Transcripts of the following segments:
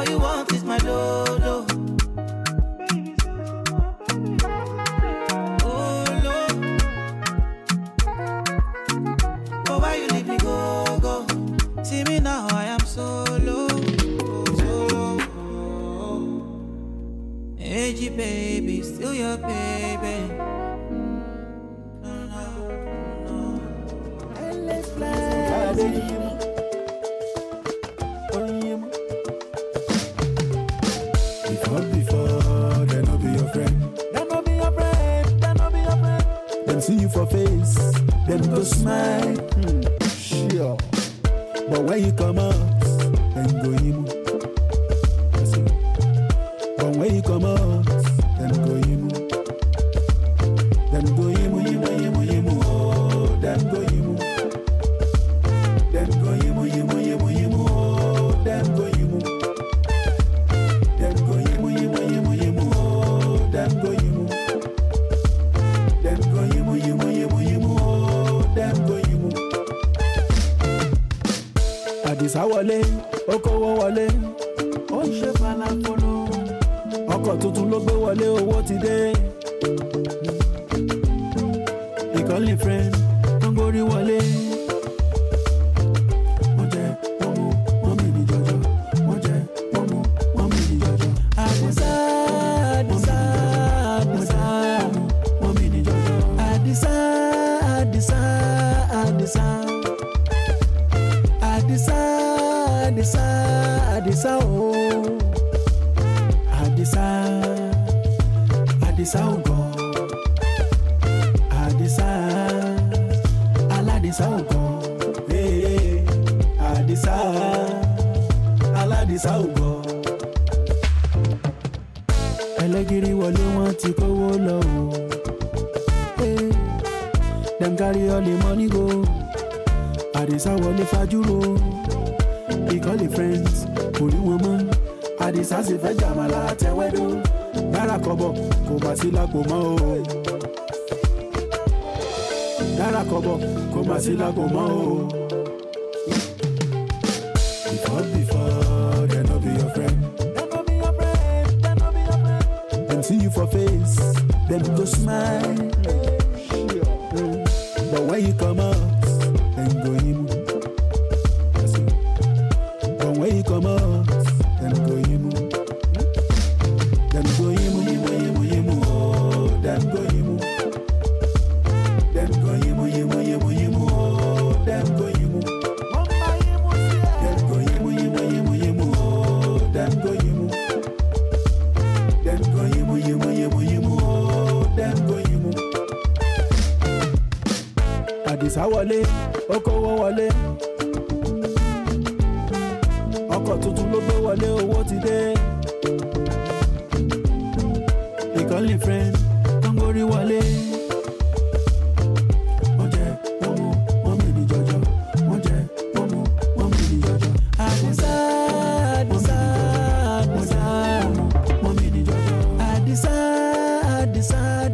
All you want is my lolo. See me now, I am solo, solo. Hey, baby, still your baby. smile. Mm, sure. But when you come out, then go him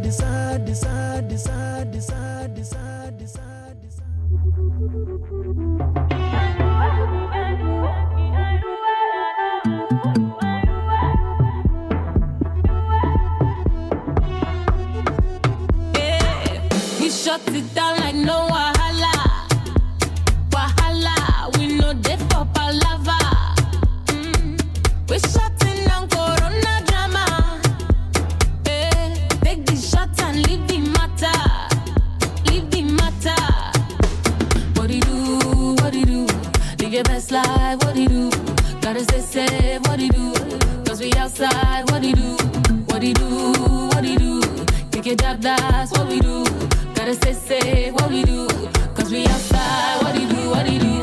decide, decide, decide, decide, decide, decide, decide, decide. Work your job, that's what we do. Gotta say, say what we do. Cause we outside, what do you do, what do you do?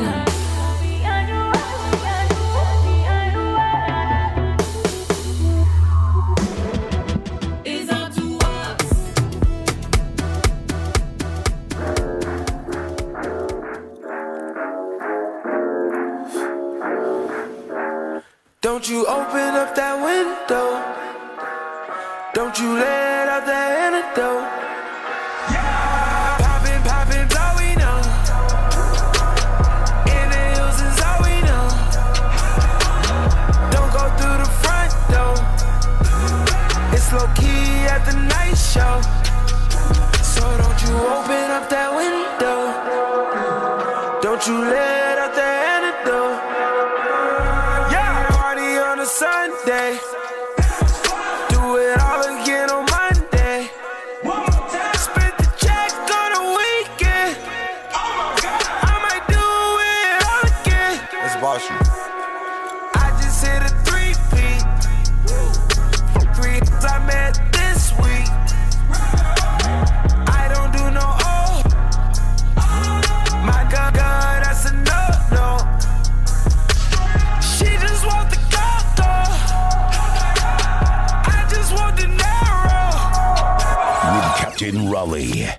Don't you open up that window? Don't you let out that though. Yeah. Poppin', all we know. In the hills is all we know. Don't go through the front door. It's low key at the night show. Raleigh.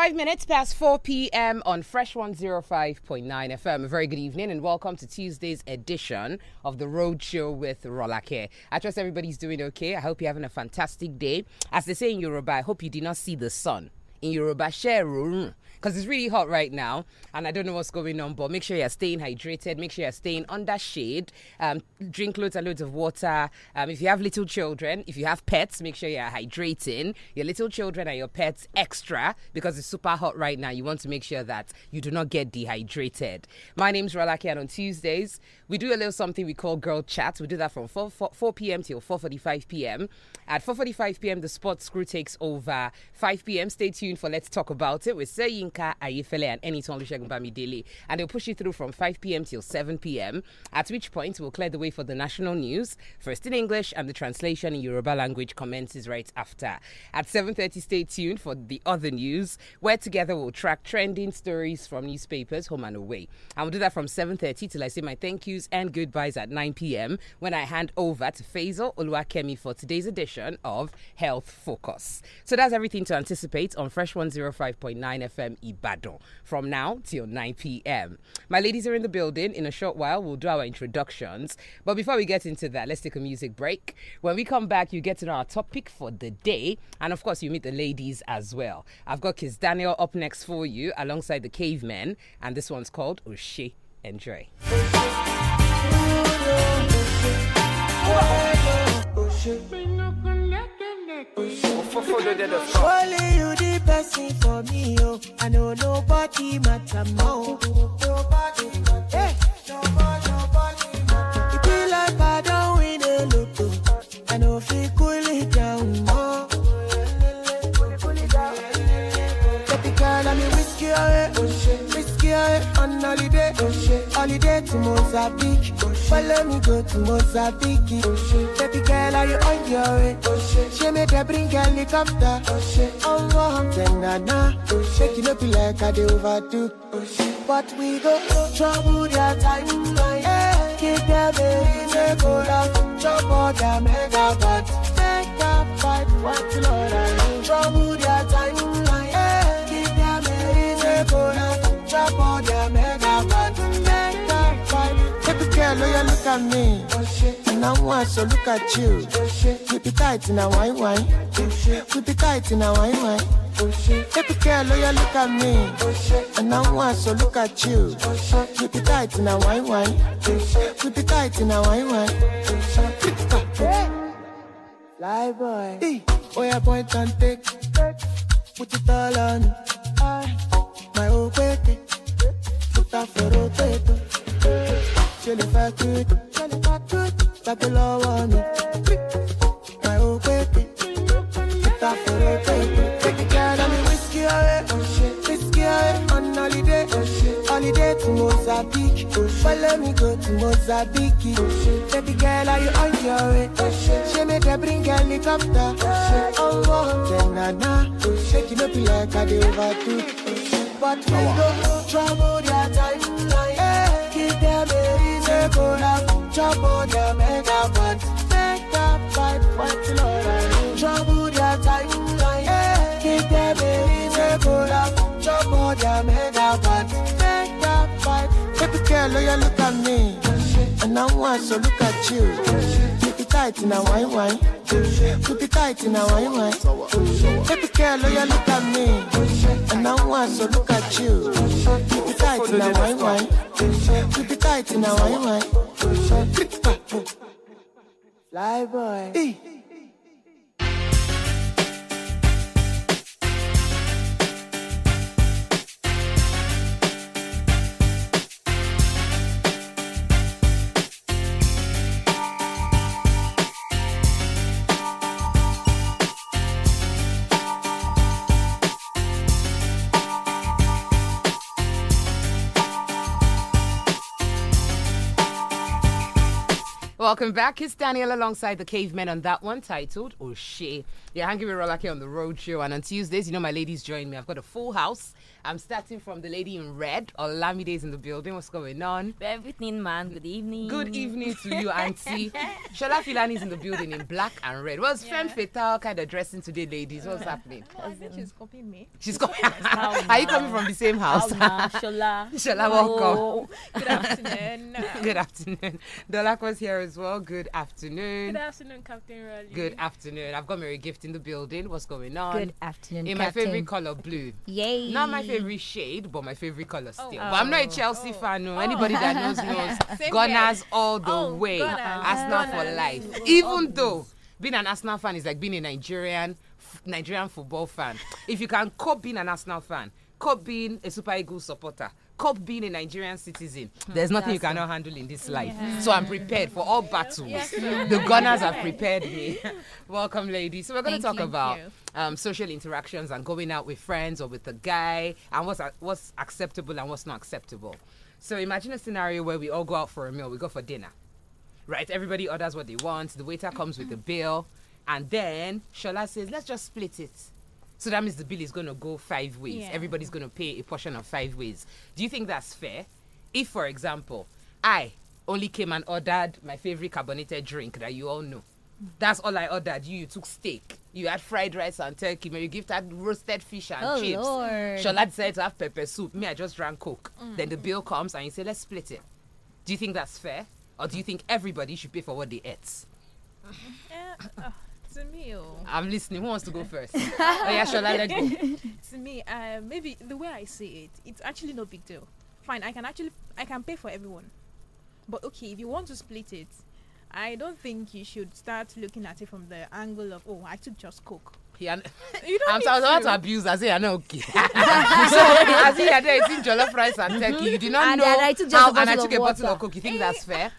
25 minutes past 4 p.m. on Fresh 105.9 FM. A very good evening and welcome to Tuesday's edition of the Road Show with Rolake. I trust everybody's doing okay. I hope you're having a fantastic day. As they say in Yoruba, I hope you did not see the sun. In Yoruba, share room because it's really hot right now and I don't know what's going on. But make sure you're staying hydrated, make sure you're staying under shade, um, drink loads and loads of water. Um, if you have little children, if you have pets, make sure you're hydrating your little children and your pets extra because it's super hot right now. You want to make sure that you do not get dehydrated. My name's Rolake, and on Tuesdays, we do a little something we call girl chat. We do that from 4, 4, 4 p.m. till 4.45 p.m. At 4.45 p.m., the sports crew takes over. 5 p.m., stay tuned for Let's Talk About It with Seyinka Ayefele and Eniton Lushegun Daily. And they'll push you through from 5 p.m. till 7 p.m., at which point we'll clear the way for the national news, first in English, and the translation in Yoruba language commences right after. At 7.30, stay tuned for the other news, where together we'll track trending stories from newspapers, home and away. And we'll do that from 7.30 till I say my thank yous news and goodbyes at 9 p.m. when I hand over to Faisal Oluwakemi for today's edition of Health Focus. So that's everything to anticipate on Fresh 105.9 FM Ibadan from now till 9 p.m. My ladies are in the building. In a short while, we'll do our introductions. But before we get into that, let's take a music break. When we come back, you get to know our topic for the day. And of course, you meet the ladies as well. I've got Kiz Daniel up next for you alongside the cavemen. And this one's called Oshe. Enjoy. Only you the for me, oh. I know nobody matter more. Nobody matter. Hey. Eh. Nobody, nobody matter. It be like I don't win a lotto. I know if could. holiday to Mozambique. Follow me go to Mozambique. Baby girl, are you on your way? She made her bring helicopter. Oh, oh, tenana. Shake it up like I do overdo. But we go trouble that time. Yeah, keep your baby, make go love. Trouble that megawatt. Megawatt, what Lord, I trouble at me. And now I so look at you. Keep it tight in a wine wine. Keep it tight in a wine wine. Baby girl, oh look at me. And now I so look at you. Keep it tight in a wine wine. Keep it tight in a wine wine. Fly boy. Hey. Oh yeah, point and take. Put it all on. My whole Put that for rotate ṣe lè fẹ́ tú ṣe lè fẹ́ tú lọ́wọ́ ìta whiskey ọ̀rẹ́ ọ̀ṣẹ́. ọ̀rẹ́ on holiday ọ̀ṣẹ́. Holiday to Mozambique ọ̀ṣẹ́. Follow me go to Mozambique ọ̀ṣẹ́. Baby girl are you on your way ọ̀ṣẹ́. Ṣé mi dey bring helicopter ọ̀ṣẹ́. Ọwọ́ ọ̀tẹ̀ nàná ọ̀ṣẹ́. kí ló fi like I dey overdo? But we no trouble their timeline make up, on Keep make up, on make Baby girl, oh yeah, look at me, and I want so look at you tight in a wine wine. Put it tight in a wine wine. Baby girl, oh you look at me. And I want so look at you. Put it tight in a wine wine. Put it tight in a wine wine. Fly boy. Hey. Welcome back. It's Daniel alongside the cavemen on that one titled O'Shea. Oh, yeah, hanging with Rolake on the road show. And on Tuesdays, you know, my ladies join me. I've got a full house I'm starting from the lady in red. days in the building. What's going on? Everything, man. Good evening. Good evening to you, Auntie. Shola is in the building in black and red. What's yeah. femme fatale kind of dressing today, ladies? What's happening? No, I think she's copying me. She's copying. Are you coming from the same house? Shola. Shola, welcome. Good afternoon. Good afternoon. was here as well. Good afternoon. Good afternoon, Captain Raleigh. Good afternoon. I've got Mary Gift in the building. What's going on? Good afternoon. In Captain. my favorite color, blue. Yay. Not my favorite shade, but my favorite color oh, still. Oh. But I'm not a oh. Chelsea oh. fan. No, oh. anybody that knows knows. Gunners all the oh, way. Arsenal for life. Even though being an Arsenal fan is like being a Nigerian Nigerian football fan. If you can cope being an Arsenal fan, cope being a Super Eagles supporter, cop being a Nigerian citizen, hmm. there's nothing you cannot handle in this life. Yeah. So I'm prepared for all battles. Yes. The Gunners have prepared me. Welcome, ladies. So we're going to talk you. about um, social interactions and going out with friends or with a guy and what's what's acceptable and what's not acceptable. So imagine a scenario where we all go out for a meal. We go for dinner, right? Everybody orders what they want. The waiter comes with the bill, and then Shola says, "Let's just split it." So that means the bill is going to go five ways. Yeah. Everybody's going to pay a portion of five ways. Do you think that's fair? If, for example, I only came and ordered my favorite carbonated drink that you all know. That's all I ordered. You, you took steak. You had fried rice and turkey. you Gift that roasted fish and oh chips. Lord. I decided to have pepper soup. Me, I just drank Coke. Mm. Then the bill comes and you say, let's split it. Do you think that's fair? Or do you think everybody should pay for what they ate? Uh, oh. To me, oh. I'm listening. Who wants to go first? oh yeah, shall I let go? to me, uh, maybe the way I see it, it's actually no big deal. Fine, I can actually I can pay for everyone, but okay, if you want to split it, I don't think you should start looking at it from the angle of oh I took just coke. Yeah, you don't I'm, so, I was about to abuse. I say I know okay. so I see you're there eating jollof rice and turkey. You did not and know And I took just how, a and I took a bottle of coke. You think that's eh, fair?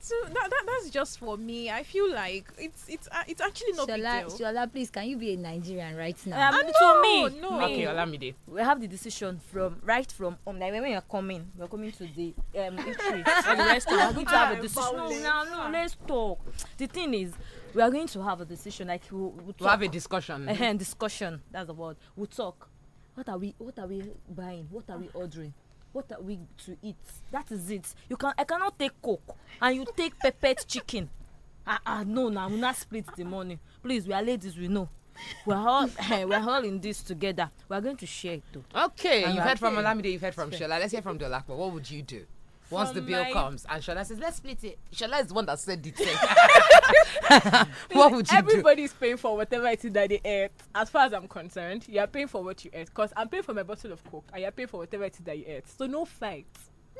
So that, that that's just for me. I feel like it's it's uh, it's actually not. Shola, big deal. Shola, please, can you be a Nigerian right now? Um, uh, no, me. no. Okay, Olamide. We have the decision from right from um, like when we are coming, we're coming to the um entry. the rest are going to have a ah, decision. No, no, no. Let's talk. The thing is, we are going to have a decision. Like we we'll, we'll, we'll have a discussion. Uh, discussion. That's the word. We'll talk. What are we? What are we buying? What are we ordering? what are we to eat that is it you can i cannot take coke and you take peppered chicken ah ah no we not split the money please we are ladies we know we're all eh, we're all in this together we're going to share it though okay and you've heard from olamide you've heard from shola let's hear from dolapo what would you do once the bill my... comes and Shola says, let's split it. Shola is the one that said the eh. thing. what would you Everybody's do? paying for whatever it is that they ate. As far as I'm concerned, you are paying for what you ate. Because I'm paying for my bottle of Coke and you're paying for whatever it is that you ate. So no fight.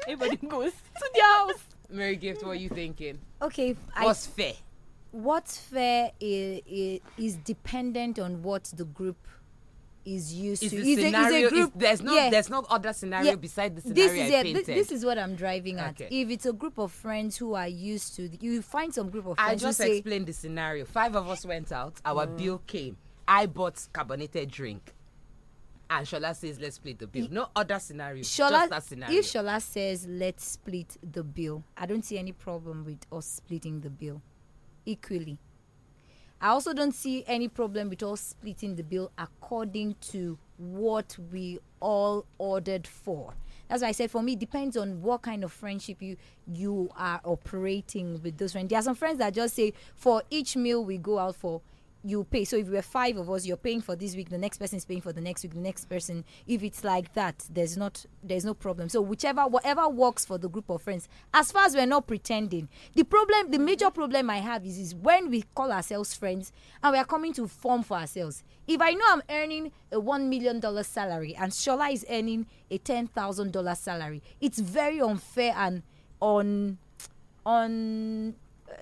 Everybody goes to the house. Mary Gift, what are you thinking? Okay. What's I, fair? What's fair is, is dependent on what the group – is used is to. The is scenario, a, is a group, is, there's no yeah, there's no other scenario yeah, beside the scenario this is I a, painted. This is what I'm driving at. Okay. If it's a group of friends who are used to, you find some group of friends. I just explained the scenario. Five of us went out. Our mm. bill came. I bought carbonated drink. And Shola says, let's split the bill. No other scenario. Shola, scenario. If Shola says, let's split the bill, I don't see any problem with us splitting the bill equally I also don't see any problem with us splitting the bill according to what we all ordered for. That's why I said for me, it depends on what kind of friendship you you are operating with those friends. There are some friends that just say for each meal we go out for you pay. So if we're five of us, you're paying for this week. The next person is paying for the next week. The next person, if it's like that, there's not there's no problem. So whichever whatever works for the group of friends. As far as we're not pretending, the problem, the major problem I have is is when we call ourselves friends and we are coming to form for ourselves. If I know I'm earning a one million dollar salary and Shola is earning a ten thousand dollar salary, it's very unfair and on on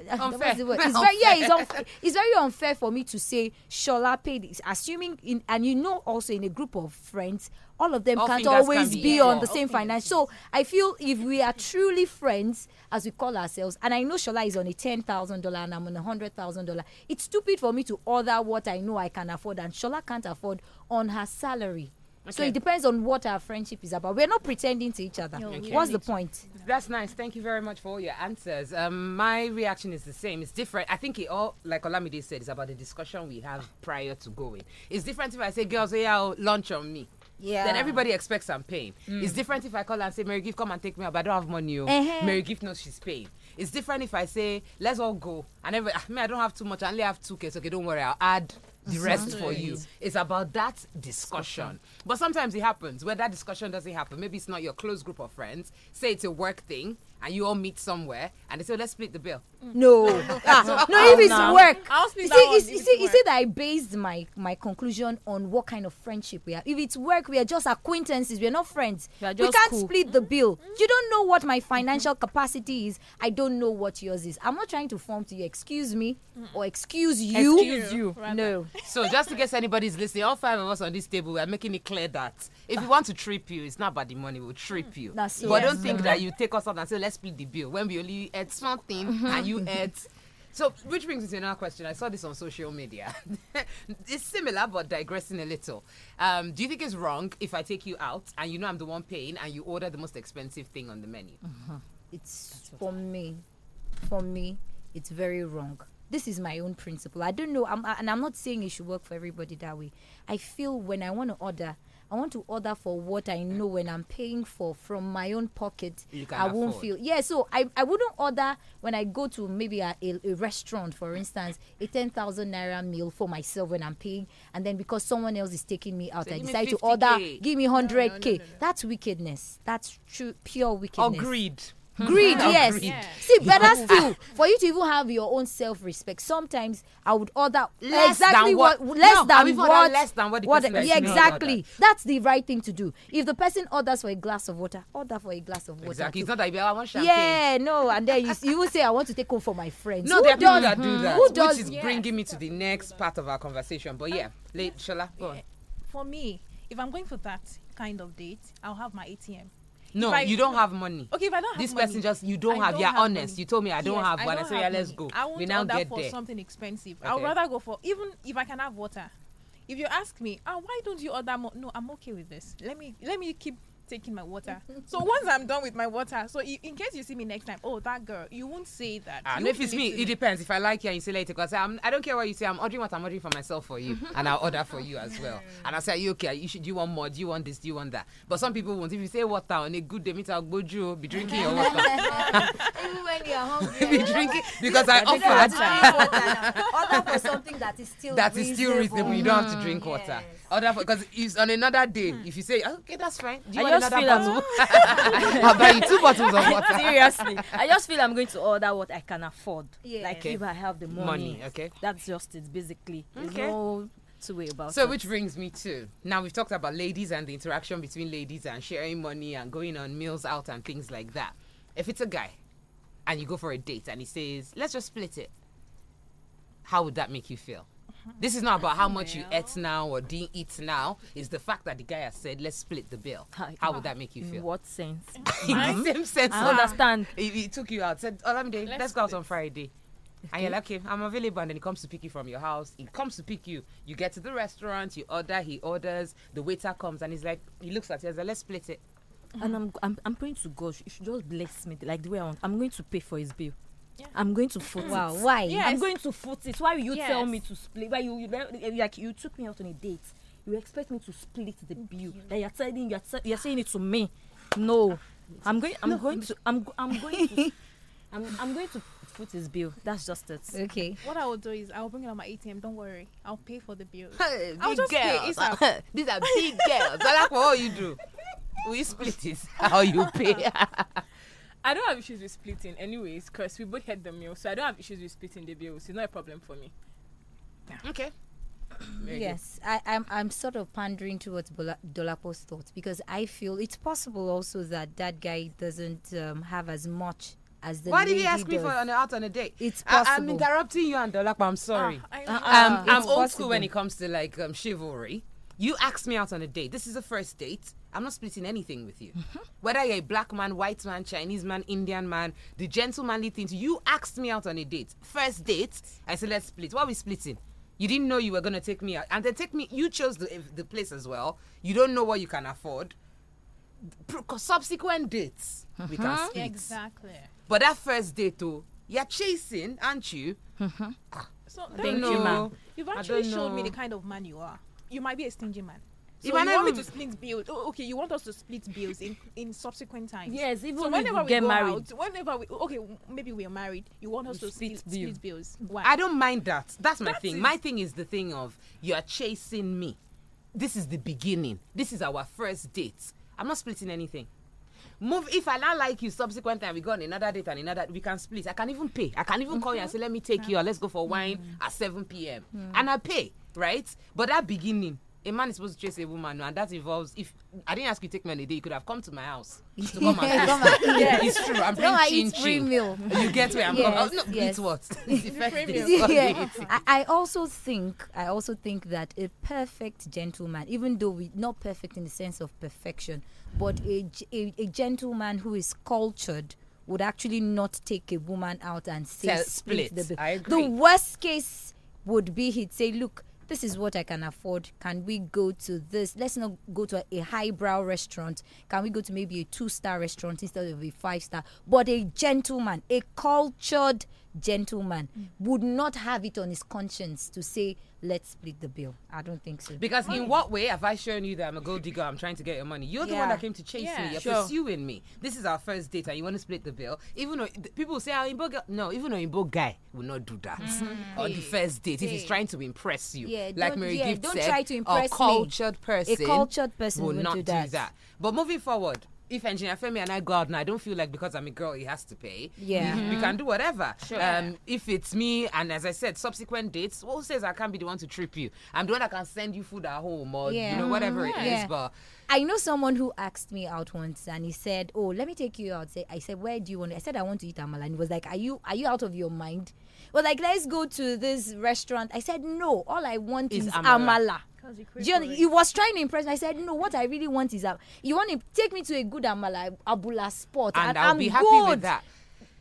uh, unfair. It's very, yeah, it's, unfair. it's very unfair for me to say Shola paid is assuming in, and you know also in a group of friends, all of them all can't always can be, be yeah, on yeah, the same finance. So I feel if we are truly friends, as we call ourselves, and I know Shola is on a ten thousand dollar and I'm on a hundred thousand dollar, it's stupid for me to order what I know I can afford and Shola can't afford on her salary. So it depends on what our friendship is about. We're not pretending to each other. No, What's the point? That's nice. Thank you very much for all your answers. Um, my reaction is the same. It's different. I think it all, like Olamide said, is about the discussion we have prior to going. It's different if I say, girls, yeah, oh, lunch on me. Yeah. Then everybody expects I'm paying. Mm. It's different if I call and say, Mary Gift, come and take me up. I don't have money. Oh. Uh -huh. Mary Gift knows she's paying. It's different if I say, let's all go. And never. I mean, I don't have too much. I only have two kids. Okay, don't worry. I'll add the rest for you. It's about that discussion. But sometimes it happens where that discussion doesn't happen. Maybe it's not your close group of friends. Say it's a work thing and you all meet somewhere and they say, oh, let's split the bill. Mm. No, ah, no, if it's um, work. i you see, you, see, that I based my, my conclusion on what kind of friendship we are. If it's work, we are just acquaintances, we are not friends. Are we can't cool. split the mm-hmm. bill. Mm-hmm. You don't know what my financial capacity is. I don't know what yours is. I'm not trying to form to you, excuse me or excuse you. Excuse you. No. So just in case anybody's listening, all five of us on this table, we are making it clear that if we want to trip you, it's not about the money, we'll trip mm. you. That's but yes. don't think mm -hmm. that you take us out and say, let's split the bill when we only ate something mm-hmm. and you ate. So, which brings me to another question. I saw this on social media. it's similar, but digressing a little. Um, do you think it's wrong if I take you out and you know I'm the one paying and you order the most expensive thing on the menu? Mm-hmm. It's That's for me, for me, it's very wrong. This is my own principle. I don't know, I'm, I, and I'm not saying it should work for everybody that way. I feel when I want to order, I want to order for what I know when I'm paying for from my own pocket. I won't feel. Yeah, so I, I wouldn't order when I go to maybe a, a, a restaurant, for instance, a 10,000 naira meal for myself when I'm paying. And then because someone else is taking me out, so I decide to order, give me 100K. No, no, no, That's wickedness. That's true, pure wickedness. Agreed. greed. Greed, yes. Greed. See, better still, for you to even have your own self respect, sometimes I would order less exactly than what, what less, no, than what, less than what, what yeah, exactly. That's the right thing to do. If the person orders for a glass of water, order for a glass of water. Exactly. It's not that oh, I want champagne. Yeah, no. And then you, you will say, I want to take home for my friends. No, Who there are people that do hmm. that. Who does? Which is yeah. bringing me to the next part of our conversation. But yeah, um, late, shala. go on. Eh, for me, if I'm going for that kind of date, I'll have my ATM. No, I, you don't have money. Okay, if I don't this have this person just you don't I have. Don't you're have honest. Money. You told me I don't yes, have I one. Don't I said yeah, let's go. I won't we now get for there. something expensive. Okay. I would rather go for even if I can have water. If you ask me, ah, why don't you order more? No, I'm okay with this. Let me let me keep taking my water. so once I'm done with my water, so in case you see me next time, oh that girl, you won't say that. Ah, no, if it's me, it, it depends. If I like you and you say later, because I'm, I don't care what you say. I'm ordering what I'm ordering for myself for you, and I'll order for you as well. And I say, are you okay? You should. Do you want more? Do you want this? Do you want that? But some people won't. If you say water on a good day, meet I'll go you be drinking your water. Even when you're hungry, be drinking because I offer water. order for something that is still that reasonable. is still reasonable. You don't have to drink mm, water. Order for because it's on another day. Hmm. If you say ah, okay, that's fine. Do you just feel I two bottles of water. Seriously, I just feel I'm going to order what I can afford. Yeah. Like okay. if I have the money. Money. Okay. That's just it, basically. Okay. No two about. So, it. which brings me to now we've talked about ladies and the interaction between ladies and sharing money and going on meals out and things like that. If it's a guy, and you go for a date and he says, "Let's just split it," how would that make you feel? This is not about how much you eat now or didn't eat now. It's the fact that the guy has said, let's split the bill. How would that make you feel? In what sense? In the same sense. I understand. He, he took you out, said, Olamide, let's, let's go out on Friday. Okay. And you're like, okay, I'm available. And then he comes to pick you from your house. He comes to pick you. You get to the restaurant, you order, he orders. The waiter comes and he's like, he looks at you and says, let's split it. And I'm, I'm, I'm praying to God, you should just bless me like the way I want. I'm going to pay for his bill. Yeah. I'm going to foot wow. it. Why? Yes. I'm going to foot it. Why you yes. tell me to split? Why you, you like you took me out on a date? You expect me to split the bill? That like you're telling you're, te- you're saying it to me? No, ah, I'm going. I'm no. going to. I'm. I'm going I'm, I'm going to foot his bill. That's just it. Okay. What I will do is I'll bring it on my ATM. Don't worry. I'll pay for the bill. Hey, big I'll just girls. pay. These are big girls. I like what you do. We split it. How you pay? I don't have issues with splitting, anyways, because we both had the meal, so I don't have issues with splitting the bills. It's not a problem for me. Yeah. Okay. Very yes, I, am I'm, I'm sort of pandering towards Dolapo's thoughts because I feel it's possible also that that guy doesn't um, have as much as the. Why did he ask does. me for an out on a date? It's possible. I, am interrupting you and Dolapo. I'm sorry. Ah, I, am uh, uh-uh. um, old possible. school when it comes to like um, chivalry. You asked me out on a date. This is the first date. I'm not splitting anything with you. Mm -hmm. Whether you're a black man, white man, Chinese man, Indian man, the gentlemanly things. You asked me out on a date. First date, I said, let's split. What are we splitting? You didn't know you were going to take me out. And then take me, you chose the, the place as well. You don't know what you can afford. Subsequent dates, mm -hmm. we can uh-huh. split. Exactly. But that first date, though, you're chasing, aren't you? Mm -hmm. so, thank you, ma'am. You've actually shown me the kind of man you are. You might be a stingy man. So you want me to split bills? Oh, okay, you want us to split bills in, in subsequent times? Yes, even so whenever we, get go married. out, whenever we okay, maybe we're married. You want us to split, split, bill. split bills? Why? I don't mind that. That's my thing. My thing is the thing of you are chasing me. This is the beginning. This is our first date. I'm not splitting anything. Move if I like you subsequent time we go on another date and another we can split. I can even pay. I can even mm -hmm. call you and mm-hmm. say let me take yeah. you or mm-hmm. let's go for wine mm -hmm. at 7 p.m. Mm -hmm. and I pay, right? But that beginning a man is supposed to chase a woman, and that involves if I didn't ask you to take me on a date, you could have come to my house to come and yeah. It's true. I'm bringing no, chin free meal. You get where I'm yes, coming. Oh, no, yes. Eat what? It's effective. yeah. I, also think I also think that a perfect gentleman, even though we not perfect in the sense of perfection, but a, a, a gentleman who is cultured would actually not take a woman out and say Tell, split. split. The, the worst case would be he'd say, look, this is what I can afford. Can we go to this? Let's not go to a, a highbrow restaurant. Can we go to maybe a two star restaurant instead of a five star? But a gentleman, a cultured gentleman mm. would not have it on his conscience to say, let's split the bill. I don't think so. Because in what way have I shown you that I'm a gold digger? I'm trying to get your money. You're yeah. the one that came to chase yeah, me. You're sure. pursuing me. This is our first date, and you want to split the bill. Even though people say, ah, "I'm no, even though Igbo guy will not do that mm-hmm. on the first date yeah. if he's trying to impress you. Yeah, like Mary yeah, Gift don't said, try to impress a cultured me. person, a cultured person will not do that. do that. But moving forward, if engineer Femi and I go out and I don't feel like because I'm a girl, he has to pay. Yeah, we, mm -hmm. we can mm-hmm. do whatever. Sure. Um, if it's me, and as I said, subsequent dates. Who says I can't be the one to trip you? I'm the one that can send you food at home or yeah. you know whatever it is. Yeah. But I know someone who asked me out once and he said, "Oh, let me take you out." I said, "Where do you want?" To? I said, "I want to eat amala." And he was like, "Are you are you out of your mind?" Well, like, let's go to this restaurant. I said, "No, all I want is, is amala. amala. You, you, was trying to impress me. I said, no, what I really want is that you want to take me to a good Amala um, Abula spot. And, and I'll I'm be happy good. with that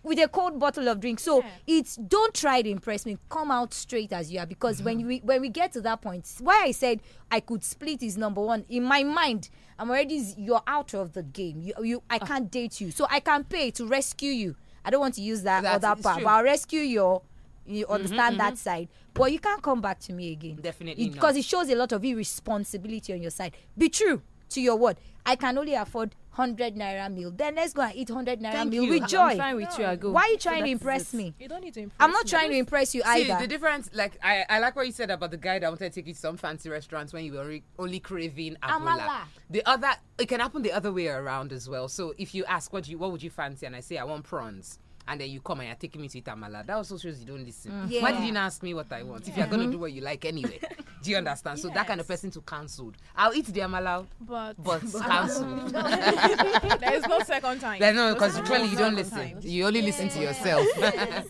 with a cold bottle of drink. So yeah. it's don't try to impress me. Come out straight as you are. Because mm-hmm. when we when we get to that point, why I said I could split is number one in my mind. I'm already you're out of the game. You you I ah. can't date you, so I can pay to rescue you. I don't want to use that That's, other part, true. but I'll rescue your you mm-hmm, understand mm-hmm, that mm-hmm. side. But you can't come back to me again. Definitely. Because it, it shows a lot of irresponsibility on your side. Be true to your word. I can only afford 100 naira meal. Then let's go and eat 100 naira Thank meal you. with joy. I'm with no. you, go. Why are you trying so to impress me? You don't need to impress I'm not me. trying to impress you See, the difference, like, I, I like what you said about the guy that wanted to take you to some fancy restaurants when you were re- only craving Amala. The other, it can happen the other way around as well. So if you ask, what, do you, what would you fancy? And I say, I want prawns and then you come and you're taking me to eat amala. That also shows you don't listen. Mm. Yeah. Why did you not ask me what I want? Yeah. If you're gonna mm-hmm. do what you like anyway. do you understand? Yes. So that kind of person to cancelled. I'll eat the amala, but but, but cancelled. there is no second time. There, no, because no, really no you don't listen. Time. You only listen to yourself. Yes.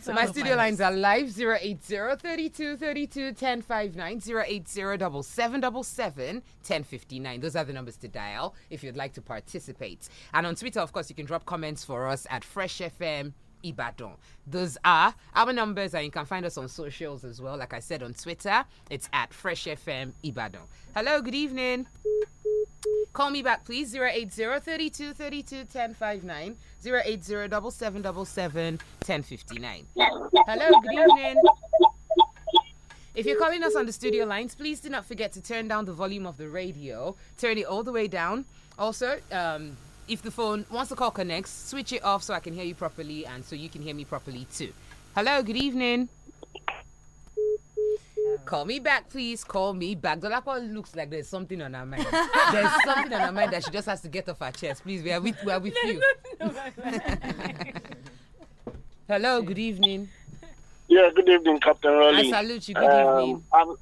So my studio lines are live 080 32 32 1059 080 7777 1059. Those are the numbers to dial if you'd like to participate. And on Twitter, of course, you can drop comments for us at Fresh FM. Ibadan. Those are our numbers, and you can find us on socials as well. Like I said on Twitter, it's at Fresh FM Ibadan. Hello, good evening. Call me back, please. 080 32 32 1059. Hello, good evening. If you're calling us on the studio lines, please do not forget to turn down the volume of the radio. Turn it all the way down. Also, um, if the phone, once the call connects, switch it off so I can hear you properly and so you can hear me properly too. Hello, good evening. Call me back, please. Call me back. Dolapo looks like there's something on her mind. there's something on her mind that she just has to get off her chest. Please, we are with, we are with you. Hello, good evening. Yeah, good evening, Captain Raleigh. I salute you. Good um, evening. I'm, uh,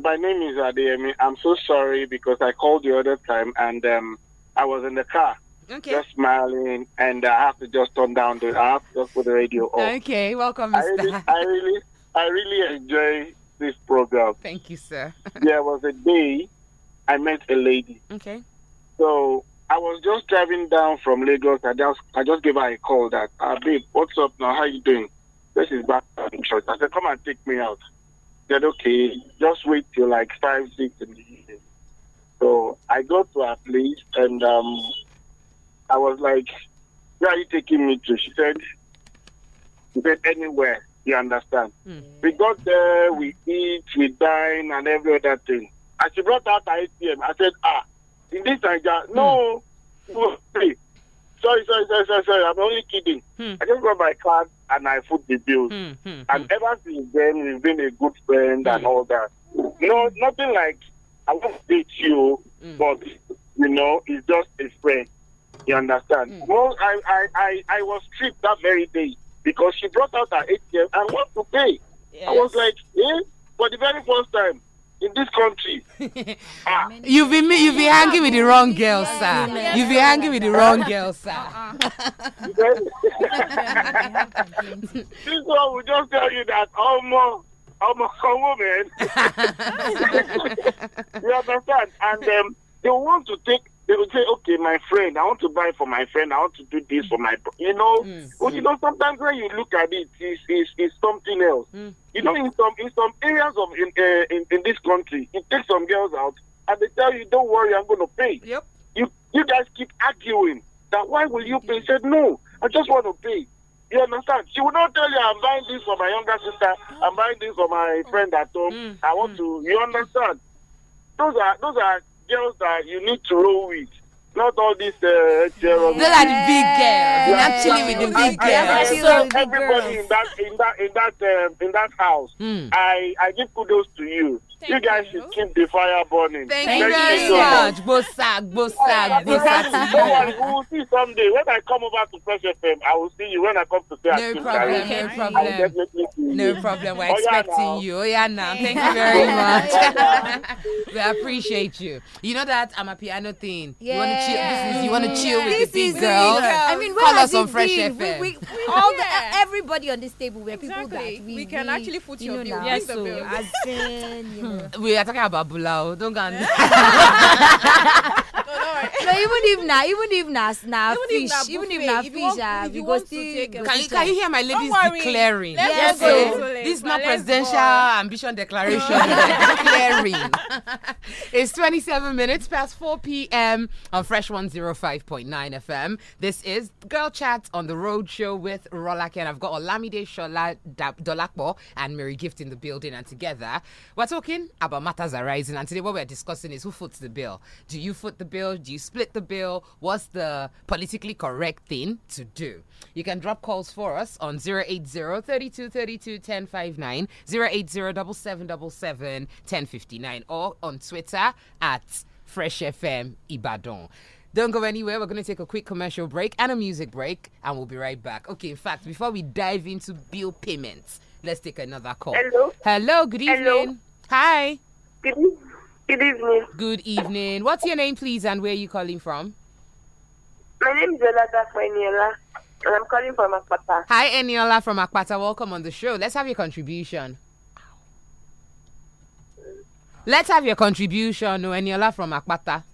my name is Adeyemi. I'm so sorry because I called the other time and um, I was in the car. Okay. Just smiling, and I have to just turn down the. I have to just put the radio off. Okay, welcome, Mr. I really, I really, I really enjoy this program. Thank you, sir. there was a day I met a lady. Okay. So I was just driving down from Lagos. I just I just gave her a call that, ah, babe, what's up now? How you doing? This is back in church. I said, come and take me out. She said, okay, just wait till like five, six in the evening. So I got to her place and um, I was like, where are you taking me to? She said, she said, anywhere. You understand? Mm. We got there, we eat, we dine, and every other thing. And she brought out her ATM. I said, ah, in this Nigeria, mm. no, no, sorry, sorry, sorry, sorry, sorry, I'm only kidding. Mm. I just got my card and I foot the bills. Mm. Hmm, hmm. And ever since then, we've been a good friend and hmm. all that. No, nothing like, I won't date you, but, you know, it's just a friend. You understand? Well, I, I, I, I was tripped that very day because she brought out her ATM and want to pay. Yes. I was like, eh? For the very first time in this country. ah. You've been you've been hanging with the wrong girl, sir. You've been hanging with the wrong girl, sir. this one will just tell you that almost. I'm a woman. you understand? And um, they want to take they will say, okay, my friend, I want to buy for my friend. I want to do this for my, you know. Mm-hmm. You know, sometimes when you look at it, it's, it's, it's something else. Mm-hmm. You know, in some in some areas of in, uh, in in this country, you take some girls out and they tell you, don't worry, I'm going to pay. Yep. You you guys keep arguing that why will you pay? said, no, I just want to pay. You understand? She will not tell you I'm buying this for my younger sister. I'm buying this for my oh. friend at home. Mm, I want mm. to. You understand? Those are those are girls that you need to roll with not all these uh, girls. They are the big girls. Yeah. Actually, with the big girls. so everybody in that in that in that um, in that house, mm. I I give kudos to you. you guys should keep the fire burning. Thank, Thank you very so much. Bosak, Bosak, We will see someday. When I come over to Fresh FM, I will see you. When I come to say no problem, no problem, no problem. We're oh, expecting you. Oh yeah, now. Thank you very much. we appreciate you. You know that I'm a piano thing. Yeah chill. This is you want to chill yeah. with this the big Girl. I mean, where Call us on Fresh been? FM. We, we, we, all yeah. the, everybody on this table, we're exactly. people that we, we can actually put you your bill. Yes, so as in, you know. we are talking about Bulao. Oh, don't go. And no, even if now, even if now, na fish, even if now, fish, ah, we go still. Can you can you hear my ladies declaring? Yes, so this is not presidential ambition declaration. Declaring. It's twenty seven minutes past four p.m. on. Fresh 105.9 FM. This is Girl Chat on the Road Show with Rolake. And I've got Olamide Shola Dolakbo and Mary Gift in the building. And together, we're talking about matters arising. And today, what we're discussing is who foots the bill. Do you foot the bill? Do you split the bill? What's the politically correct thing to do? You can drop calls for us on 080 32 1059, 080 1059, or on Twitter at Fresh FM Ibadan. Don't go anywhere. We're going to take a quick commercial break and a music break, and we'll be right back. Okay, in fact, before we dive into bill payments, let's take another call. Hello. Hello, good evening. Hello. Hi. Good, good evening. Good evening. What's your name, please, and where are you calling from? My name is Elada Kweniola, and I'm calling from Akpata. Hi, Eniola from Akpata. Welcome on the show. Let's have your contribution. Let's have your contribution, Eniola from Akpata.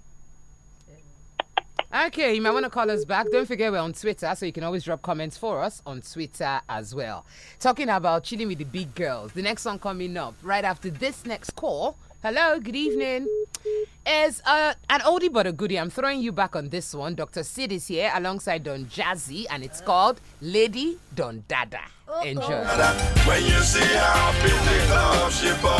Okay, you might want to call us back. Don't forget we're on Twitter, so you can always drop comments for us on Twitter as well. Talking about chilling with the big girls, the next one coming up right after this next call Hello, good evening. As uh, an oldie but a goodie. I'm throwing you back on this one. Dr. Sid is here alongside Don Jazzy, and it's called Lady Don Dada. Enjoy. Oh, when you see how busy she bought.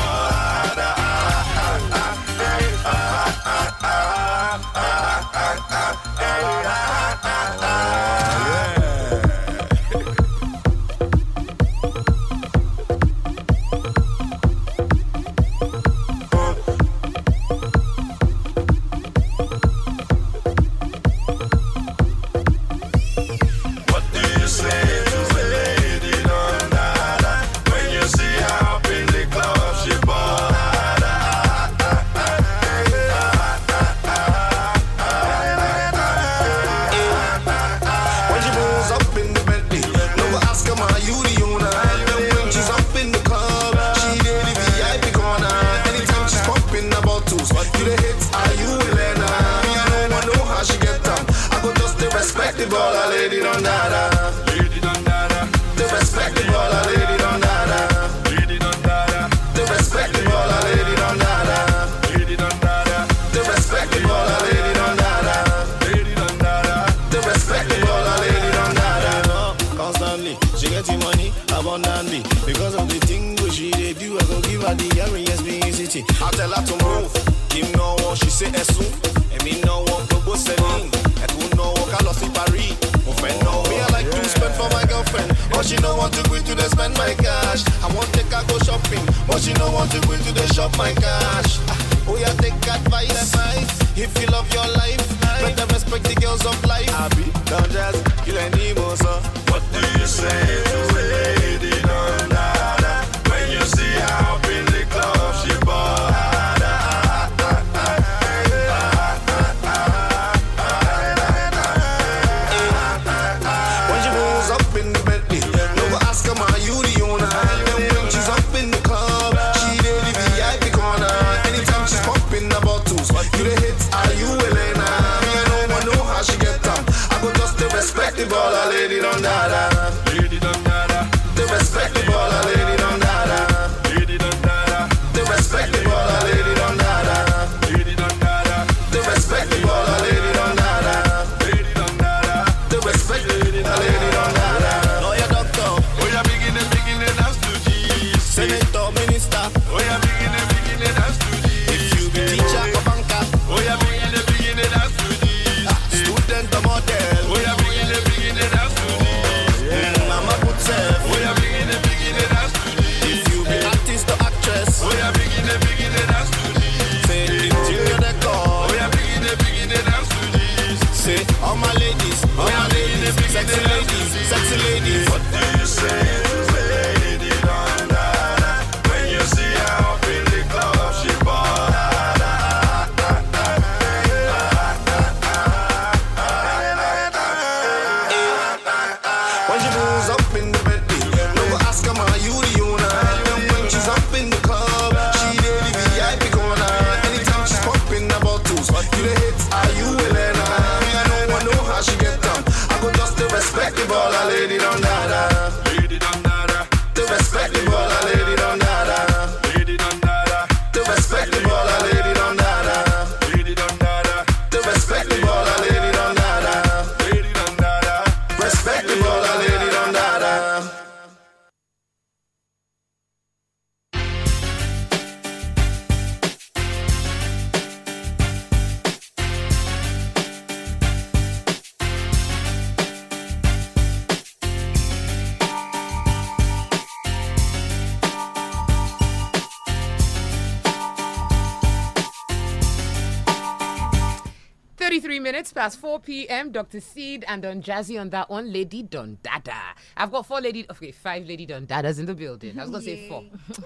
33 minutes past 4 p.m. Dr. Seed and Don Jazzy on that one. Lady Don Dada. I've got four lady, okay, five Lady Don Dadas in the building. I was going to say four.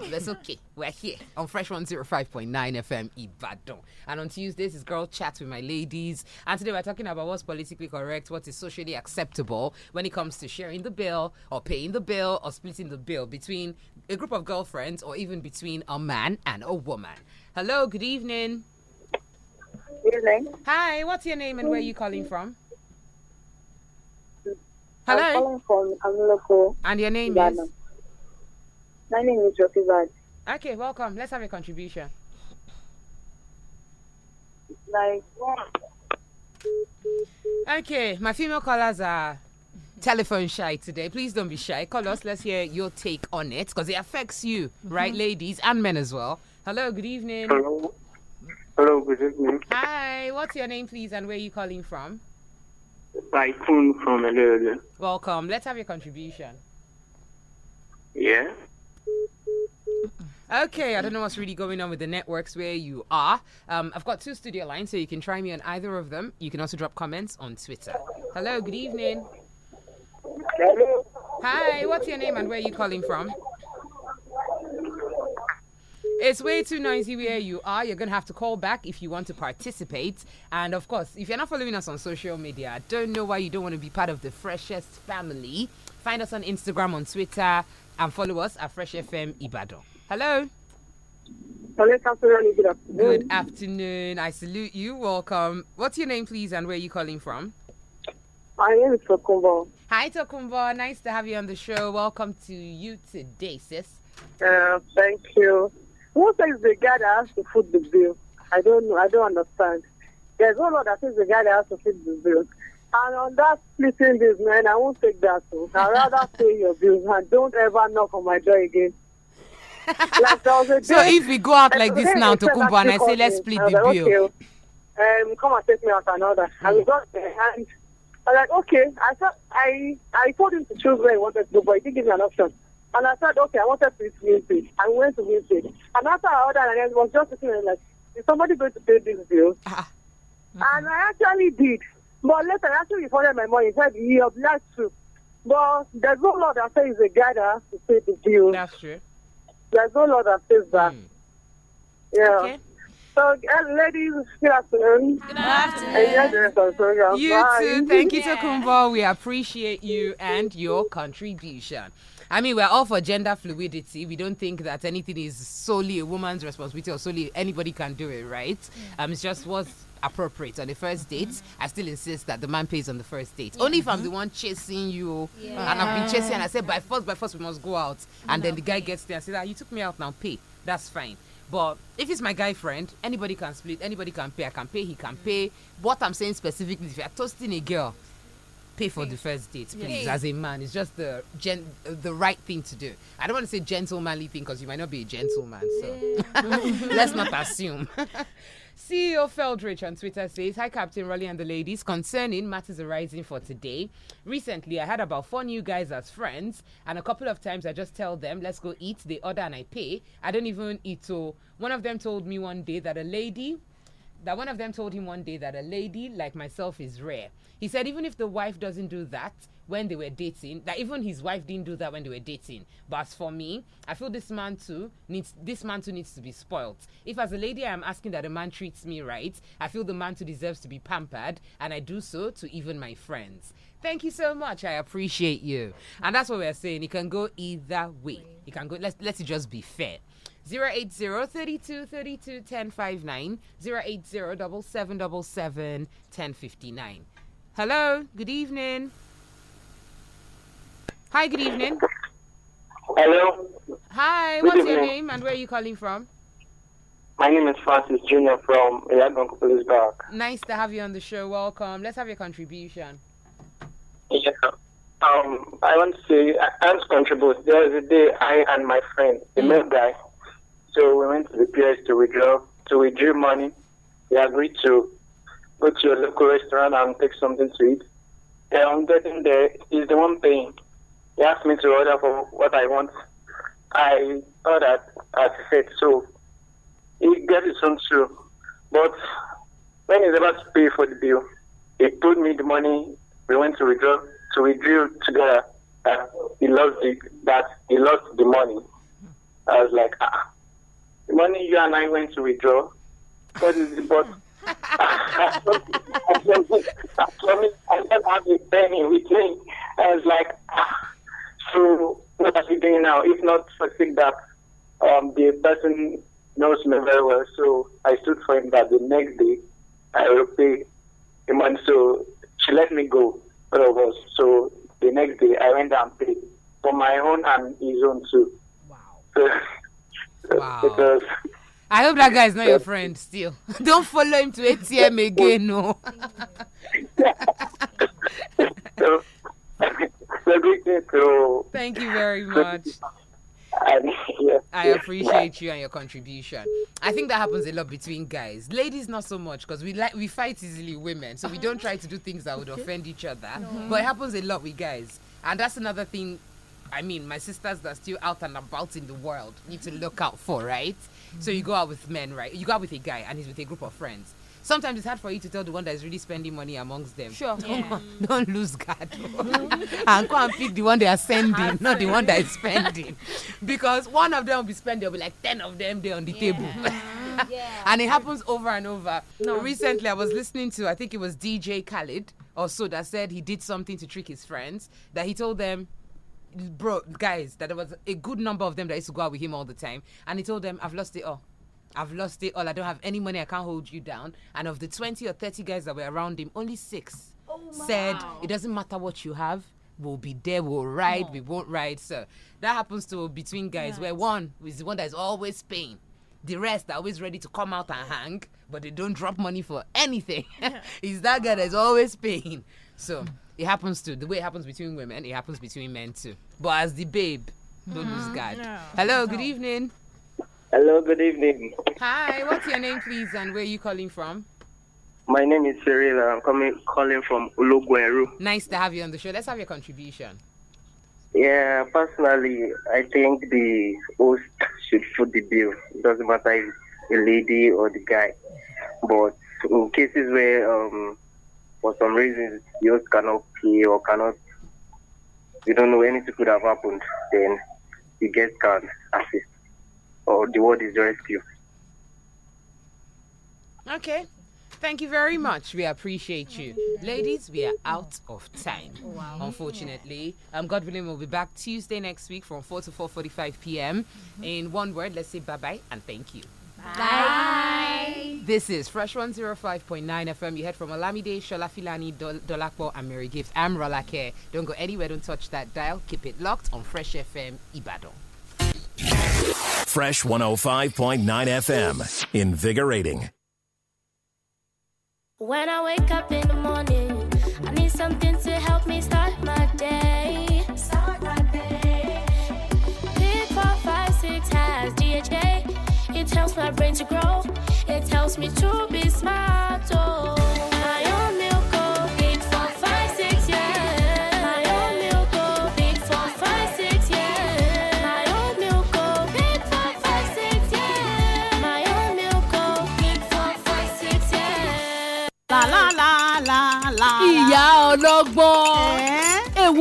That's okay. We're here on Fresh 105.9 FM Ibadan. And on Tuesdays is Girl Chat with my ladies. And today we're talking about what's politically correct, what is socially acceptable when it comes to sharing the bill or paying the bill or splitting the bill between a group of girlfriends or even between a man and a woman. Hello, good evening. Evening. Hi, what's your name and where are you calling from? Hello. I'm calling from local. And your name Ghana. is? My name is Rocky Bad. Okay, welcome. Let's have a contribution. Like what? Okay, my female callers are telephone shy today. Please don't be shy. Call us. Let's hear your take on it because it affects you, mm -hmm. right, mm-hmm. ladies and men as well. Hello. Good evening. Hello. Hello, good evening. Hi, what's your name, please, and where are you calling from? Typhoon from Elele. Welcome. Let's have your contribution. Yeah. Okay, I don't know what's really going on with the networks where you are. Um, I've got two studio lines, so you can try me on either of them. You can also drop comments on Twitter. Hello, good evening. Hello. Hi, what's your name and where are you calling from? it's way too noisy where you are. You're going to have to call back if you want to participate. And of course, if you're not following us on social media, I don't know why you don't want to be part of the freshest family. Find us on Instagram, on Twitter, and follow us at Fresh FM Ibadan. Hello. Hello, Catherine. Good afternoon. Good afternoon. I salute you. Welcome. What's your name, please, and where are you calling from? I am Tokumbo. Hi, Tokumbo. Nice to have you on the show. Welcome to you today, sis. Uh, thank you. Who says the guy that has to foot the bill? I don't know. I don't understand. There's no law that says the guy that has to foot the bill. And on that splitting this, man, I won't take that. So oh. I'd rather pay your bills and don't ever knock on my door again. like, so if we go out like this now to Kumbu and I say, let's split the like, bill. Okay, um, come and take me out another. Mm. And got and I was like, okay. I thought I I told him to choose where he wanted to go, but he didn't give me an option. And I said, okay, I wanted to win page. I went to win And after I ordered, and I was just sitting like, is somebody going to pay this bill? Ah. Mm-hmm. And I actually did. But later, I actually refunded my money. He said, he obliged to. But there's no law that says a guy has to pay the bill. That's true. There's no law that says that. Mm. Yeah. Okay. So, uh, ladies, good afternoon. Good afternoon. You Bye. too. Thank you, Tokumbo. We appreciate you and your contribution. I mean, we're all for gender fluidity. We don't think that anything is solely a woman's responsibility or solely anybody can do it, right? Um, it's just what's appropriate on the first date. I still insist that the man pays on the first date. Only if I'm mm-hmm. the one chasing you yeah. and I've been chasing and I say, by ah. force, by force, we must go out. And then the guy gets there and says, ah, you took me out, now pay. That's fine. But if it's my guy friend, anybody can split, anybody can pay. I can pay, he can pay. What I'm saying specifically, if you're toasting a girl, pay for the first date, please, yeah. as a man. It's just the gen- the right thing to do. I don't want to say gentlemanly thing because you might not be a gentleman, so let's not assume. CEO Feldrich on Twitter says, Hi, Captain Raleigh and the ladies. Concerning matters arising for today, recently I had about four new guys as friends, and a couple of times I just tell them, Let's go eat. They order and I pay. I don't even eat. So one of them told me one day that a lady that one of them told him one day that a lady like myself is rare. He said even if the wife doesn't do that when they were dating, that even his wife didn't do that when they were dating. But as for me, I feel this man too needs this man too needs to be spoilt. If as a lady I am asking that a man treats me right, I feel the man too deserves to be pampered, and I do so to even my friends. Thank you so much. I appreciate you. And that's what we're saying. It can go either way. It can go let's let's just be fair. 80 3232 1059 Hello, good evening. Hi, good evening. Hello. Hi, good what's evening. your name and where are you calling from? My name is Francis Jr. from Elagon Police Park. Nice to have you on the show. Welcome. Let's have your contribution. Yeah. Um, I want to say, I want to contribute. There was a day I and my friend, the mm. male guy, so we went to the PS to withdraw. to withdraw money. We agreed to go to a local restaurant and take something to eat. And on getting there, he's the one paying. He asked me to order for what I want. I ordered, as he said, so he got his own shoe. But when he's about to pay for the bill, he put me the money we went to withdraw. So we drew together. Uh, he lost the, that he lost the money. I was like, ah. Morning, you and I went to withdraw. What is the But I promise I don't have a penny with me. I was like, ah. so what are you doing now? If not for sick that um, the person knows me very well, so I stood for him that the next day I will pay him, and so she let me go. So the next day I went and paid for my own and his own too. Wow. So, Wow. Because I hope that guy is not your friend still. Don't follow him to ATM again, no. Thank you very much. I appreciate you and your contribution. I think that happens a lot between guys. Ladies, not so much because we like we fight easily, women. So we don't try to do things that would offend each other. But it happens a lot with guys, and that's another thing I mean, my sisters that are still out and about in the world need to look out for, right? Mm-hmm. So you mm-hmm. go out with men, right? You go out with a guy and he's with a group of friends. Sometimes it's hard for you to tell the one that is really spending money amongst them. Sure. Don't, don't lose guard. and go and pick the one they are sending, not the one that is spending. Because one of them will be spending, there'll be like 10 of them there on the yeah. table. Uh-huh. yeah. and it happens over and over. No. Recently, I was listening to, I think it was DJ Khaled or so, that said he did something to trick his friends, that he told them, bro, guys, that there was a good number of them that used to go out with him all the time. And he told them, I've lost it all. I've lost it all. I don't have any money. I can't hold you down. And of the 20 or 30 guys that were around him, only six oh, wow. said, It doesn't matter what you have. We'll be there. We'll ride. We won't ride. So that happens to between guys where one is the one that is always paying. The rest are always ready to come out and hang, but they don't drop money for anything. Yeah. it's that guy that's always paying. So. It happens too. The way it happens between women, it happens between men too. But as the babe, don't mm-hmm. lose guard. No. Hello, good evening. Hello, good evening. Hi, what's your name, please, and where are you calling from? My name is Cyril. I'm coming calling from Ulugweru. Nice to have you on the show. Let's have your contribution. Yeah, personally, I think the host should foot the bill. It doesn't matter if it's a lady or the guy. But in cases where um, for some reasons youth cannot pay or cannot you don't know anything could have happened, then you get can assist or the word is the rescue. Okay. Thank you very much. We appreciate you. Ladies, we are out of time. Oh, wow. Unfortunately. Um, God willing, we'll be back Tuesday next week from 4 to 4.45 p.m. Mm -hmm. In one word, let's say bye-bye and thank you. Bye. This is Fresh 105.9 FM. You heard from Olamide, Shola Filani, Dol- Dolakbo, and Mary Gibbs. I'm Rola Don't go anywhere, don't touch that dial. Keep it locked on Fresh FM Ibadan. Fresh 105.9 FM. Invigorating. When I wake up in the morning, I need something to help me start my day. my brain to grow. It helps me to be smart. La la la la la. Ìyá ọlọ́gbọ́n.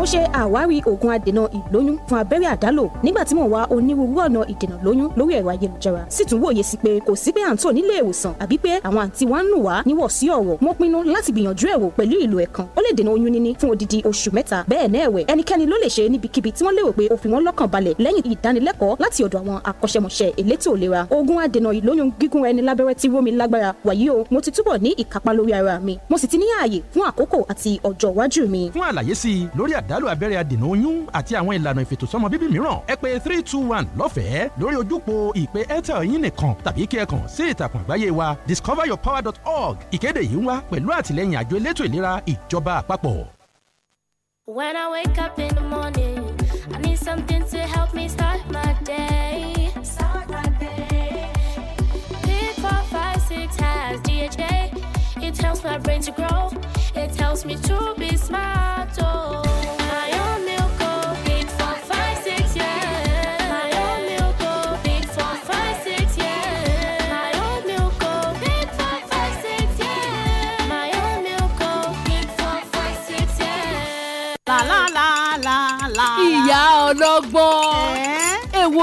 mo ṣe àwárí oògùn adènà ìlóyún fún abẹ́rẹ́ àdálò nígbà tí mò ń wá onírúurú ọ̀nà ìdènà lóyún lórí ẹ̀rọ ayélujára sì tún wòye sí pé kò sí pé à ń tò nílé ìwòsàn àbí pé àwọn àǹtí wa ń nù wá níwọ̀ sí ọ̀rọ̀ mo pinnu láti gbìyànjú ẹ̀wò pẹ̀lú ìlò ẹ̀kan ó lè dènà oyún níní fún odidi oṣù mẹ́ta bẹ́ẹ̀ náà ẹ̀wẹ̀ ẹnikẹ́ni ló lè ṣe níbikíbi tí wọ́n lérò pé ó fi wọ́n lọ́kàn balẹ̀ lẹ́yìn mi mo sì ti ní ààyè fún àkókò àti mi. fún àlàyé sí i àdálù abẹ́rẹ́ adènà oyún àti àwọn ìlànà ìfètòsọ́mọ bíbí mìíràn ẹ pè three two one lọ́fẹ̀ẹ́ lórí ojúpo ìpè airtel yín nìkan tàbí kí ẹ kàn sí ìtàkùn àgbáyé wa discoveryourpower.org ìkéde yìí ń wá pẹ̀lú àtìlẹ́yìn àjọ elétò ìlera ìjọba àpapọ̀. When I wake up in the morning, I need something to help me start my day. Start my day. Pick four, five, six has DHA. It helps my brain to grow. It helps me to be smart. Oh.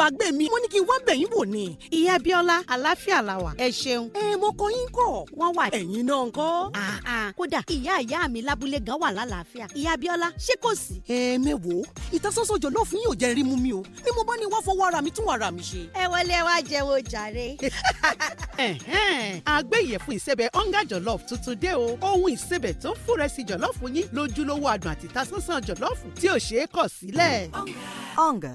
alábàágbé mi mo ní kí n wá bẹ̀yìn wò ni. ìyá Bíọ́lá àláfíà la wà ẹ ṣeun. ẹ mo kọ yín kọ wọn wà ẹ̀yin náà ńkọ́. Ah, ah. kódà ìyá ìyá mi lábúlé gan wà lálàáfíà ìyá Bíọ́lá ṣé kò sí. ẹ mẹ́wòó ìtasọ́sọ́ jọ̀lọ́ọ̀fù yóò jẹ́ rímú mi o ni mo bá ní wá fọwọ́ ara mi tún ara mi ṣe. ẹ wọlé ẹ wá jẹ wo jàre. àgbẹ̀ ìyẹ̀fun ìsẹ̀bẹ̀ ọ̀ngá jọ̀lọ́ọ̀fù tuntun dé o ohun ìsẹ̀bẹ̀ tó ń fúnrẹ́sì jọ̀lọ́ọ̀fù yín lójúlówó adùn àti ìtasọ́sọ́ jọ̀lọ́ọ̀fù tí ò ṣeé kọ̀ sílẹ̀. ọ̀ngá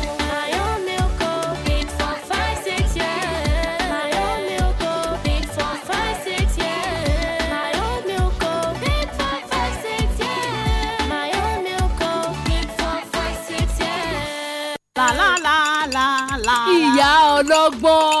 ọlọ́gbọ́n.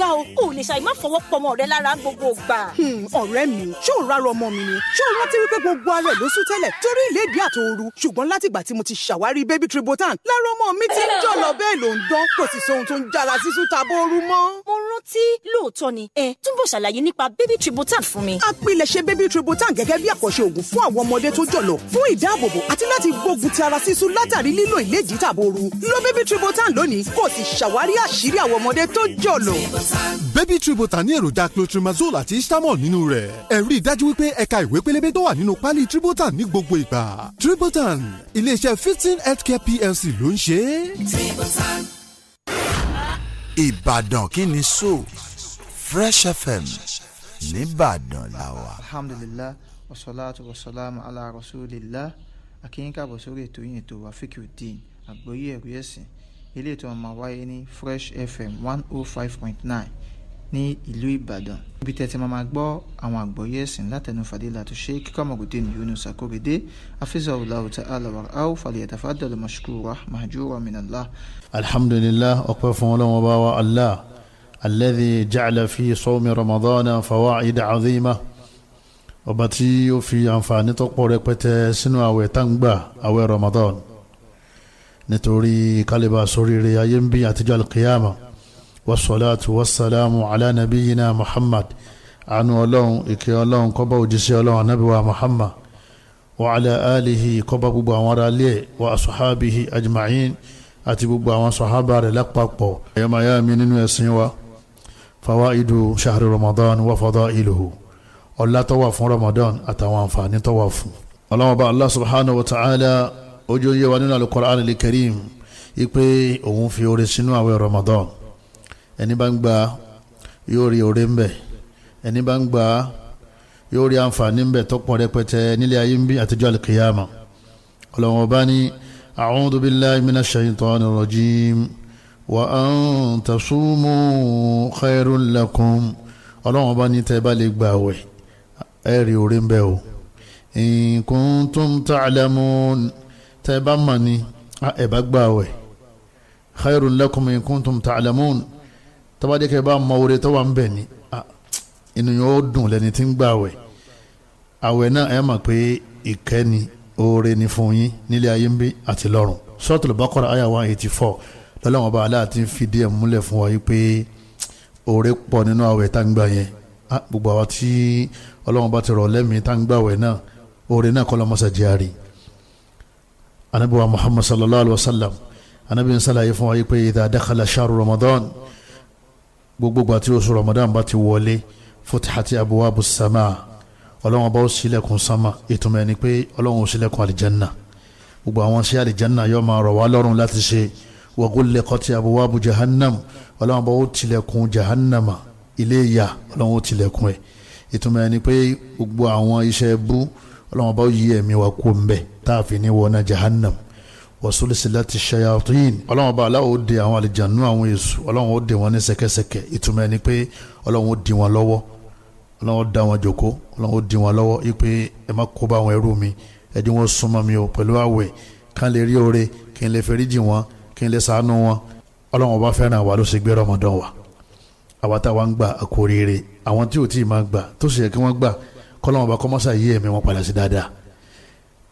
ga o ò lè ṣàì má fọwọ́ pọmọ rẹ lára gbogbo gbà. Hmm, ọ̀rẹ́ mi ṣé ò rárọ ọmọ mi ni ṣé ò rántí wípé gbogbo ara ẹ̀ ló sún tẹ́lẹ̀ torí ìlédìí àtòoru ṣùgbọ́n látìgbà tí mo ti ṣàwárí baby tributan lára ọmọ mi ti ń jọ̀lọ bẹ́ẹ̀ ló ń dán kò sì sóhun tó ń jára sísú tabóoru mọ́. mo rántí lóòótọ́ ni ẹ túbọ̀ ṣàlàyé nípa baby tributan fún mi. apilẹ̀ṣẹ̀ baby tributan gẹ́gẹ́ bí àkọ́ṣe òògùn fún àwọn ọmọdé tó jọ̀lọ̀ fún ìdáàbòbò àti láti gbógun ti ara sísú látàrí lílo ìlédìí tàbóoru lo baby tributan lónìí kò sì ṣàwárí àṣírí àwọn ọmọdé tó jọ̀lọ̀ baby tribota ní èròjà clotrimazole àti istamol nínú rẹ̀ ẹ rí i dájú wípé ẹ̀ka ìwé pélébé tó wà nínú pálí tribotan ní gbogbo ìgbà tribotan iléeṣẹ́ fifteen healthcare plc ló ń ṣe é. ìbàdàn kí ni so fresh fm nìbàdàn làwà. alhamdulilayi wasalaatu wasalaamu ala rasulillah akínyìn káàbọ̀ sórí ètò yìí ètò wàfíkì òdin àgbọ́yé ẹ̀rí ẹ̀sìn eléyìí tó máa wáyé ní Fresh FM one oh five point nine ní ìlú Ìbàdàn ibi tẹ́tí máa máa gbọ́ àwọn àgbọ̀yé ẹ̀sìn látẹnu fàdílà tó ṣe kíkọ́ mọ̀gòdìní Yunus Akóredé afizahullahu ta'ala wara'ahu falyatafaddalu mashkura mahjura minallah. alhamdulillah ọpẹ́ fún Ọlọ́run ọba wa allah alladhi ja'ala fi sawmi ramadana fawa'id azima ọba tí ó fi àǹfààní tó pọ̀ rẹpẹtẹ sínú àwẹ̀ tá àwẹ̀ ramadan nítorí kálíbà sóríire ayé ń bí àtijọ́ alkiyama wasalaatu wasalaamu ala nabiyina muhammad anu ọlọ́run ìkẹ́ ọlọ́run kọ́bá òjíṣẹ́ ọlọ́run anábíwá muhammad wa ala alihi kọ́bá gbogbo àwọn ará ilé wa asuhabihi ajma'in àti gbogbo àwọn sahaba rẹ̀ lápapọ̀ ẹ̀yọ́mọ ayá mi nínú ẹ̀sìn wa fawaidu shahri ramadan wa fadailuhu ọlá tó wà fún ramadan àtàwọn àǹfààní tó fún ọlọ́run ọba allah subhanahu wa ta'ala ojú yẹ wa nínú al-Qur'an al-Karim ipe òun fi oore sínú àwẹ̀ Ramadan ẹni bá ń gba yóò rí oore ń bẹ ẹni bá ń gba yóò rí àǹfààní ń bẹ tọ́pọ̀ rẹpẹtẹ nílé ayé ń bí àtijọ́ al-Qiyama ọlọ́wọ́n bá ní a'udhu billahi minash shaitani rajim wa an tasumu khairun lakum ọlọ́wọ́n bá ní tẹ́ bá lè gbà wẹ̀ ẹ̀ rí oore ń bẹ o in kuntum tẹ́ ẹ bá mọ̀ ni ẹ bá gbà wẹ̀ khairun lakum in kuntum ta'lamun tọ́badé kẹ́ ẹ bá mọ oore tó wà ń bẹ̀ ni inú yóò dùn lẹ́ni tí ń gbà wẹ̀ àwẹ̀ náà ẹ mọ̀ pé ìkẹ́ni oore ni fún yín nílé ayé ń bí àti lọ́run suratul baqara àyà one eighty four lọ́lọ́wọ́n bá aláàtí ń fìdí ẹ̀ múlẹ̀ fún wa yìí pé oore pọ̀ nínú àwẹ̀ tá ń gbà yẹn gbogbo àwa tí ọlọ́wọ́n bá ti rọ̀ lẹ́mìí tá ń gbà wẹ̀ náà oore náà kọ́ lọ́mọ́sàdíyàrí anabi wa muhammad sallallahu alaihi wa sallam anabi n ṣàlàyé fún wa yìí pé idha dakhala shahru ramadan gbogbo gba tí oṣù ramadan bá ti wọlé futihati abuwabu sama ọlọ́run bá ó ṣílẹ̀kùn sama ìtumọ̀ ẹni pé ọlọ́run ó ṣílẹ̀kùn àlìjánná gbogbo àwọn sí àlìjánná yóò máa rọ̀ wá lọ́rùn láti ṣe wa ghulliqati abuwabu jahannam ọlọ́run bá ó tilẹ̀kùn jahannama ilé ìyà ọlọ́run ó ẹ̀ ìtumọ̀ ẹni pé gbogbo àwọn iṣẹ́ bú ọlọ́wọ́n bá yí ẹ̀mí wa kó ń bẹ̀ tá a fi ní wọ́n náà jahannam wàsúlù sílẹ̀ ti ṣayatin ọlọ́wọ́n bá aláwọ̀ de àwọn àlìjànú àwọn èṣù ọlọ́wọ́n ó de wọn ní sẹ́kẹ́sẹ́kẹ́ ìtumọ̀ ẹni pé ọlọ́wọ́n ó di wọn lọ́wọ́ ọlọ́wọ́n da wọn jòkó ọlọ́wọ́n ó di wọn lọ́wọ́ ipe ẹ má kó bá àwọn ẹrú mi ẹ wọn súnmọ́ mi o pẹ̀lú àwẹ̀ kán lè rí oore kí n lè fẹ́ríjì wọn kí n lè ṣàánú wọn ọlọ́wọ́n bá fẹ́ràn àwa ló ṣe gbé rọmọdán wa àwa táwa ń gbà àkóríire àwọn tí ò tí ì máa gbà tó sì yẹ kí wọ́n gbà kọ́lọ́mù ọba kọ́mọ́sá yí ẹ̀mí wọn padà sí dáadáa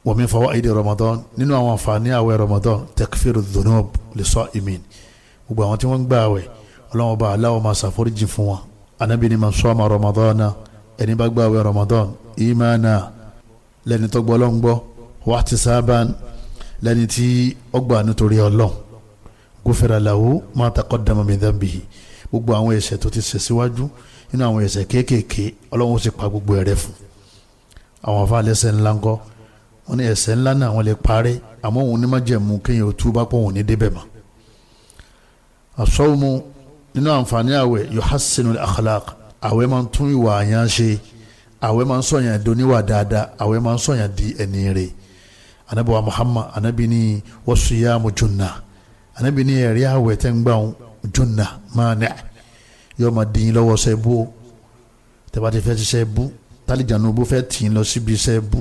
wa min fawaidi Ramadan nínú àwọn àǹfààní àwẹ̀ Ramadan takfiru dhunub lis-sa'imin gbogbo àwọn tí wọ́n ń gbà àwẹ̀ ọlọ́mù ọba aláwọ̀ máa ṣàforíjì fún wọn anabi ni man sama Ramadana ẹni bá gbà àwẹ̀ Ramadan imana lẹni tó gbọ́ ọlọ́run gbọ́ wahtisaban lẹni tí ó gbà nítorí ọlọ́run gufira lahu ma taqaddama min dhanbihi gbogbo àwọn ẹ̀ṣẹ̀ tó ti ṣẹ̀ si nínú àwọn ẹ̀ṣẹ̀ kéékèèké ọlọ́run ó sì pa gbogbo ẹ̀rẹ́ fún àwọn afa lẹ́ṣẹ̀ ńlá ńkọ́ wọn ní ẹ̀ṣẹ̀ ńlá náà wọn lè parí àmọ́ òun ní má jẹ̀mú kéèyàn ò túbá pọ̀ òun ní débẹ̀ mọ́ àsọ́wọ́mu nínú àǹfààní àwẹ̀ yuhassinu akhlaq àwẹ̀ máa ń tún ìwà àyàn ṣe àwẹ̀ máa ń sọ̀yàn doníwà dáadáa àwẹ̀ máa ń sọ̀yàn di ẹni rẹ̀ anabi muhammad anabi ni wasuyamu junna anabi ni ẹ̀rí àwẹ̀ tẹ́ ń gbà junna máa nẹ́ẹ̀ yóò máa dín in lọ́wọ́ ṣe bú o tẹ́bá ti fẹ́ ṣiṣẹ́ bú tálíjànú bó fẹ́ tì í lọ síbi iṣẹ́ bú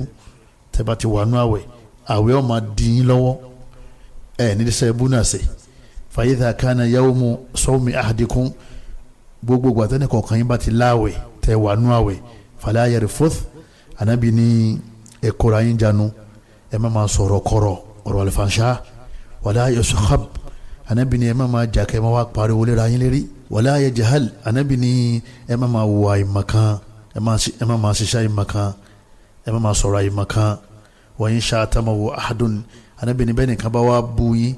tẹ́bá ti wà nú àwẹ̀ àwẹ̀ ọ̀ máa dín in lọ́wọ́ ẹ̀ ní iṣẹ́ bú náà ṣe fàyídà kánà yawmu sawmi ahadikum gbogbo gbàtẹ́nì kọ̀ọ̀kan yín bá ti láwẹ̀ tẹ́ wà nú àwẹ̀ fàlẹ́ ayẹ̀rẹ̀ fúth ànábì ní ẹ̀kọ́ra yín janu ẹ má máa sọ̀rọ̀ kọ̀rọ̀ ọ̀rọ̀ àlùfànṣá wàlẹ́ ayọ̀sọ̀hab ànábì ní ẹ má máa jà kẹ́ ẹ má wá pariwo léra yín lérí wala yajhal anabi ni ẹ má máa wọ àìmọ̀kan ẹ má máa ṣiṣẹ́ àìmọ̀kan ẹ má máa sọ̀rọ̀ àìmọ̀kan wa in shatamahu ahadun anabi ni bẹ́ẹ̀ nìkan bá wá bú yín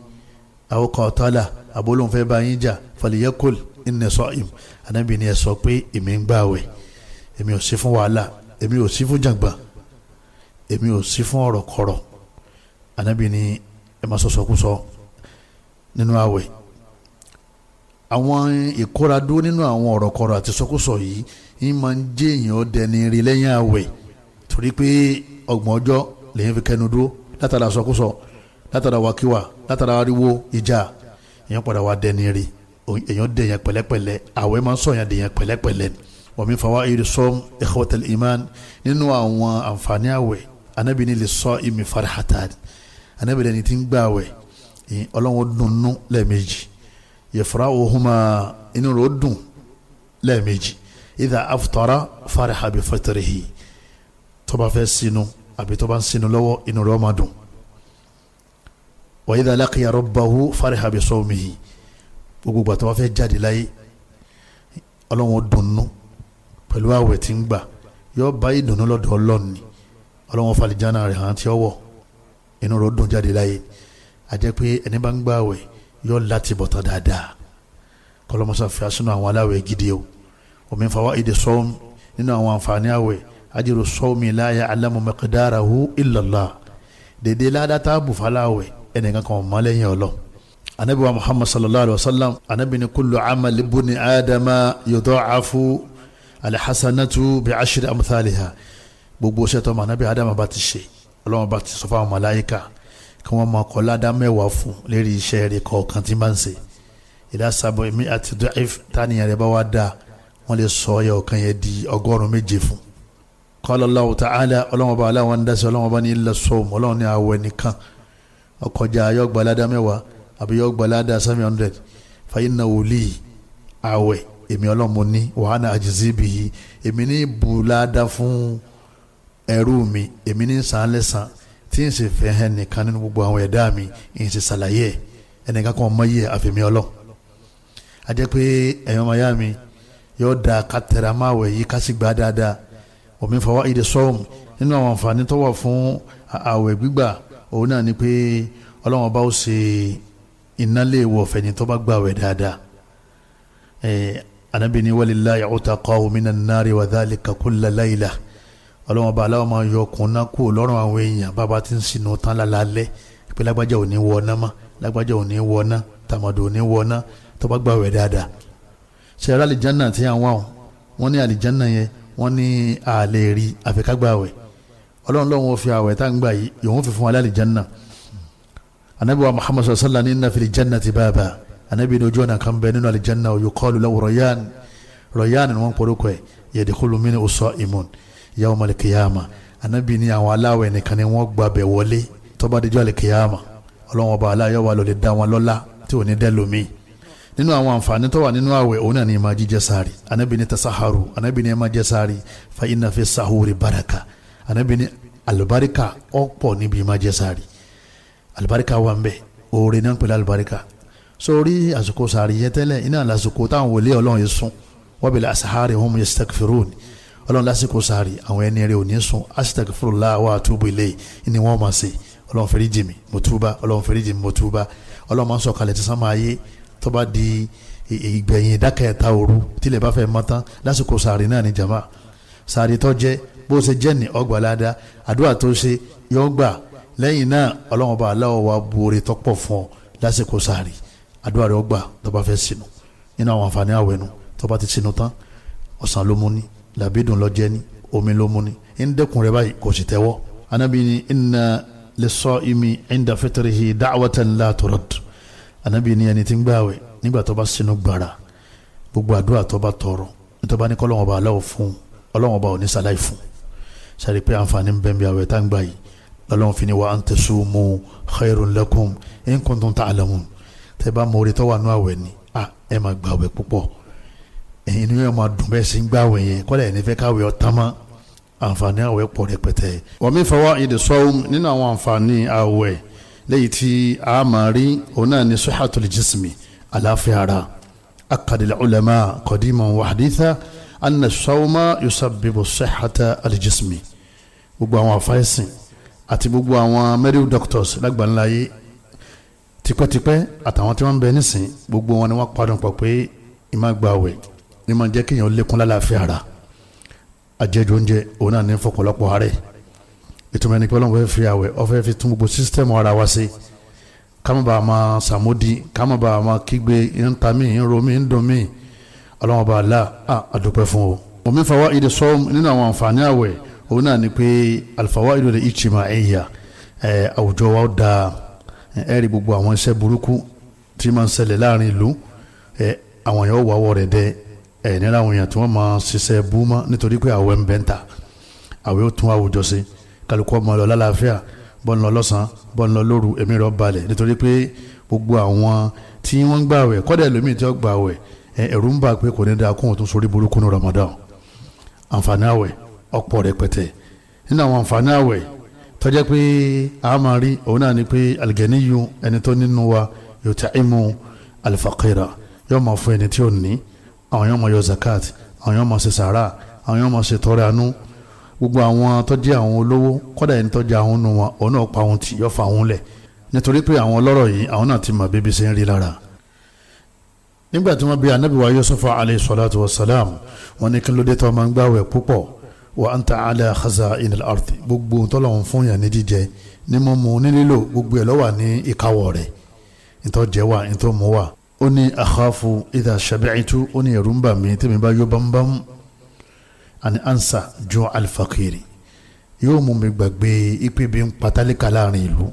aw qatala àbólóńfẹ́ bá yín jà falyaqul inni sa'im anabi ni ẹ sọ pé èmi ń gbààwẹ̀ èmi ò sí fún wàhálà èmi ò sí fún jàǹgbà èmi ò sí fún ọ̀rọ̀ anabi ni ẹ má sọ̀sọ̀kúsọ nínú àwẹ̀ àwọn ìkóradó nínú àwọn ọ̀rọ̀kọ̀rọ̀ àti sọkúsọ yìí ń máa ń jẹ́ èèyàn dẹni rí lẹ́yìn àwẹ̀ torí pé ọgbọ̀n ọjọ́ lèyìn fi kẹnu dúró látara sọkúsọ látara wakiwa látara ariwo ìjà èèyàn padà wá dẹni rí èèyàn dẹ̀yàn pẹ̀lẹ́pẹ̀lẹ́ àwẹ̀ máa ń sọ̀yàn dẹ̀yàn pẹ̀lẹ́pẹ̀lẹ́ wa min fawaidi sawm ikhwatal iman nínú àwọn àǹfààní àwẹ̀ Ànábì ní lis-saimi farhatan Ànábì ní ti ń gbààwẹ̀ Ọlọ́run dunnú yafra'uhuma inú rẹ̀ ó dùn lẹ́ẹ̀mejì idha aftara fariha bi fatrihi tó bá fẹ́ sínú àbí tó bá ń sínú lọ́wọ́ inú rẹ̀ ó máa dùn wa idha laqiya rabbahu fariha bi sawmihi gbogbo ìgbà tó bá fẹ́ jáde láyé ọlọ́run ó dùnnú pẹ̀lú àwẹ̀ tí ń gbà yóò bá ìdùnnú lọ́dọ̀ ọlọ́run ni falijana rẹ̀ hàn tí ọwọ́ inú rẹ̀ dùn jáde láyé àjẹ́ ẹni bá ń gbà àwẹ̀ yọ láti bọ̀tán dáadáa kọlọmọsá fi asínú àwọn aláwẹ̀ gidi o omi fàwa èdè sọ́ọ́m nínú àwọn àǹfààní àwẹ̀ ajru sọ́ọ́mì láyà alamu maqdarahu illallah dèdè ládàtà bùfàláwẹ̀ ẹnìkan kan mọ́lẹ́yìn ọlọ́ anabi wa muhammad sallallahu alaihi wa sallam anabi ni kullu amal ibuni adama yudha'afu alhassanatu bi ashri amthaliha gbogbo ṣètò ọmọ anabi adama bá ti ṣe ọlọ́wọ́n ti sọ àwọn màláyíkà kí wọ́n máa kọ́ ládàá mẹ́wàá fún lérí iṣẹ́ rẹ̀ kọ̀ọ̀kan tí máa ń ṣe ìdá sábọ̀ èmi àti tánìyàn rẹ̀ bá wá dáa wọ́n lè sọ ọyọ ọ̀kan yẹn di ọgọ́rùn-ún méje fún qala Allahu ta'ala ọlọ́wọ́n bá aláwọ̀ ń dásí ọlọ́wọ́n bá ní ilẹ̀ sọ́ọ̀mù ọlọ́wọ́n ní àwọ̀ ẹnìkan ọkọjà yọgbàládà mẹ́wàá àbí yọgbàládà seven hundred fàyínà wòlí àwẹ̀ èmi ọlọ́mọ ní wàhánà àjèjì bìí èmi ní bùládà fún ẹrú mi èmi ní sàn lẹ́sàn tí n sì fẹ́ hẹ́n nìkan nínú gbogbo àwọn ẹ̀dá mi n sì ṣàlàyé ẹ̀ ẹnìkan kan mọ yìí àfẹ̀mí ọlọ́ a jẹ́ pé ẹ̀yọ́ ọmọ ya mi yóò da ká tẹ̀ra máa wẹ̀ yìí ká sì gbá dáadáa omi fọwọ́ ìdè sọ́ọ̀m nínú àwọn àǹfààní tó fún àwẹ̀ gbígbà òun náà ni pé ọlọ́wọ́n bá ó ṣe iná lè wọ̀ fẹ̀yìn tó bá gbà wẹ̀ dáadáa ẹ̀ anábìíní walillahi utaqa'u minan nari wa dhalika kulla laylah ọlọ́wọ́n bá aláwọ̀ máa yọ ọkùnrin kú lọ́rùn àwọn èèyàn bàbá tí ń sinú tán lálálẹ́ pé lágbájá ò ní wọ ọ́ná mọ́ lágbájá ò ní wọ ọ́ná tàmọ̀dò ò ní wọ ọ́ná tó bá gbà wẹ̀ dáadáa. sẹ́rẹ́ àlìjánà tí àwọn àwọn wọ́n ní àlìjánà yẹn wọ́n ní àlè rí àfikágbà wẹ̀ ọlọ́run lọ́wọ́n fi àwẹ̀ tá à ń gbà yìí yòówù fi fún yawma al-qiyama anabi ni àwọn aláwẹ̀ nìkan ni wọ́n gba bẹ̀ wọlé tó bá dijọ́ al-qiyama ọlọ́wọ́n ọba aláyọ̀ wà lọ́lẹ̀ dá wọn lọ́lá tí ò ní dẹ́ lómi nínú àwọn àǹfààní tó wà nínú àwẹ̀ òun náà ni máa jíjẹ sáàrì anabi ni tasaharu anabi ni máa jẹ sáàrì fa inna fi sahuri baraka anabi ni alibarika ọ̀pọ̀ níbi máa jẹ sáàrì alibarika wà ń oore náà ń alibarika sórí àsìkò sáàrì yẹn iná lásìkò táwọn wòlé ọlọ́run yìí sùn wa bil asahari hum yastaghfirun ni ọlọ́run lásìkò sáré àwọn ẹni rẹ̀ ò ní sùn astaghfirullah wa atubu ilayhi ni wọ́n máa ṣe ọlọ́run fẹ́rí jìmì mo túbá ọlọ́run fẹ́rí jìmì mo túbá ọlọ́run máa ń sọ kalẹ̀ tí sánmà ayé tó bá di e, e, ìgbẹ̀yìn ìdákẹ́ta òru tílẹ̀ bá fẹ́ mọ́ tán lásìkò sáré náà ni jama sáré tó jẹ́ bó ṣe jẹ́ ní ọgbà ládàá àdúrà tó ṣe yọ gbà lẹ́yìn náà ọlọ́run bá aláwọ̀ wa bu oore tọ́pọ̀ fún ọ lásìkò sáré àdúrà rẹ̀ ọgbà tó bá fẹ́ sínú nínú làbídùn lọ ni omi ló mu ni ń dẹkùn rẹ báyìí kò sì tẹ́wọ́ anabi ni inna lis-sa'imi inda fitrihi da'watan la turad anabi ni ẹni tí ń gbààwẹ̀ nígbà tó bá sinú gbàrà gbogbo àdúrà tó bá tọrọ nítorí bá ní kọ́ ọlọ́wọ́n ọba aláwọ̀ fún ọlọ́wọ́n ọba òní sàlàyé fún sari pé àǹfààní ń bẹ bí àwẹ̀ tá ń gbà yìí lọ́lọ́wọ́n fi ni wa an tasumu khairun lakum in kuntum ta'lamun tẹ́ bá mọ̀ orí tó wà nú àwẹ̀ ni ah ẹ máa gbààwẹ̀ púpọ̀ ẹ̀yin ni yóò máa dùn bẹ́ẹ̀ sí ń gbàwẹ̀ yẹn kọ́lẹ̀ ẹ̀ nífẹ̀ẹ́ káwé ọ̀tán mọ́ àǹfààní àwẹ̀ pọ̀ rẹpẹtẹ. wọ́n mi fọwọ́ èdè sọ́wọ́n nínú àwọn àǹfààní àwẹ̀ lẹ́yìn tí a máa rí òun náà ní sọ́hàtúlì jísìmì àláfíà ara akadìlẹ̀ ulama kọ́dímọ̀ wàhádìíta anna sọ́wọ́mà yusabibu sọ́hàtà alìjísìmì gbogbo àwọn àfáìsìn àti gbogbo àwọn medical doctors lágbàláyé tipẹ́tipẹ́ àtàwọn tí wọ́n ń bẹ nísìn gbogbo wọn ni wọ́n padà pọ̀ pé ìmá gbàwẹ̀ Ni máa jẹ́ kéèyàn lékún lálàáfíà ara àjẹjù oúnjẹ òun náà ní fọ̀pọ̀lọpọ̀ àárẹ̀ ìtumọ̀ ẹni pé ọlọ́run fẹ́ fi àwẹ̀ ọ fẹ́ fi tún gbogbo sísítẹ́mù ara wa ṣe kámọ́ bá a máa sàmódì kámọ́ bá a máa kígbe ń ta mí ń ro mí ń dùn mí ọlọ́run bá a la àdúpẹ́ fún o. omi fàwa ìdè sọ́ọ́mù nínú àwọn àǹfààní àwẹ̀ òun náà ni pé àlùfáwá ìlú rẹ̀ ìjìmá ẹ̀yà àwùjọ wa da ẹ̀rí gbogbo àwọn iṣẹ́ burúkú tí máa ń ṣẹlẹ̀ láàrin ìlú àwọn èèyàn wà wọ̀ rẹ̀ dẹ́ ẹ nira àwọn èèyàn tí wọ́n máa ṣiṣẹ́ búmọ́ nítorí pé àwẹ̀ ń bẹ́ ń ta àwẹ̀ ó tún àwùjọ ṣe kálukú ọmọ lọ lálàáfíà bọ́ ń lọ lọ́sàn bọ́ ń lọ lóru ẹ̀mí rọ balẹ̀ nítorí pé gbogbo àwọn tí wọ́n ń gbàwẹ̀ kọ́dà ẹlòmíì tí wọ́n gbàwẹ̀ ẹ̀rù ń bà pé kò ní dáa kóhun tún sórí burúkú ní Ramadan àǹfààní àwẹ̀ ọ̀pọ̀ rẹpẹtẹ nínú àwọn àǹfààní àwẹ̀ tó jẹ́ pé a máa rí òun náà ni pé alìgẹ̀níyù ẹni tó nínú wa yòtá ìmú alifakira yóò máa fún ẹni tí ò ní àwọn yẹn máa yọ zakat àwọn yẹn máa ṣe sàrà àwọn yẹn máa ṣe tọrẹ àánú gbogbo àwọn tó jẹ́ àwọn olówó kọ́dà ẹni tó jẹ́ àwọn nù wọn òun náà pa àwọn tì yọ fa àwọn lẹ̀ nítorí pé àwọn ọlọ́rọ̀ yìí àwọn náà ti mọ̀ bíbí ṣe ń rí lára. nígbà tí wọ́n bi anabi wa alayhi salatu wa salam wọn ní kí ló dé tó máa ń gbàwẹ̀ púpọ̀ wa anta ala khaza'in al-ard gbogbo tọ́lọ́hún fún yàn ní jíjẹ ní mọ́ mu ní lílo gbogbo ẹ̀ lọ́wà ní ìkáwọ́ rẹ̀ ìtọ́jẹ́ wà ìtọ́mu wà ó ní àkàfù ìdá ṣàbẹ̀ẹ́tù ó ní ẹ̀rù ń bà mí tèmi bá yọ bámbám àní ansa jọ alifakiri yóò mú mi gbàgbé ipe bí n patálíkà láàrin ìlú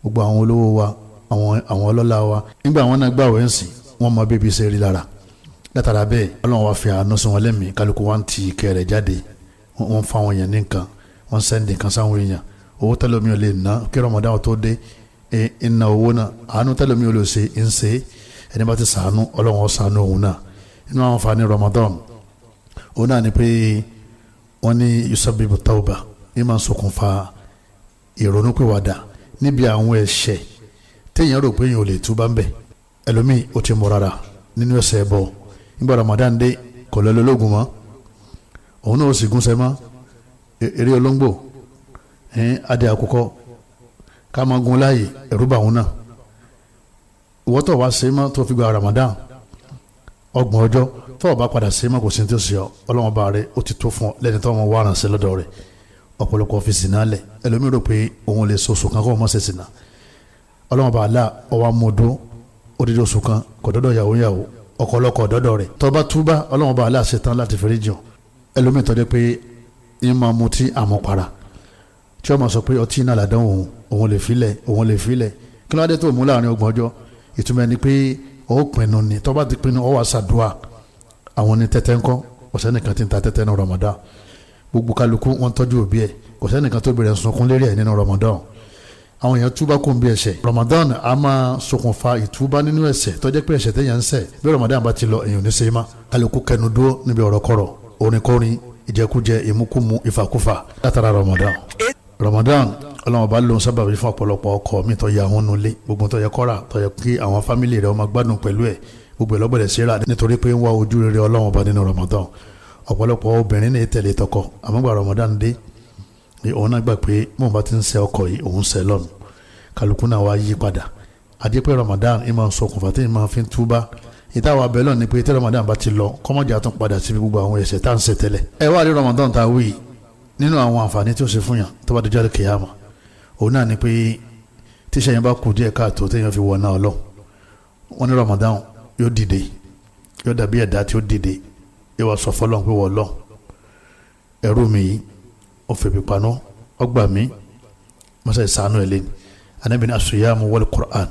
gbogbo àwọn olówó wa àwọn ọlọ́lá wa nígbà àwọn náà gbàwé ń sìn wọ́n mọ bíbí ṣe rí lára látara bẹ́ẹ̀ ọlọ́run wa fi àánú sí wọn lẹ́mìí kálukú wa ń ti ìkẹ́ rẹ̀ jáde wọ́n ń fa àwọn èèyàn ní nǹkan wọ́n ń sẹ́ndì nǹkan sáwọn èèyàn owó tẹ́lẹ̀ mi ò lè ná kí rọmọdáwọ̀ tó dé ẹ̀ ń na owó náà àánú tẹ́lẹ̀ mi ò lè ṣe ń ṣe é ẹni bá ti sànú ọlọ́run sànú òun náà inú àwọn àǹfààní Ramadan òun náà ni pé wọ́n ní yusabibu tauba ní máa ṣokùnfà ìrònúpìwàdà níbi àwọn ẹ̀ṣẹ̀ téèyàn rò pé èèyàn ò lè túbà ń bẹ̀ ẹlòmíì ó ti mọ̀ rárá nínú ẹ̀ṣẹ̀ ẹ̀bọ nígbà Ramadan dé kò lọ lọ́lọ́gùn mọ́ òun náà ó sì gúnṣẹ́ mọ́ e, eré olóńgbò adé àkókò ká máa gun láàyè ẹ̀rú bà òun náà ìwọ́ tó wá ṣe tó fi gba Ramadan ọgbọ̀n ọjọ́ tó o bá padà ṣe mọ́ kò sí tó ṣe ọ ọlọ́wọ́n bá rẹ ó ti tó fún ọ lẹ́ni tó wọn wá ràn sí lọ́dọ̀ rẹ ọ̀pọ̀lọpọ̀ fi sìn náà lẹ̀ ẹlòmíì rò pé òun lè soṣù kan kó o mọ̀ ṣe sìn náà ọlọ́wọ́n bá a la ọwọ́ amúdún odidi oṣù kan kò dọ́dọ̀ yàwó yàwó ọ̀kọ̀lọ́kọ̀ dọ́dọ̀ la ṣe tán láti fẹ́rẹ́ jùn ẹlòmíì tọ́jú pé yín ìtumọ̀ ẹni pé ọ̀ pinnu ni tọ́ba ti pinnu ọ̀ wà sàdúà àwọn ní tẹ́tẹ́ ńkọ́ ọ̀sẹ̀ nìkan ti ń ta tẹ́tẹ́ ní Ramadan gbogbo kálukú wọn tọ́jú òbí ẹ̀ ọ̀sẹ̀ nìkan tó bẹ̀rẹ̀ sunkún lérí ẹ̀ nínú Ramadan àwọn èèyàn túbá kò ń bí ẹ̀ṣẹ̀ Ramadan a máa ṣokùnfà ìtúbá nínú ẹ̀ṣẹ̀ tó jẹ́ pé ẹ̀ṣẹ̀ téèyàn ń ṣẹ̀ bí Ramadan bá ti lọ èèyàn ní sèémà kálukú kẹnu dúró níbi ọ̀rọ̀ kọ̀rọ̀ orin kọrin ìjẹkújẹ ìmúkúmu ìfàkúfà látara Ramadan. Ramadan ọlọ́wọ́n bá lóun sábà bí fún ọ̀pọ̀lọpọ̀ ọkọ mi tó yà hún nulẹ̀ gbogbo tó yẹ kọ́ra tó yẹ kí àwọn fámìlì rẹ̀ ọmọ gbádùn pẹ̀lú ẹ̀ gbogbo ẹ̀ lọ́gbẹ̀dẹ̀ síra nítorí pé ń wá ojú rere ọlọ́wọ́n bá nínú Ramadan ọ̀pọ̀lọpọ̀ obìnrin ní tẹ̀lé tọkọ àmọ́gbà Ramadan dé òun náà gbà pé mò ń bá ti ń ṣe ọkọ yìí òun ṣe lọ́nu kálukú náà wá yí padà àti pé Ramadan ìmọ̀ sọkùnfà tí ìmọ̀ fi ń túbá ìtawà abẹ́lọ́ ni pé tí Ramadan bá ti lọ kọ́mọ́jà tún padà síbi gbogbo àwọn ẹ̀ṣẹ̀ tá à ń ṣe tẹ́lẹ̀ ẹ wá rí Ramadan ta wí nínú àwọn àǹfààní tí ó ṣe fún yàn tó bá dojú àlùkìyàmà òun náà ni pé tíṣẹ́ yẹn bá kù díẹ̀ káàtó téèyàn fi wọ̀ náà wọn ní Ramadan yóò dìde yóò dàbí ẹ̀dá tí ó dìde yóò wá sọ fọlọ́n pé wọ́n lọ ẹ̀rú mi yìí ó fèbí paná ọgbà mi mọ́sá ìsànú ẹ̀ lẹ́nu anábìíní asuyamu wal Qur'an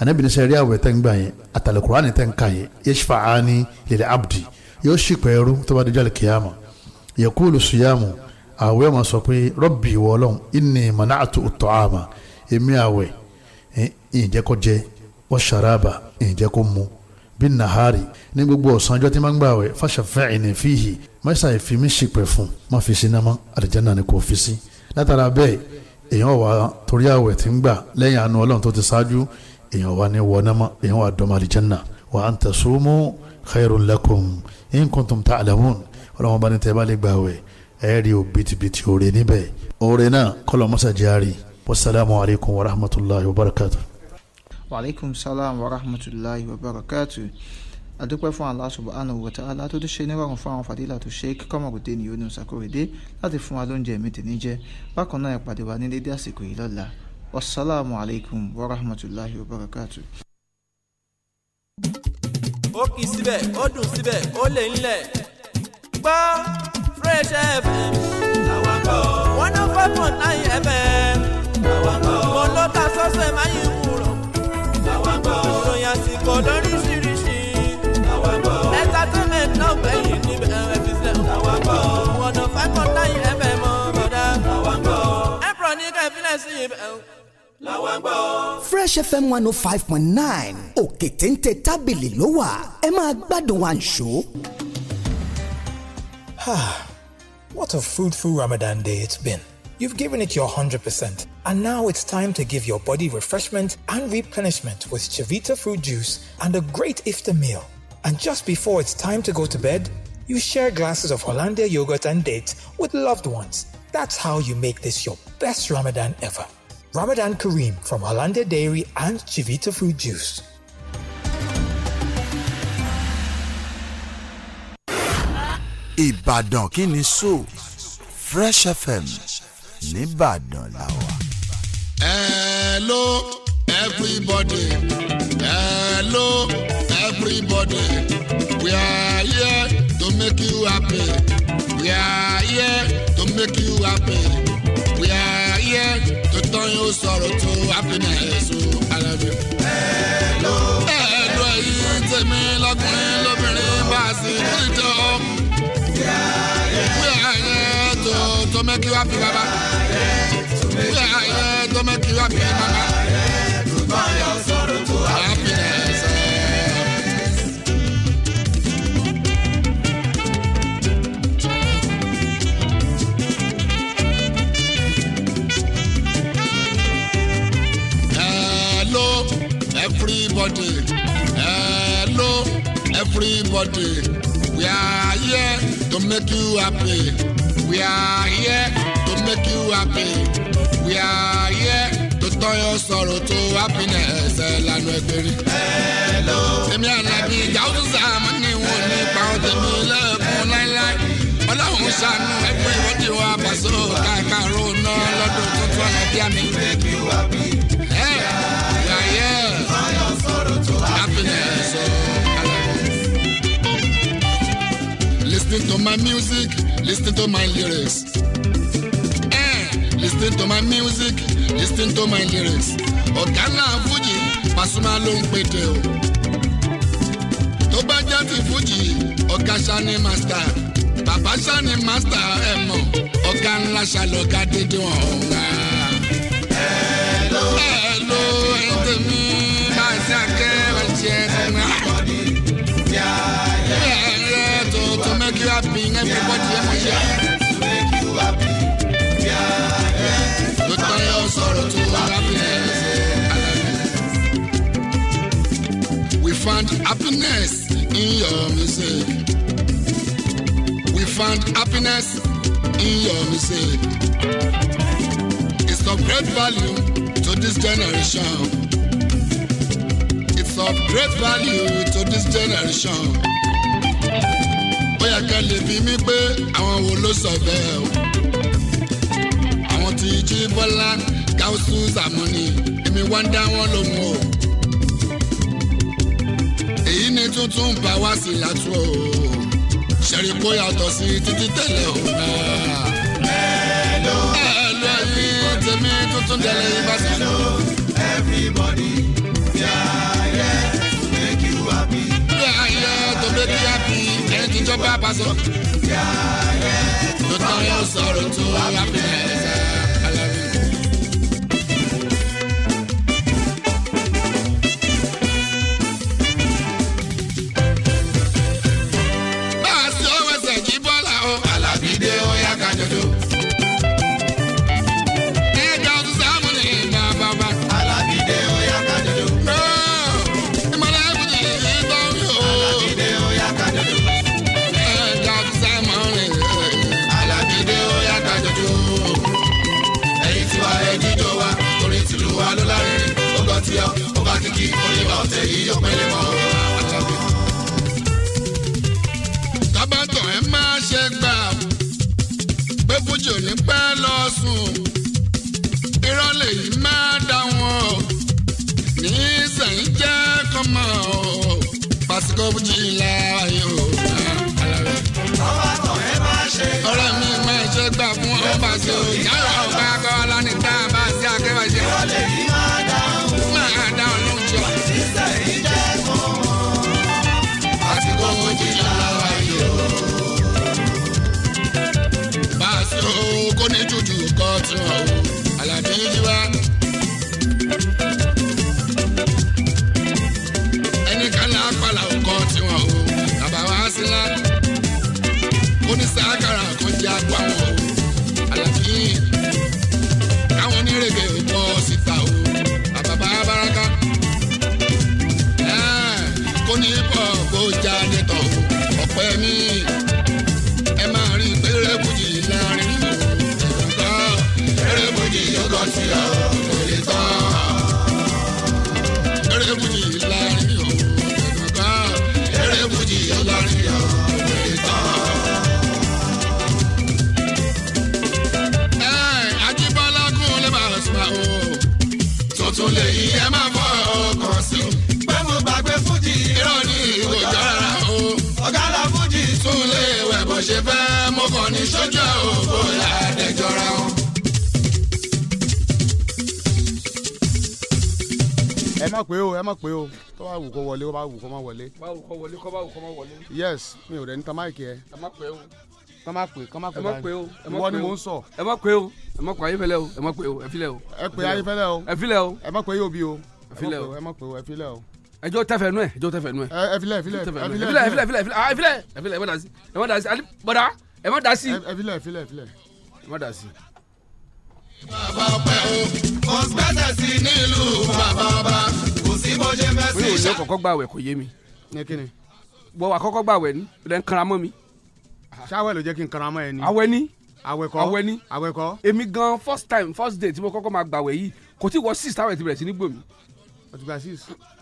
anábìíní sẹ́rí àwẹ̀ tẹ́ ń gbà yẹn àtàlẹ̀ Qur'an tẹ́ ń kà yẹn yashfa'ani lil abdi yóò ṣì pẹ̀rú tó bá dojú àlùkìyàmà yakulu suyamu àwẹ̀ ọmọ sọ pé rọ́bì ìwọ ọlọ́run ìní ìmọ̀nà àti ọ̀tọ̀ àmà èmi àwẹ̀ ìjẹ́kọ́ jẹ wọ́n ṣàràbà ìjẹ́kọ́ mu bí nàhárì ní gbogbo ọ̀sán ọjọ́ tí máa ń gbà wẹ̀ fàṣàfẹ́ ìní fìhì mẹ́sà ìfimi ṣìpẹ̀ fún má fi síná mọ́ àlìjánnà ni kò fi sí látara bẹ́ẹ̀ èèyàn wà torí àwẹ̀ tí ń gbà lẹ́yìn àánú ọlọ́run tó ti ṣáájú èèyàn wà ní wọ́n ọlọ́run bá ní tẹ́ bá lè gbà wẹ̀ ẹ rí o bitibiti oore níbẹ̀ oore náà kọlọmọsà jaari wasalaamu alaykum wa rahmatulahi wa barakatu. wa aleykum salaam wa rahmatulahi wa barakatu adúpẹ́ fún Allah subhanahu wa ta'ala tó ti ṣe nírọ̀rùn fún àwọn fàdílà tó ṣe kọ́mọ̀gòdè ní Yunus Akorede láti fún wa lóúnjẹ mi tèmi jẹ bákan náà ìpàdé wa ní dédé àsìkò yìí lọ́la wasalaamu alaykum wa rahmatulahi wa barakatu. ó kì í síbẹ̀ ó dùn síbẹ̀ ó lè ń lẹ̀ gbọ́ fresh fm. àwọn kọ́. one oh five point nine fm. mo ló ta sọ́sẹ̀ máa yín wúrọ̀. ìròyìn àsìkò lóríṣiríṣi. entertainment náà gbẹ̀yìn níbẹ̀ ẹ̀ fi sẹ́. one oh five point nine fm ọ̀dà. àwọn kọ́. ní ká ìfilẹ̀ sí ibẹ̀ làwọn fresh fm one oh five point nine òkè téńté tábìlì ló wà ẹ máa gbádùn àǹṣó. What a fruitful Ramadan day it's been. You've given it your 100%, and now it's time to give your body refreshment and replenishment with Chivita fruit juice and a great iftar meal. And just before it's time to go to bed, you share glasses of Hollandia yogurt and dates with loved ones. That's how you make this your best Ramadan ever. Ramadan Kareem from Hollandia Dairy and Chivita Fruit Juice. Ìbàdàn kí ni so Fresh FM nìbàdàn làwà. hello everybody hello everybody we are here to make you happy we are here to make you happy we are here to turn your sorrow to happiness. Oh, I love you. hello everybody. kí wá fi bàbá. Ilé ayé gọ́mọ kí wá fi bàbá. Hello, everybody. Hello, everybody. We are here to make you happy. We are here to make you happy. We are here to turn your sorrow to happiness. Ẹ̀lànà ẹgbẹ̀rin. Hello. Èmi Àlàbí ìjà ó tún sàmú ní wọn ní ìpàwọ́ tèmi lẹ́ẹ̀kún láíláí. Ọlọ́run ṣàánú ẹgbẹ́ ìwọ́de wa pàṣẹ òkà ìkàrọ̀ náà lọ́dún tuntun ọ̀nà bí àmì. Make Listening to my music, listening to my lyrics. Eh, listening to my music, listening to my lyrics. Ọ̀gá náà fújì Pasuma ló ń pété o. Tó bá Master. Papa shani Master emo. mọ̀, ọ̀gá ńlá ṣàlọ́gá dédé Hello. Ẹ ló We found happiness in your music. We found happiness in your music. It's of great value to this generation. It's of great value to this generation bóyá kan lè bí mi pé àwọn wo ló sọ bẹ́ẹ̀ o. àwọn ti jí bọ́lá gáúsù sàmúnì èmi wá ń dá wọn lóhùn o. èyí ni tuntun bá wá sí látú o. ṣẹ̀rí kó yàtọ̀ sí títí tẹ̀lé o náà. mẹ́lò ẹ̀ẹ́dọ́ yìí tèmi tuntun tẹ̀lé ibà sí. mẹ́lò everybody. ìjọba bá sọ. Yàrá ẹ̀ tó tọrẹ ó sọ̀rọ̀ tó wà bá fi hẹ̀. ti ọ ó bá kíkí orí ọ̀tẹ̀ yìí yóò pélé mọ́. tábàtàn ẹ máa ṣe gbà pé fújì ò ní pẹ́ lọ sùn irọ́ lèyí máa dá wọn ní sẹ́yìn jẹ́ kọ́mọ́ pàṣípò fújì lára yóò alárẹ̀. tábàtàn ọ̀rẹ́ mi máa ṣe gbà fún ọba sí yàrá ọba kọ́ lánìí tá a sí akẹ́wàá irọ́ lèyí máa dá olóúnjẹ wa. àtìsẹ́ ìjẹ́ mọ́ àti kókó jìlá wa yìí o. bá a ṣe o kó ní jújù kọ́ tí wọ́n o àlàbí yìí wá. ẹnìkan lápá làwọn kọ́ tí wọ́n o bàbá wa sí lá. ó ní sáà. má pé o ẹ má pé o tó bá wù kó wọlé ó bá wù kó má wọlé. bá wù kó wọlé kó bá wù kó má wọlé. yes mi ò rẹ ní tamáìkì ẹ. ẹ má pé o. kọ́ má pé kọ́ má pé báyìí ìwọ ni mò ń sọ. ẹ má pé o ẹ má pé ayéfẹ́lẹ́ o ẹ má pé o ẹ filẹ̀ o. ẹ pé ayéfẹ́lẹ́ o ẹ filẹ̀ o ẹ má pé yóò bí o ẹ filẹ̀ o ẹ má pé o ẹ filẹ̀ o. ẹjọ tẹfẹ nù ẹ ẹjọ tẹfẹ nù ẹ. ẹ filẹ̀ ẹ filẹ̀ ẹ filẹ̀ ẹ filẹ̀ ẹ filẹ̀ ẹ filẹ̀ ẹ filẹ̀ ẹ má dasi ẹ má dasi bọ̀dá ẹ má dasi. ẹ filẹ̀ ẹ filẹ̀ ẹ filẹ̀ ẹ má dasi bàbá ọpẹ́ o kò gbẹ́sẹ̀ sí nílùú bàbá ọba kò sí bó ṣe fẹ́ sí. orí òun kọ́kọ́ gbàwẹ̀ kò yé mi. ní kíni. bọ̀ wà kọ́kọ́ gbàwẹ̀ ni lẹ́ ń kanra mọ́ mi. ṣáwẹ̀ ló jẹ́ kí n kanra mọ́ ẹ ni. àwẹ̀ ni. àwẹ̀ kọ́ àwẹ̀ ni. àwẹ̀ kọ́. èmi gan first time first day tí mo kọ́kọ́ máa gbàwẹ̀ yìí kò tí wọ six táwẹ̀ ti bẹ̀rẹ̀ sí ní gbòmí.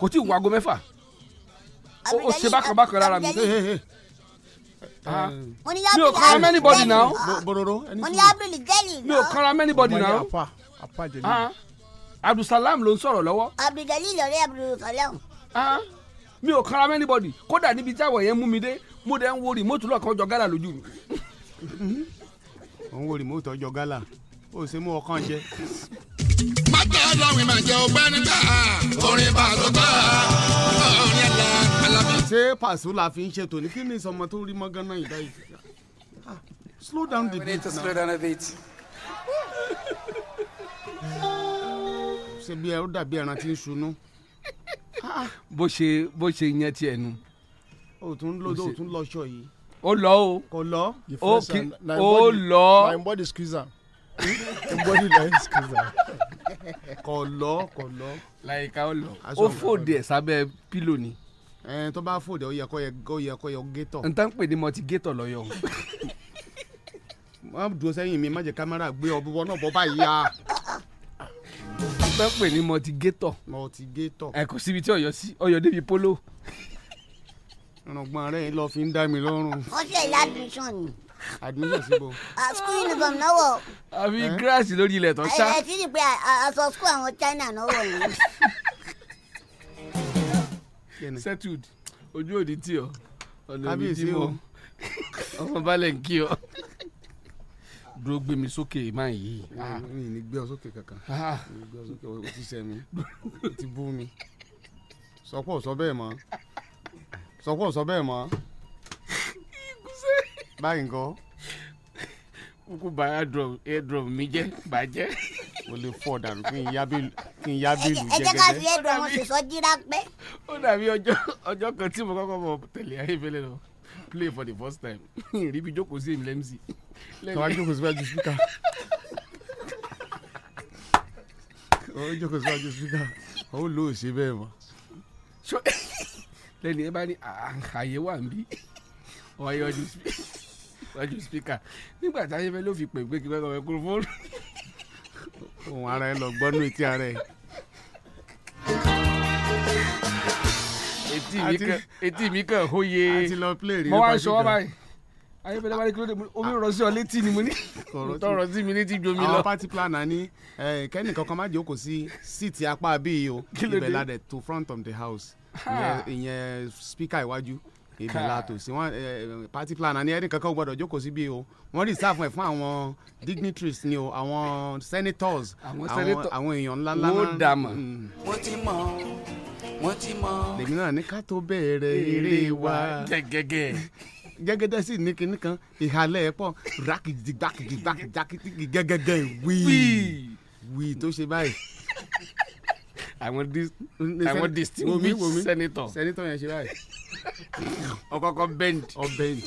kò tí wọ aago mẹ́fà. o ṣe bákan bákan lára mi. Ah. mi ò kọ́ra mẹ́nibọ́dì náà. mo ní abdul jeli náà. mi ò kọ́ra mẹ́nibọ́dì náà. Ah. abdulsalam ló ń sọ̀rọ̀ lọ́wọ́. abdulgali lọ́rẹ́ abdulsalam. Ah. mi ò kọ́ra mẹ́nibọ́dì kódà níbi tí àwọ̀ yẹn mú mi dé mo dẹ̀ ń wo rìmóòtù lọ́kàn jọ gálà lójú mi. ò ń wo rìmóòtù ọjọ́ gálà ó sì mú ọkàn jẹ tó lọ́wìn máa jẹ́ ọgbẹ́ níta. orin Pasuma orin ẹ̀la ṣé pàṣẹ la fi ń ṣètò ní kí ni ìsọmọ tó rí mọ́ gánà ìdá yìí. Ah, slow down the beat now. we need to slow down a bit. ṣe bí ẹ ó dàbí ẹran tí ń sunú. Ah. bó ṣe bó ṣe yẹn tiẹ̀ nu. o tún lọ o tún lọ ṣọ yìí. ó lọ o. kò lọ. ó lọ bọ́dí lẹ́yìn kìsà kọ̀ lọ kọ̀ lọ. láyìíká ó lọ. ó fòdì ẹ̀ sábẹ́ pílò ni. ẹ tó bá fòdì ó yẹ kó yẹ kó yẹ kó yọ gétọ̀. n tán pè ní mọtí gétọ̀ lọ́yọ̀. má dúró sẹ́yìn mi má jẹ́ kámẹ́rà gbé ọ bọ́ náà bọ́ báyìí ya. n tán pè ní mọtí gétọ̀. mọtí gétọ̀. ẹ kò síbi tí ọyọ sí ọyọ débi polo. ọ̀nàgbọ́n rẹ̀ lọ fi ń dá mi lọ́rùn. ó ṣe ìyá admission ni admission síbo. school uniform náà wọ̀. àfi gíláàsì lórí ilẹ̀ tó ṣá. ẹ ti di pé aṣọ school àwọn China náà wọ̀ yìí. settled ojú òdi tí ọ ọ̀nà mi dì mọ́ ọmọ balẹ̀ ń kí ọ dúró gbé mi sókè máa yìí. mi ní gbé ọ sókè kankan ah. mi gbé ọ sókè o ti sẹ mi o ti bú mi sọpọ sọ bẹ́ẹ̀ mọ́ sọpọ sọ bẹ́ẹ̀ mọ́ báyìí nǹkan. kúkú bà airdrop mi jẹ́ bàjẹ́. mo lè fọ dànù kí n yá bílù jẹgẹdẹ. ẹ jẹ́ ká fi airdrop wọn ṣèṣọ́ jíra pẹ́. ó dàbí ọjọ́ kan tí mo kọ́kọ́ mọ̀ tẹ̀lé ayébẹ́lẹ́ lọ play for the first time rí bí jókòó sí èmi lẹ́mísì. kí wàá jókòó síwájú síkà. ó jókòó síwájú síkà ó lò ó ṣe bẹ́ẹ̀ mọ́ lẹ́ni ẹ bá ní àyè wà ń bí ọ̀yọ́ ọdún sí wájú spíkà nígbà tí ayé fẹ́ ló fi pè pé kí wọ́n kúrò fóònù òun ara ẹ lọ gbọ́nú etí ara ẹ. etí mi kàn hóye mo wá ń sọ ọ́ báyìí ayébẹ̀lẹ̀ wáyé kílódé omi rọ sí ọ létí ni mo ní tọrọ sí mi létí ju omi lọ. àwọn party planner ní kẹ́ni kankan má jókòó sí síìtì apá bíi o ibẹ̀ ládẹ̀ to front of the house ìyẹn speaker iwájú ibẹ̀ la tò sí wọn party planner ní ẹni kankan gbọdọ̀ jókòó síbi o wọ́n reserve ẹ̀ fún àwọn dignitaries ni o àwọn senators àwọn èèyàn ńlá ńlá wọ́n dà mọ̀. Mm. wọ́n ti mọ̀ wọ́n ti mọ̀. lèmi náà ní ká tó bẹ̀rẹ̀ eré wa gẹ́gẹ́gẹ́ gẹ́gẹ́dẹ́ sì ní kan ìhàlẹ̀ ẹ̀ pọ̀ rákìdì gbàkìdì gbàkìdì gẹ́gẹ́gẹ́ wíì wíì tó ṣe báyìí àwọn distinguished senator senator yẹn ṣe báyìí ọkọkọ bent. ọ bent.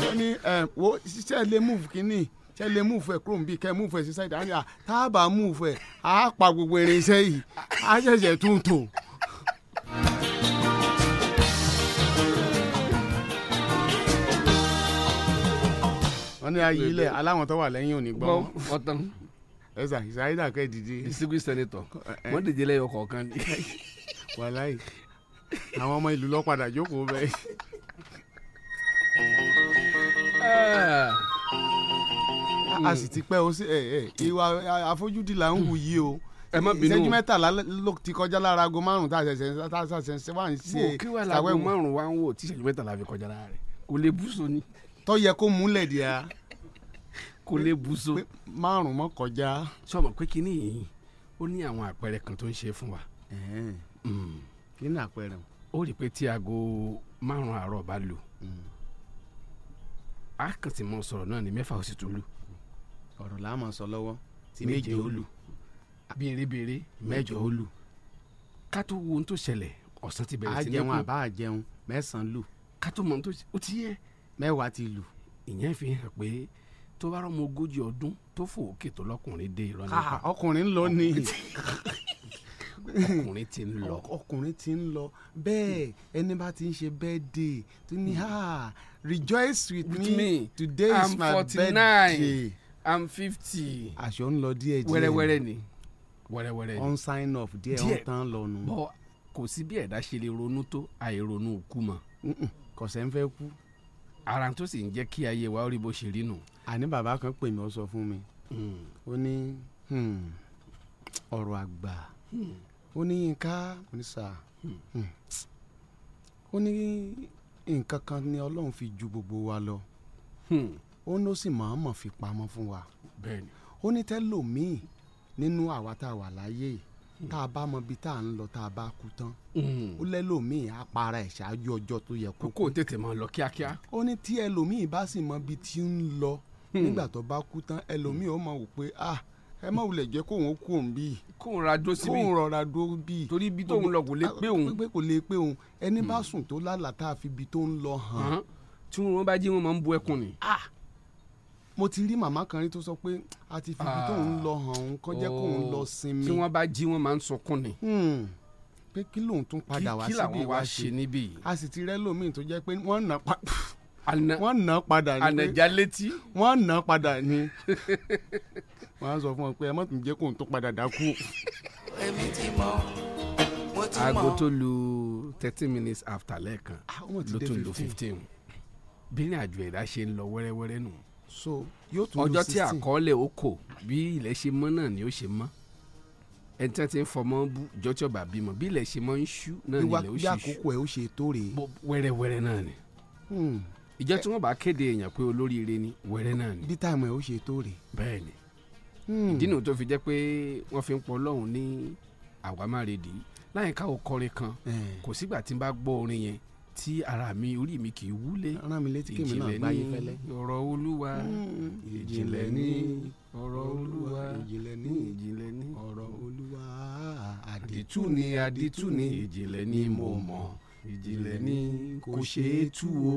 wọ́n ní wo ṣiṣẹ́ lè múùfù kínní ṣe lè múùfù ẹ kúrò níbí kẹ múùfù ẹ sí ṣáìdì àní àtàbà múùfù ẹ á pa gbogbo irinṣẹ́ yìí á ṣẹ̀ṣẹ̀ tún tò. wọ́n ní ayé ilẹ̀ aláwọn tó wà lẹ́yìn ò ní ẹ sà ṣáídà kẹ́ dìde. distinguished senator eh, eh. wọ́n dìde lẹ́yọ kọ̀ọ̀kan ni. wàláì àwọn ọmọ ìlú lọ padà jókòó bẹ́ẹ̀. Ah. a sì ti pẹ́ o sí eh, ìwà àfojúdi là ń wù yìí o ẹ má bínú ìṣẹ́jú mẹ́tàlá ló ti kọjá lára aago márùn-ún tá a ṣẹ̀ṣẹ̀ tá a ṣẹ̀ṣẹ̀ wá ń ṣe àwẹ̀wò. kí wàá láago márùn-ún wá ń wò tí ìṣẹ́jú mẹ́tàlá fi kọjá lára rẹ̀ kò lè bú sóni. tó yẹ kó múlẹ̀ dìá kó lè buso. márùn mọ kọjá. sọmọ pé kínní yìí ó ní àwọn àpẹẹrẹ kan tó ń ṣe fún wa. Hmm. kí àpẹẹrẹ o. ó rí i pé tí aago márùn àárọ̀ bá lù hmm. a kàn sì mọ sọ̀rọ̀ náà ní mẹ́fà ó sì tún lù. ọ̀rọ̀ làá mọ̀ sọ lọ́wọ́ tí méje ó lù béèrè-béèrè mẹ́jọ ó lù ká tó wo ohun tó ṣẹlẹ̀ ọ̀sán ti bẹ̀rẹ̀ sí ní kú. àjẹun àbá àjẹun mẹ́sàn-án lù. ká tó mọ ohun tó ṣe ó ti yẹ. mẹ́wàá ti lù. ìyẹn fi hàn pé tó bá rọmọ ogójì ọdún tó fò òkè tó lọkùnrin dé irọ́ nípa. Ah, ọkùnrin lọ ni ọkùnrin ti ń lọ. ọkùnrin ti ń lọ bẹ́ẹ̀ ẹni bá ti ń ṣe birthday tó ní ha rejoice with, with me. me today I'm is my birthday. I'm fifty. àṣọ ń lọ díẹ̀ díẹ̀ wẹ́rẹ́wẹ́rẹ́ ni wẹ́rẹ́wẹ́rẹ́ ni. on sign off díẹ̀ on tán lọ́nu. bọ́ kò sí bí ẹ̀dá ṣe lè ronú tó àìronú kú mọ́. kọ̀sẹ̀ ń fẹ́ kú ara tó sì ń jẹ́ kí ayé wa ó rí bó ṣe rí nù. àní bàbá kan pè mí ó sọ fún mi hmm. ó ní hmm, ọ̀rọ̀ àgbà hmm. ó ní Yínká ó ní sà ó ní nǹkan kan ni Ọlọ́run fi ju gbogbo wa lọ ó ní ó sì máa mọ̀ fi pamọ́ fún wa ó ní tẹ́lòmíì nínú àwa tá a wà láyé yìí tá a bá mọ ibi tá a ń lọ tá a bá kú tán hmm. ó lẹ́lòmíì á para ẹ̀ ṣáájú ọjọ́ tó yẹ kó kó tètè máa lọ kíákíá. ó ní tí ẹlòmíì bá sì mọ ibi tí ń lọ hmm. nígbà tó bá kú tán ẹlòmíì ó mọ̀ wò pé ah ẹ má wulẹ̀ jẹ́ kóun ó kú òun bíi. kóun ra dúró síbi kóun rọra dúró bíi. torí ibi tóun lọ kò lè pé òun. pé kò lè pé òun ẹni bá hmm. sùn tó lálàá tá a fi ibi tó ń lọ hàn. tí wọn bá jí wọn máa ń bu ẹkùn ni. ah mo ti rí màmá kan rí tó sọ pé a ti fi ibi tóun lọ hàn òun kọjá kóun lọ sinmi. tí wọ́n bá jí wọ́n máa ń sọkún ni. Hmm. pé kí lóun tún padà wá síbi wá ṣe níbí. a sì ti rẹ́ lómìn tó jẹ́ pé wọ́n nà pa wọ́n nà padà ní. ànàjà létí. wọ́n nà padà ní. wọ́n á sọ fún ọ pé ẹ má tún jẹ́ kóun tún padà dákú. èmi ti mọ̀ aago tó lu thirty minutes after lẹ́ẹ̀kan ah, ló tún lu fifteen bí ní àjò ẹ̀dá ṣe ń lọ wẹ́rẹ́wẹ́rẹ́ nù so yóò tún lo sixteen. ọjọ́ tí àkọọ́lẹ̀ ó kò bí ilẹ̀ ṣe mọ́ náà ni ó ṣe mọ́ ẹni tí wọ́n ti ń fọmọ́ bú ìjọ tí ọba bímọ bí ilẹ̀ ṣe mọ́ ń ṣú náà ni ilẹ̀ ó ṣe ṣú bí àkókò ẹ̀ ó ṣe tó rèé. wẹ́rẹ́wẹ́rẹ́ náà ni hmm. ìjọ tí wọ́n bá kéde èèyàn pé olóríire ni wẹ́rẹ́ náà ni. bí táìmù ẹ̀ ó ṣe tó rèé. bẹ́ẹ̀ ni hmm. ìdí nu tó fi jẹ́ pé wọ́n fi ń pọ Ọlọ́run ní àwámárèdì láyìnká òkọrin kan kò sígbà tí n bá gbọ́ orin yẹn tí ara mi orí mi kì í wúlé ìjìnlẹ̀ ní hmm. ọ̀rọ̀ olúwa ìjìnlẹ̀ ní ọ̀rọ̀ olúwa ìjìnlẹ̀ ní ìjìnlẹ̀ ní ọ̀rọ̀ olúwa àdìtú ni àdìtú ni ìjìnlẹ̀ ní mo mọ̀ ìjìnlẹ̀ ní kò ṣeé tú o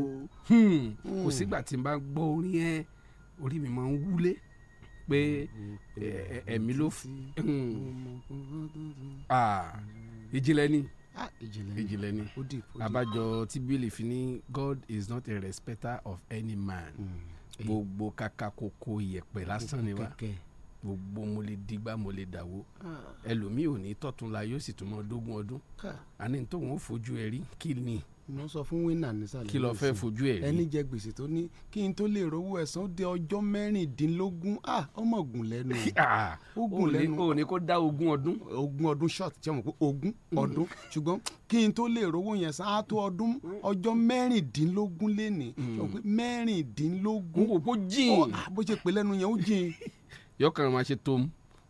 hmm. kò hmm. sígbà tí n bá gbọ́ orin ẹ orí mi máa ń wúlé pé ẹ̀mí ló fi ah. ìjìnlẹ̀ ní. Ah, ìjìnlẹ̀ ni àbájọ tí bíbélì fi ní God is not a respecter of any man hmm. gbogbo kàkà kòkò yẹ̀pẹ̀ lásán ni wa gbogbo mo lè digbá mo lè dàwó ah. ẹlòmíì ò ní tọ̀túnla yóò sì tún mọ́ dógún ọdún àní tóun ó fojú ẹ rí kí ni mo sọ fún wínà nísàlẹ̀ kí lọ fẹ́ fojú ẹ̀ rí ẹni jẹ gbèsè tó ní kí n tó lè rówó ẹ̀sán dé ọjọ́ mẹ́rìndínlógún ah ọmọ ògùn lẹ́nu ògùn lẹ́nu o ní kó dá ogun ọdún ogún ọdún short jẹ́ mọ̀ pé ogún mm. ọdún ṣùgbọ́n kí n tó lè rówó yẹn sá á tó ọdún ọjọ́ mẹ́rìndínlógún lẹ́nì mm. mẹ́rìndínlógún o kò jìn bó ṣe pè lẹ́nu yẹn ó jìn. yọkàn máa ṣe tó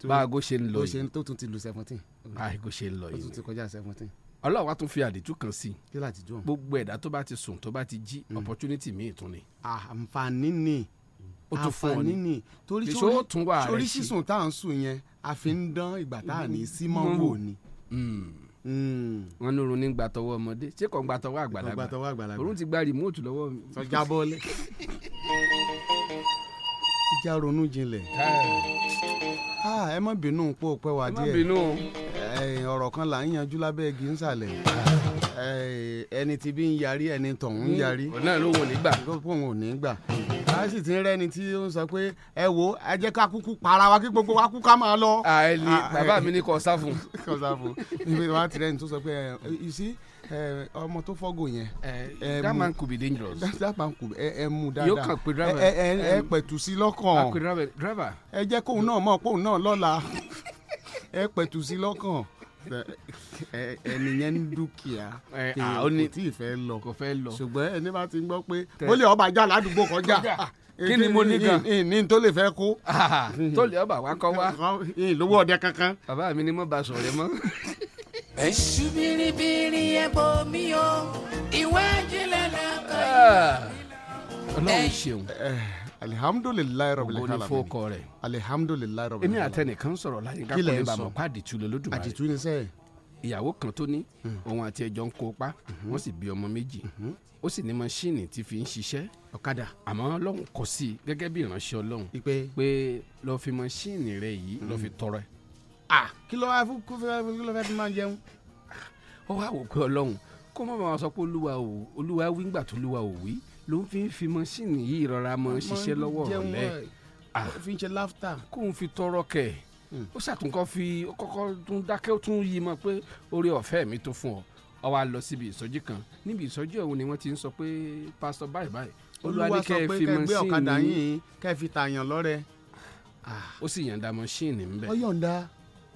bá aago ṣe ń lọ yìí bó ṣe tó tún ti lu seventeen. báyìí kò ṣe ń lọ yìí ó tún ti kọjá seventeen ọlọ́run wa tún fi àdìtú kan sí i gbogbo ẹ̀dá tó bá ti sùn tó bá ti jí mm. opportunity mi tún ni. àǹfààní ni àǹfààní ni torí sórí sísùn tá à ń sùn yẹn a ń dán ìgbà tá à ní mm. sí wò ni. Mm. wọn ní oorun ní gba tọwọ́ ọmọdé ṣé kò ń gba tọwọ́ àgbàlagbà oorun ti gba rìmóòtù lọ́wọ́ mi. sọjá bọ́ọ̀lẹ́. ìjà ronú jinlẹ̀ ah, ẹ má bínú pọ̀ pẹ́ wá díẹ̀. ẹ má bínú ọ̀rọ̀ kan là ń yanjú lábẹ́ igi nsàlẹ̀ ẹni tí bí ń yarí ẹni tọ̀hún ń yarí. ọ̀nà ló wò ní gbà. lóòpọ̀ wọn ní gbà. a sì ti rẹ́ni tí ó ń sọ pé ẹ wo ẹ jẹ́ ká kúkú para wa kí gbogbo wa kú ká máa lọ. ẹ bàbá mi ní kò sáfún. kò sáfún ibi wa ti rẹ́ni tó sọ pé you see ọmọ tó fọ́gò yẹn. that man could be dangerous. that, that man could be ẹ ẹ mu dáadáa. yóò kàn pé driver. ẹ ẹ ẹ pẹ̀tù sí lọ́kàn. a pè driver. ẹ jẹ́ kóun náà mọ̀ kóun náà lọ́la ẹ pẹ̀tù sí lọ́kàn ẹnìyẹn ń dúkìá kò tí ì fẹ́ lọ ṣùgbọ́n ẹni bá ti gbọ́ pé ó lè ọba já ládùúgbò kọjá ah, kí ni mo ní gan ní tó lè fẹ́ kó ah, tó lè ọba wa kọ́ wa lówó ọdẹ kankan. bàbá mi ni mo bá sọ̀rọ̀ mọ́. ẹṣu biribiri ẹ̀bọ mi o ìwé ìjìnlẹ̀ lọ́kọ̀ yìí. Ah, ọlọ́run ṣeun. Eh, alihamudulilayi rọbìlẹ kala mi ògo ni fọkọ rẹ alihamudulilayi rọbìlẹ kala mi. èmi àtẹnìkan sọ̀rọ̀ láyé ká kọ́lé bàbá kó àdìtú lé lódùmarè àdìtú ni sẹ́yìn. ìyàwó kan tó ní hmm. òun àti ẹjọ́ ń kópa hmm. wọ́n sì bí ọmọ méjì hmm. ó sì ní mọ́ṣíìnì tí fi ń ṣiṣẹ́ ọ̀kadà àmọ́ lọ́hùn kọ sí i gẹ́gẹ́ bí ìránṣẹ́ ọlọ́hun pé lọ́ọ́ fi mọ́ṣíìnì rẹ yìí lọ́ọ́ fi tọrẹ. kí ló wá fún kó fẹ́ kó ló ń fi fi mọ́ṣíìnì yìí rọra mọ́ ṣiṣẹ́ lọ́wọ́ rọ̀lẹ́ ah. fi ń ṣe láftà kó ń fi tọrọ kẹ̀ hmm. ó ṣàtúnkọ́ fi kọ́kọ́ tún dákẹ́ ó tún yí mọ́ pé orí ọ̀fẹ́ mi tó fún ọ ọ wa lọ síbi ìsọjí kan níbi ìsọjí ọ̀hún ni wọ́n ti ń sọ pé pásítọ̀ báyìí báyìí olúwa ní kẹ́ ẹ fi mọ́ṣíìnì olúwa sọ pé kẹ́ ẹ gbé ọ̀kadà yín kẹ́ fi tààyàn lọ́rẹ ah. ó sì yànda mọ́ṣíìnì ńbẹ. ó yànda.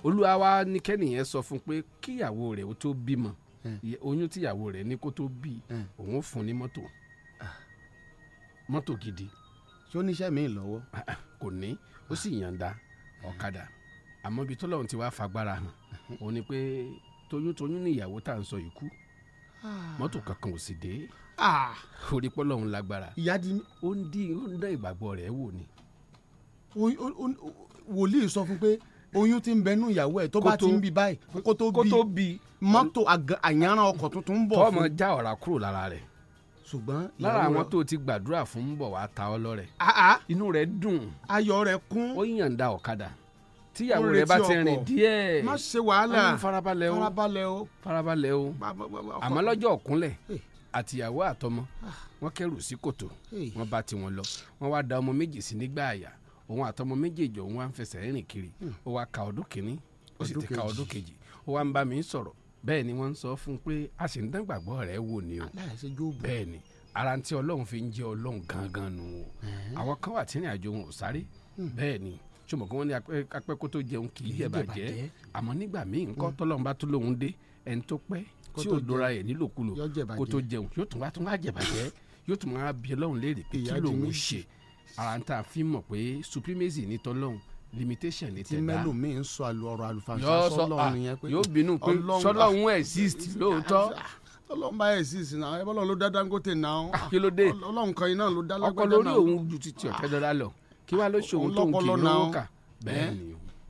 olúwa wa ní kẹ́nìyẹn sọ fún un pé kíyàwó rẹ̀ ó tó bímọ hmm. oyún tíyàwó rẹ̀ ní kó tó bí hmm. òun fún ní mọ́tò mọ́tò gidi ṣé ó níṣẹ́ mi lọ́wọ́ kò ní ó sì yànda ọ̀kadà àmọ́ ibi tọ́lọ́run ti wá fagbára hàn òun ni pé toyúntoyún ní ìyàwó tá à ń sọ yìí kú ah. mọ́tò kankan ò sì dé ah. orí pọ́lọ́run lágbára ìyá di mi. ó ń dín ó ń dán ìgbàgbọ́ rẹ̀ wò ni. wòlíì sọ fún pé oyún ti ń bẹnu ìyàwó ẹ̀ tó bá ti ń bí báyìí kó tó bí mọ́tò àyànràn ọkọ̀ tuntun ń bọ̀ fún. tọ́mọ já ọ̀rá kúrò lára rẹ̀ ṣùgbọ́n. lára àwọn tó ti gbàdúrà fún ń bọ̀ wá ta ọ lọ́rẹ. Ah, ah. inú rẹ̀ dùn. ayọ̀ rẹ̀ kún. ó yànda ọ̀kadà tíyàwó rẹ̀ bá ti rìn díẹ̀. má ṣe wàhálà farabalẹ̀ o farabalẹ̀ o farabalẹ̀ o àmọ́ lọ́jọ́ ọ̀kúnlẹ̀ àtìyàwó àtọmọ ah. wọn kẹrù sí kòtò wọn bá tiwọn lọ wọn wá da ọmọ méjì sí nígbà àyà òun àtọmọ méjèèjì òun wá ń fẹsẹ̀ rìn kiri hmm. ó wá ka ọdún kìíní ó sì ti ka ọdún kejì ó wá ń bá mi sọ̀rọ̀ bẹ́ẹ̀ ni wọ́n ń sọ fún un pé a sì ń dán gbàgbọ́ rẹ̀ wò ni o bẹ́ẹ̀ ni ara tí ọlọ́run fi ń jẹ́ ọlọ́run gangan nu o àwọn kan wà tí ìrìn àjò wọn ò sáré hmm. bẹ́ẹ̀ ni ṣùgbọ́n kí wọ́n ní apẹ́ kó tó jẹun kì í yẹ bàjẹ́ àmọ́ nígbà míì nǹkan hmm. tọ́lọ́run bá tún lóun dé ẹni tó pẹ́ tí ò dora ẹ̀ nílòkulò kó tó jẹun yóò tún wá tún wá jẹ̀bàjẹ́ yóò tún máa bí ọlọ́run léèrè pé kí lòun ṣe ara ń tà fi mọ̀ pé supremacy ní tọ́lọ́run limitation ni tẹ̀dá. tí mẹ́lòmíì ń sọ àlù ọ̀rọ̀ àlùfàṣà sọ́lọ́run ah, nìyẹn pé yóò bínú pé sọ́lọ́run exist lóòótọ́ ah, ọlọ́run bá exist náà ẹ bọ́lọ́ ló dá Dangote náà. Ah, kí ló dé ọlọ́run kan iná ló dá lágbájá náà. ọkọ lórí òun ju ti tiọ̀ tẹ́lọ́lá lọ kí wàá ló ṣòwò tó ń kì í lówó kà bẹ́ẹ̀ eh? ni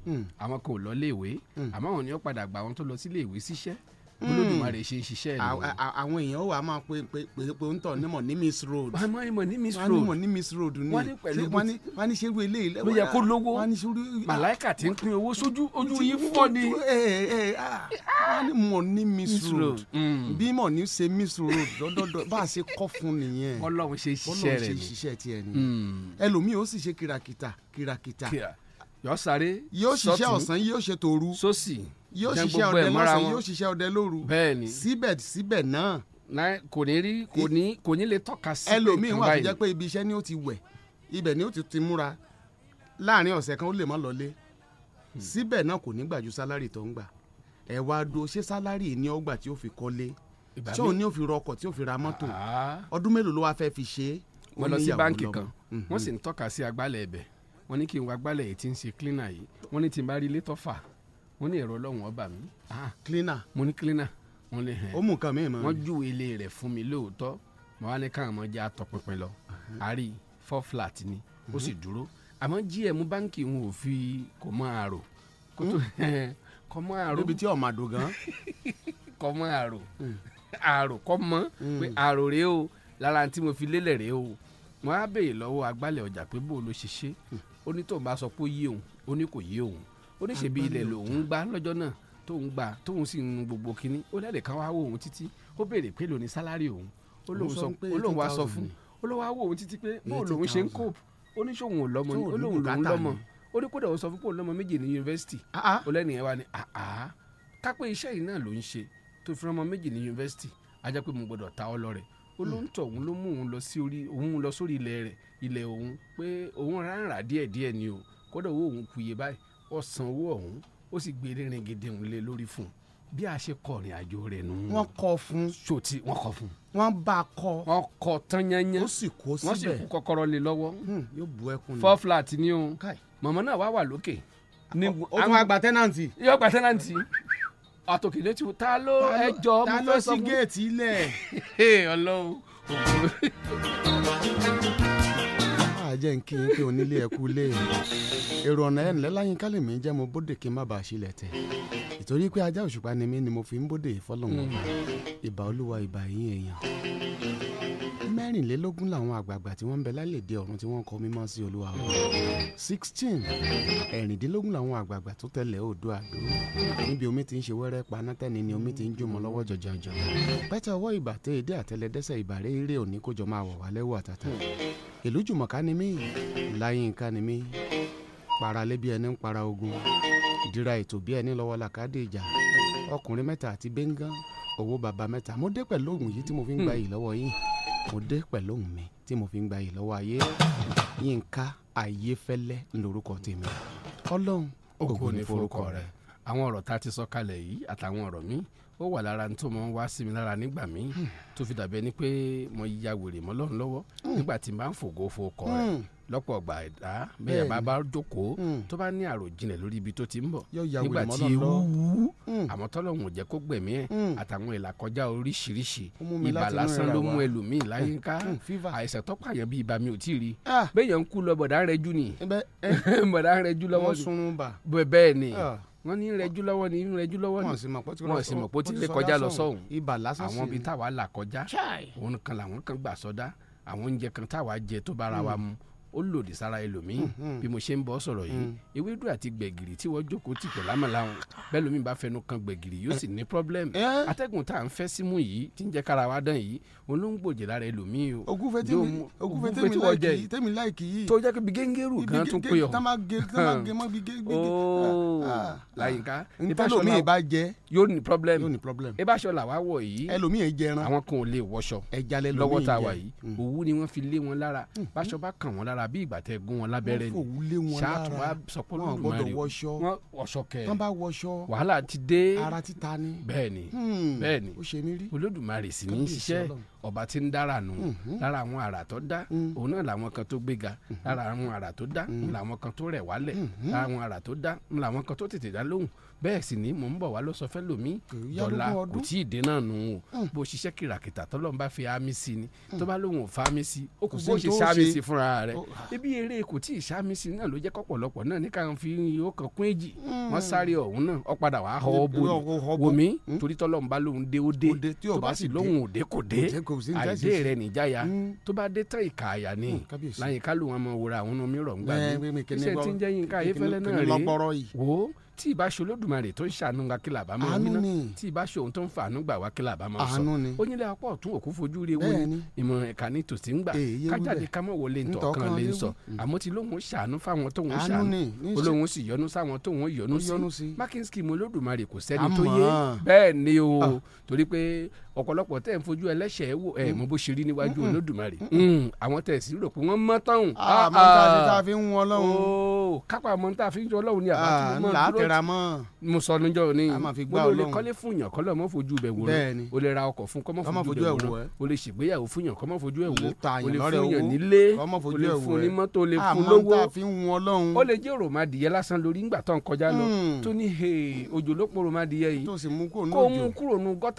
hmm. àwọn kan ò lọ léèwé hmm. àmọ́ àwọn ni padà gbà wọn tó lọ síléèwé síṣẹ́ olódùmarè ṣe ń ṣiṣẹ́ rẹ̀. àwọn èèyàn wà á máa pe pe pe pe ń tọ̀ nímọ̀ ní miss road. wọ́n á mọ̀ ní miss road. wọ́n á mọ̀ ní miss road ni. wọ́n á ní pẹ̀lú wọ́n á ní ṣerú eléyìí lẹ́wọ̀n. ló yẹ kó lówó màláìkà tí ń pín owó sójú ojú yín fọ́ ni. wọ́n á ní mọ̀ ní miss road. Mm. bí mọ̀ ní ṣe miss road dọ́dọ́dọ́ bá a ṣe kọ́ fún nìyẹn. ọlọ́run ṣe ṣiṣẹ́ rẹ̀ ni ọlọ́run ṣe ṣiṣẹ́ tiẹ̀ ni. Mm. ẹlòmíì ó sì ṣe kìràkìtà kìràkìtà. yọ yóò ṣiṣẹ́ ọ̀sán yóò ṣe tòru. sósì yóò ṣiṣẹ́ ọdẹ lọ́sàn yóò ṣiṣẹ́ ọdẹ lóru síbẹ̀síbẹ̀ náà kò ní rí kò ní kò ní lè tọ́ka sí. ẹlòmíín wà tó jẹ́ pé ibi iṣẹ́ ni ó ti wẹ̀ ibẹ̀ ni ó ti ti múra láàrin ọ̀sẹ̀ kan ó lè má lọlé hmm. síbẹ̀ náà kò ní gbà ju sálárì tó ń gbà ẹ̀ wá do ṣé sálárì ni ọgbà tí ó fi kọ́lé ṣé òun ni ó fi rọ ọkọ̀ tí ó fi ra mọ́tò ọdún mélòó ló wá fẹ́ fi ṣe é. wọ́n lọ sí báǹkì kan mhm. wọ́n mo ní èrò ọlọ́run ọba mi. ah cleaner. mo ní cleaner mo ní hẹn. ó mú nǹkan mìíràn. wọ́n ju ilé rẹ̀ fún mi lóòótọ́ mo wá ní káwọn ọmọ jẹ́ àtọpinpin lọ àárí four flat ni ó sì dúró àmọ́ gm báńkì ń ò fi kò mọ àrò kò hm? mọ àrò. níbi tí ọ̀ máa dùn gan. kò mọ àrò hm. àrò kò mọ hm. pé àrò rèé o lára tí mo fi lélẹ̀ rèé o mo á béèrè lọ́wọ́ agbálẹ̀ ọjà pé bó o ló ṣe ṣe ó ní tóun bá sọ pé ó yé òun ó ní kò yé òun oníṣèbí ilẹ̀ lòun gbá lọ́jọ́ náà tóun gbà tóun sì ń gbogbo kínní ó lẹ́lẹ̀ kan wá wò òun títí ó béèrè pé lóní sálárì òun ó lóun wá sọ fún ó lóun wá wò òun títí pé bó lòun ṣe ń kóòpù oníṣòwò lọ́mọ ni ó lóun lòun lọ́mọ ó ní kódà ó sọ fún pé òun lọ́mọ méje ní yunifásitì ah, ah. ó lẹ́nu yẹn wá ní àá ah, kápẹ́ iṣẹ́ yìí náà ló ń ṣe tó fi ọmọ méje ní yunifásitì á pé mo gbọ́dọ̀ ta ọ́ lọ rẹ̀ ó ló hmm. ń tọ̀ òun ló mú òun lọ sórí ilẹ̀ òun pé òun rárá díẹ̀díẹ̀ ni o kódà owó òun kù báyìí ó sanwó ọ̀hún ó sì gbé erin gidi ń lé lórí fún un bí a ṣe kọ ìrìn àjò rẹ̀ nù. wọ́n kọ fún. sòtì wọ́n kọ fún. wọ́n bá a kọ. wọ́n kọ tán yányán. ó sì kó síbẹ̀ wọ́n sì kú kọ́kọ́rọ́ lé lọ́wọ́. Hmm, yóò bu ẹkún ni. four flat ni o mọ̀mọ́ náà wá wà lókè. ó tún wá gba tẹ́nàntì. yóò gba tẹ́nàntì àtòkèlè tí o ta ló ẹjọ́ mo fẹ́ sọ fún. ta ló sí géètì ilẹ̀. ọlọ́run jẹ́ ń kíyìn pé onílé ẹ̀kú lé èrò ọ̀nà ẹ̀ ńlẹ́ láyín ká lè mí jẹ́ mo bóde kí n má bàa ṣílẹ̀ tẹ̀ ìtorí pé ajá òṣùpá ni mí ni mo fi ń bóde ìfọlọ́wọ́n hmm. ìbà olúwa ìbà yín èèyàn mẹ́rìnlélógún làwọn àgbààgbà tí wọ́n ń bẹ lálẹ́dẹ ọ̀run tí wọ́n kọ mímọ́ sí olúwa o sixteen ẹ̀rìndínlógún làwọn àgbààgbà tó tẹ̀lé odò àdó níbi omi ti ń ṣe wẹ́rẹ́ panátẹ́ni ni omi ti ń jùmọ̀ lọ́wọ́ jọjọjọ pẹ́tẹ́ ọwọ́ ìbàtẹ́ èdè àtẹlẹdẹ́sẹ̀ ìbàrẹ́ eré òní kójọ máa wọ̀ wá àtàtà ìlú jùmọ̀ká ni mí láyínká ni mí paralé bí ẹni ń para ogun ìdíra ètò bí ẹni lọ́wọ́ làkàdé ìjà ọkùnrin mẹ́ta àti bẹ́ngàn owó bàbá mẹ́ta mo dé pẹ̀lú ògùn yìí tí mo fi ń gba hmm. yìí lọ́wọ́ yín mo dé pẹ̀lú ògùn mi tí mo fi ń gba yìí lọ́wọ́ ayé yínká ayéfẹ́lẹ́ lórúkọ tèmi ọlọ́run ògùn ní forúkọ rẹ̀ àwọn ọ̀rọ̀ tá ti sọ kalẹ̀ yìí àtàwọn ọ̀rọ̀ míì ó wà lára tó mọ̀ ń wá sí mi lára nígbà míì tó fi dàbí ẹni pé mo ya wèrè mọ́ lọ́run lọ́wọ́ nígbà tí n bá ń fògo fo ọkọ̀ rẹ̀ hmm. lọ́pọ̀ ọgbà ẹ̀dá bẹ́ẹ̀ bá bá jókòó hmm. tó bá ní àròjinlẹ̀ lórí ibi tó ti ń bọ̀ nígbà tí wúwú hmm. àmọ́ tọ́lọ́hún ò jẹ́ kó gbẹ̀mí ẹ̀ àtàwọn ìlàkọjá oríṣiríṣi ìbà lásán ló mú ẹlòmíì láyé ká àìsàn tó pààyàn bíi ibà mi ò tí ì rí ah. bẹ́ẹ̀ yẹn ń kú lọ bọ̀dá rẹ jù ni bọ̀dá rẹ jù lọ́wọ́ sunrun bà ni ah wọ́n ní rẹjú lọ́wọ́ ní rẹjú lọ́wọ́ ní wọ́n sì mọ̀ pé ó ti lè kọjá lọ sọ́hùn ibà lásán sí àwọn ibi táwa là kọjá òun kan làwọn kan gbà sọdá àwọn oúnjẹ kan táwa jẹ tó bára wa hmm. mu ó lòdì sára ẹlòmíì hmm, hmm. bí mo ṣe ń bọ́ sọ̀rọ̀ yìí hmm. ewédú àti gbẹ̀gìrì tí wọ́n jókòó tì pẹ̀lú àmàlàwọn bẹ́ẹ̀ lómi bá fẹnu kan gbẹ̀gìrì yóò sì ní pọ́blẹ́mù eh, eh. atẹ́gùn tá à ń fẹ́ símú yìí tí ń jẹ́ kára wa dán yìí òun ló ń gbòjì lára ẹlòmíì o. ogúnfẹ́ tèmi láìkì yìí tó jẹ́ pé gẹ́ngẹ́rù kan tún pé ọ. láyìnká ìbáṣọlá yóò ní pọ́blẹ́mù ìbáṣọlá wa wọ̀ yìí àwọn yìí òwú lára bí ìgbà tẹ gún wọn lábẹ́rẹ́ ni ṣáàtù wa sọpọlọ lùmọ̀ọ́rẹ́ wọn wọṣọ kẹ wàhálà ti dé ara títa hmm. olódùmarè sì ní í ọba tí ń dára nù hmm. lára àwọn àrà tó dá hmm. òun náà làwọn kan tó gbéga lára àwọn àrà tó dá làwọn kan tó rẹ̀ wálẹ̀ lára àwọn àrà tó dá làwọn kan tó tètè dá lóhùn bẹ́ẹ̀ sì ni mò ń bọ̀ wá ló sọ fẹ́ lómi dọ̀la kò tí ì dé náà nù ún o hmm. bó ṣiṣẹ́ kìràkìtà tọ́lọ́run bá fi àmì sí ni tó hmm. bá lóun ò fa àmì sí ó kò bó ṣe sàmì sí fúnra rẹ̀ ibi eré kò tí ì sàmì sí náà ló jẹ́ kọ́pọ̀lọpọ̀ náà ní káwọn fi yóò kàn kún èjì hmm. wọ́n sáré ọ̀hún náà ó padà wàá họ ọ́ bóyá wò mí torí tọ́lọ́run bá lóun dé ó dé tó bá sì lóun ò dé kò dé àìdé rẹ̀ nìjáya tó bá dé tán ìkà àyà ni láyìnká lóun àmọ́ wòra àwọn ọmọ mi rọ̀ ń gbà tí ìbá ṣe olódùmarè tó ń ṣàánú wa kí làbá máa mí náà tí ìbá ṣe ohun tó ń fàánú gbà wá kí làbá máa sọ onílé apá ọ̀tún òkú fojú rí ewu ìmọ̀ràn ẹ̀ka ní tòsí ń gbà kájáde ká mọ̀ wọlé ntọ̀kan lè sọ mm. àmọ́ tí lóhùn ṣàánú fáwọn tóhùn ṣàánú olóhùn sì yọ́nú sáwọn tóhùn yọ́nú sí mákínsìkì mu olódùmarè kò sẹ́ni tó yé bẹ́ẹ̀ ni o ah. torí pé ọ̀pọ̀lọpọ̀ tẹ̀ ń fojú ẹlẹ́ṣẹ̀ wò ẹ̀ mọ bó ṣe rí níwájú olódùmarè mm, àwọn tẹ̀ sí rò pé wọ́n mọ́ tán. àmọ́ ah, tá a ti ta fi ń wọn lọ́hùn. kápá àmọ́ tá a fi ń jọ lọ́hùn ni àbá tí mo ah, máa dúró mo sọ níjọ́ ni mo lè kọ́lé fún yàn kọ́lọ́ mọ́ fojú bẹ̀ wò ó lè ra ọkọ̀ fún kọ́ mọ́ fojú ẹ̀ wò ó lè ṣègbéyàwó fún yàn kọ́ mọ́ fojú ẹ̀ wò ó lè fún yàn nílé ó lè fún ah, mm. ní mọ́tò ó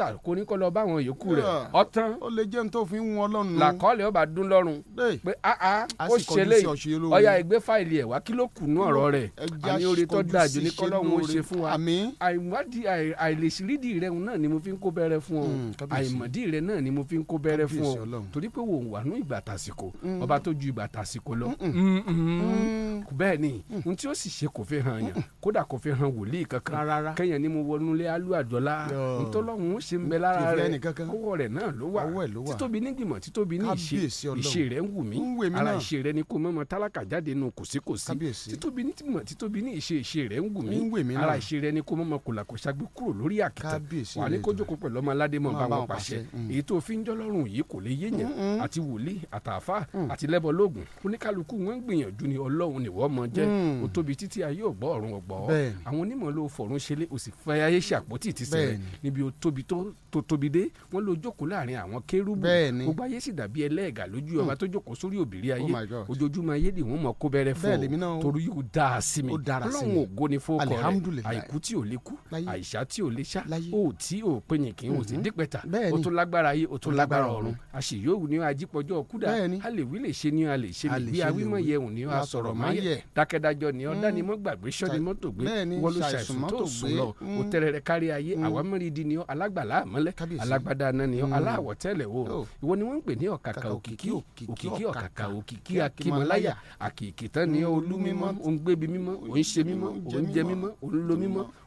lè fún fáwọn yòókù rẹ̀ ọ̀tán. ó lè jẹ́ nítorí fún wọn lọ́rùn. làkọ́lẹ̀ ọba dún lọ́rùn pé aa ah, ah, ó ṣẹlẹ̀ ọ̀ya ìgbé fáìlì ẹ̀ wá kí ló kù nú ọ̀rọ̀ rẹ̀ àní orí tó dáa jù ní kọ́lọ́hún ó ṣe fún wa àìmọ̀dí àìlèṣírídìí rẹ̀ náà ni mo fi ń kó bẹ́rẹ́ fún ọ mm, àìmọ̀dí rẹ̀ náà ni mo fi ń kó bẹ́rẹ́ fún ọ torí pé wò wà nú ìgbà tàsìkò mm. ọba tó ju ìgbà tàsìkò lọ mm. bẹ́ẹ̀ ni n tí ó sì ṣe kò fi hàn yàn kódà kò fi hàn wòlíì kankan kẹ́yìn ni mo wọnú lé alú àjọlá ntọ́lọ́hún ó ṣe ń bẹ lára rẹ̀ nìkankan ọwọ́ rẹ̀ náà ló wà ọwọ́ ẹ̀ ló wà títóbi nígbìmọ̀ títóbi ní ìṣe ìṣe rẹ̀ ń wù mí ara ìṣe rẹ̀ ni kó mọ́mọ́ tálákà jáde nu kòsíkòsí títóbi nígbìmọ̀ títóbi ní ìṣe ìṣe rẹ̀ ń wù mí ara ìṣe rẹ̀ ni kó mọ́mọ́ kòlàkò ṣagbe kúrò lórí àkìtàn wà ní kó jókòó pẹ̀lú ọmọ aládé mọ̀ bá wọn pàṣẹ mm. èyí tó fi ń jọlọ́run yìí kò lè yéèyàn àti wòlíì àtàfà mm. àti lẹ́bọ̀ lóògùn oníkálukú wọn ń gbìyànjú ni ọlọ́run nìwọ́ mọ jẹ́ mm. ó tóbi títí ayé wọ́n ló jókòó láàrin àwọn kérúbù gbogbo ayé sì dàbí ẹlẹ́ẹ̀gà lójú ọba hmm. tó jókòó sórí òbírí ayé oh ojoojúmọ́ ayé ni wọ́n mọ̀ kó bẹ̀rẹ̀ fún ọ torí yóò dáa sí mi ọlọ́run ògo ni fún ọkọ rẹ àìkú tí ò lè kú àìsá tí ò lè sá ò tí ò péye kì í ò sì hmm. dípẹ́ta ó tún lágbára ayé ó tún lágbára ọ̀run àṣeyọ́wù ni ajípọ̀jọ́ kúdà a lè wí lè ṣe ni a lè ṣe lè bí awímọ̀ yẹun ni a sọ̀rọ̀ máa yẹ dákẹ́dájọ́ ni ọ̀dánimọ̀ hmm. gbàgbé sọ́ni mọ́tò gbé wọ́n ṣàìsùn tó sùn lọ òtẹ̀rẹ̀rẹ̀ kárí ayé àwọn mẹ́rin di ni alágbàlá àmọ́lẹ́ alágbádá náà ni hmm. aláwọ̀ tẹ́lẹ̀ wo oh. ìwọ ni wọ́n ń pè ní ọ̀kàkà òkìkí òkìkí ọ̀kàkà òkìkí akímọ̀láyà àkìkì tán ni hmm. olú hmm. mímọ́ òun gbébi mímọ́ òun ṣe mímọ́ òun jẹ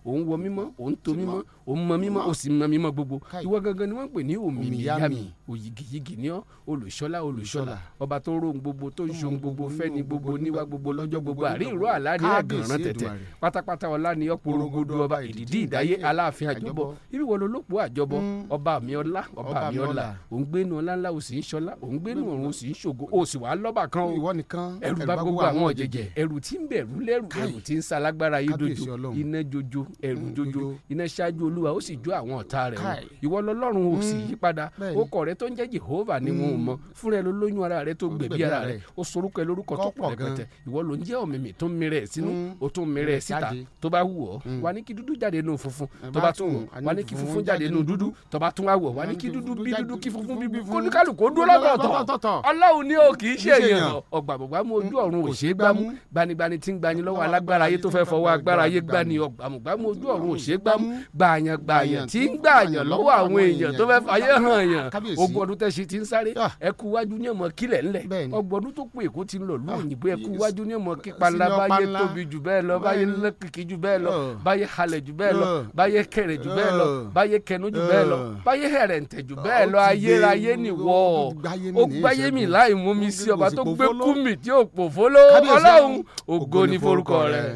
òun wọ mímọ́ òun to mímọ́ òun mọ mímọ́ ó sì mọ mímọ́ gbogbo ìwọ gangan ni wọ́n ń pè ní òmìniriyami òyìgìyìgì ni ọ́ olùṣọ́lá olùṣọ́lá ọba tó rohun gbogbo tó ń ṣohun gbogbo fẹ́ni gbogbo níwá gbogbo lọ́jọ́ gbogbo àrí ìró àlá ni ẹ̀gànràn tẹ̀tẹ̀ pátápátá ọlá ni ọ̀pọ̀rọ̀gbọ̀dọ̀ ọba ìdìdí ìdáyé aláàfin àjọbọ ibi wo lolópo àjọbọ hmm. ọba mi ọlá ọba mi ọlá òun gbénu ọlá ńlá òsì ń ṣọlá òun gbénu ọ̀run òsì ń ṣògo òsì wàá lọ́bà kan ẹrù bá gbogbo àwọn jẹjẹ ẹrù tí ń bẹ̀rù lẹ́rù ẹrù tí ń salágbára yìí dojo iná jojo ẹ̀rù mm, jojo iná ṣáájú olúwa ó sì jó àwọn ọ̀tá rẹ̀ o ìwọ lọ́lọ́run ò sì mm, yí padà ó kọ̀ rẹ tó ń jẹ́ jehova ni wọn ò mm. fúnra ẹ ló lóyún ara rẹ tó gbẹ̀bí ara rẹ ó sorúkọ ẹ lórúkọ tó pọ̀ rẹpẹtẹ ìwọ ló ń jẹ́ ọ̀mìmì tó ń mirẹ̀ sínú ó tún mirẹ̀ síta tó bá wù ọ́ wà ní kí dúdú jáde nù funfun tó bá tún wù wà ní kí funfun jáde nù dúdú tó bá tún wà wù wà ní kí dúdú bí dúdú kí funfun bí bí kóníkàlùkò dúró lọ́tọ̀ọ̀tọ̀ ọlọ́run ni ó kì í ṣe gbámú ojú ọ̀run ò ṣe gbámú gbààyàn gbààyàn tí ń gbààyàn lọ́wọ́ àwọn èèyàn tó fẹ́ẹ́ fàyè hàn yàn ogun ọdún tẹ̀sí ti ń sáré ah. ẹkú wájú ní ọmọ kílẹ̀ ńlẹ̀ ọgbọ̀n ọdún tó kù èkó ti ń lọ lù ah, òyìnbó ẹkú wájú ní ọmọ kípa ńlá báyé tóbi jù bẹ́ẹ̀ lọ báyé lẹ́kìkì jù bẹ́ẹ̀ lọ ah. báyé halẹ̀ jù bẹ́ẹ̀ lọ báyé kẹrẹ̀ jù bẹ́ẹ̀ lọ báyé kẹnu jù bẹ́ẹ̀ lọ báyé hẹ̀rẹ̀ǹtẹ̀ jù bẹ́ẹ̀ lọ ayérayé nìwọ ó gbáyé mi láì mú mi sí ọba tó gbé kú mi tí ò pòfóló ọlọ́run ògo ni forúkọ rẹ̀.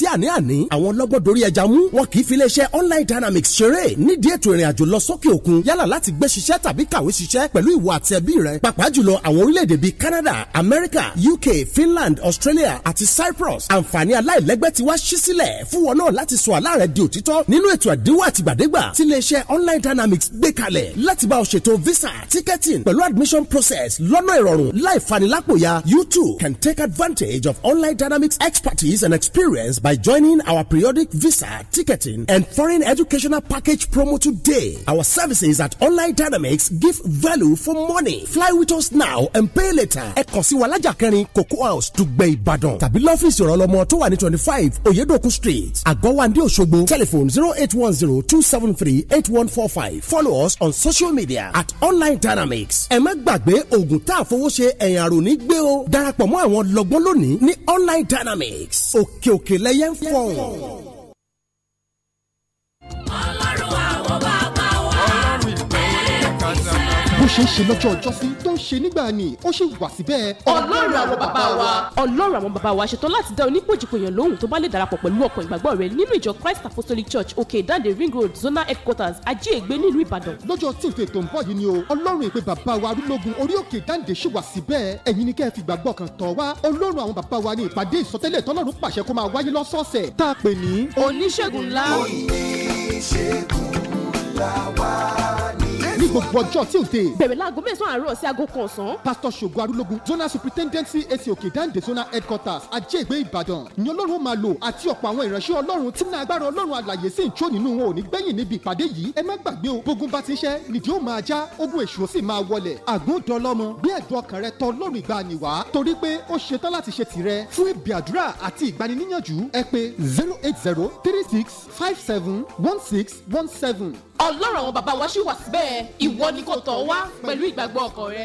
sí àní-àní àwọn lọ́gbọ́n dorí ẹja mú wọn kì í fi iléeṣẹ́ online dynamics ṣeré nídìí ètò ìrìn àjò lọ sókè òkun yálà láti gbé ṣiṣẹ́ tàbí kàwé ṣiṣẹ́ pẹ̀lú ìwọ àti ẹbí rẹ pàápàá jùlọ àwọn orílẹ̀-èdè bíi Canada America UK Finland Australia àti Cyprus àǹfààní aláìlẹ́gbẹ́ ti wá ṣí sílẹ̀ fún wọn náà láti sọ àlá rẹ di òtítọ́ nínú ètò ẹ̀dínwó àtìgbàdégbà tí iléeṣẹ́ online dynamics gbé kalẹ̀ láti bá ọ ṣètò visa ticketing pẹ̀lú admission process lọ́nà ìrọ̀rùn láì fanilápòyà you too can take advantage of online dynamics expertise and experience by by joining our periodic visa, ticketing, and foreign educational package promo today. Our services at Online Dynamics give value for money. Fly with us now and pay later. Ẹ kàn sí wa lájàkẹrin Cocoa House Dùgbẹ̀ Ìbàdàn tàbí lọ́fíìsì ọ̀rọ̀ ọlọ́mọ tó wà ní twenty five Oyedokun Street, Àgọ́wandé Òṣogbo, telephone zero eight one zero two seven three eight one four five. Follow us on social media at Online Dynamics. Ẹ má gbàgbé oògùn tá a fowó ṣe ẹ̀yìn àròní gbé o. Darapọ̀ mọ́ àwọn lọ́gbọ́n lónìí ní Online Dynamics òkè òkè lẹ́yẹ ń fọ̀hún. ṣe ń ṣe lọ́jọ́ ìjọsí tó ń ṣe nígbà ni ó ṣì wà síbẹ̀. ọlọ́run àwọn bàbá wa. ọlọ́run àwọn bàbá wa ṣetán láti dá onípòjìpòyàn lóhùn tó bá lè darapọ̀ pẹ̀lú ọkàn ìgbàgbọ́ rẹ nínú ìjọ Christ Apostolic Church òkè ìdáǹdè ring road Zona headquarters ajíègbé nílùú Ìbàdàn. lọ́jọ́ Tuesday tó ń bọ̀ yìí ni o ọlọ́run ìpè bàbá wa arúgbógun orí òkè ìdáǹdè ṣì wà síbẹ̀ ẹ̀yin ni kẹ́ ẹ fi gbàgbọ́ kan tọ̀ wá ọlọ́run àwọn bàbá wa ní ìpàdé ìsọtẹ́lẹ̀ tọ́lọ́run pàṣẹ kó máa wáyé lọ́sọ̀ọ̀sẹ̀ tá a pè ní. oníṣègùn ńlá. oníṣègùn ńlá wá ní ní gbogbo ọjọ́ Tuesday. bẹ̀rẹ̀ láago mẹ́sàn-án àárọ̀ sí aago kan ọ̀sán. pásítọ̀ ṣògo arúlógún zonal superintendency ec òkè dande zonal headquarters ajé ìgbé ìbàdàn ni ọlọ́run máa lò àti ọ̀pọ̀ àwọn ìránṣẹ́ ọlọ́run tí náà agbára ọlọ́run àlàyé sì ń jó nínú wọn ò ní gbẹ̀yìn níbi ìpàdé yìí ẹ má gbàgbé o bógun bá ti ṣẹ́ nìdí ó máa já ogun èṣù ó sì máa wọlẹ̀ zero eight zero three six five seven one six one seven. ọlọ́run àwọn bàbá wa ṣì wà síbẹ̀ ìwọ ni kò tọ̀ wá pẹ̀lú ìgbàgbọ́ ọkàn rẹ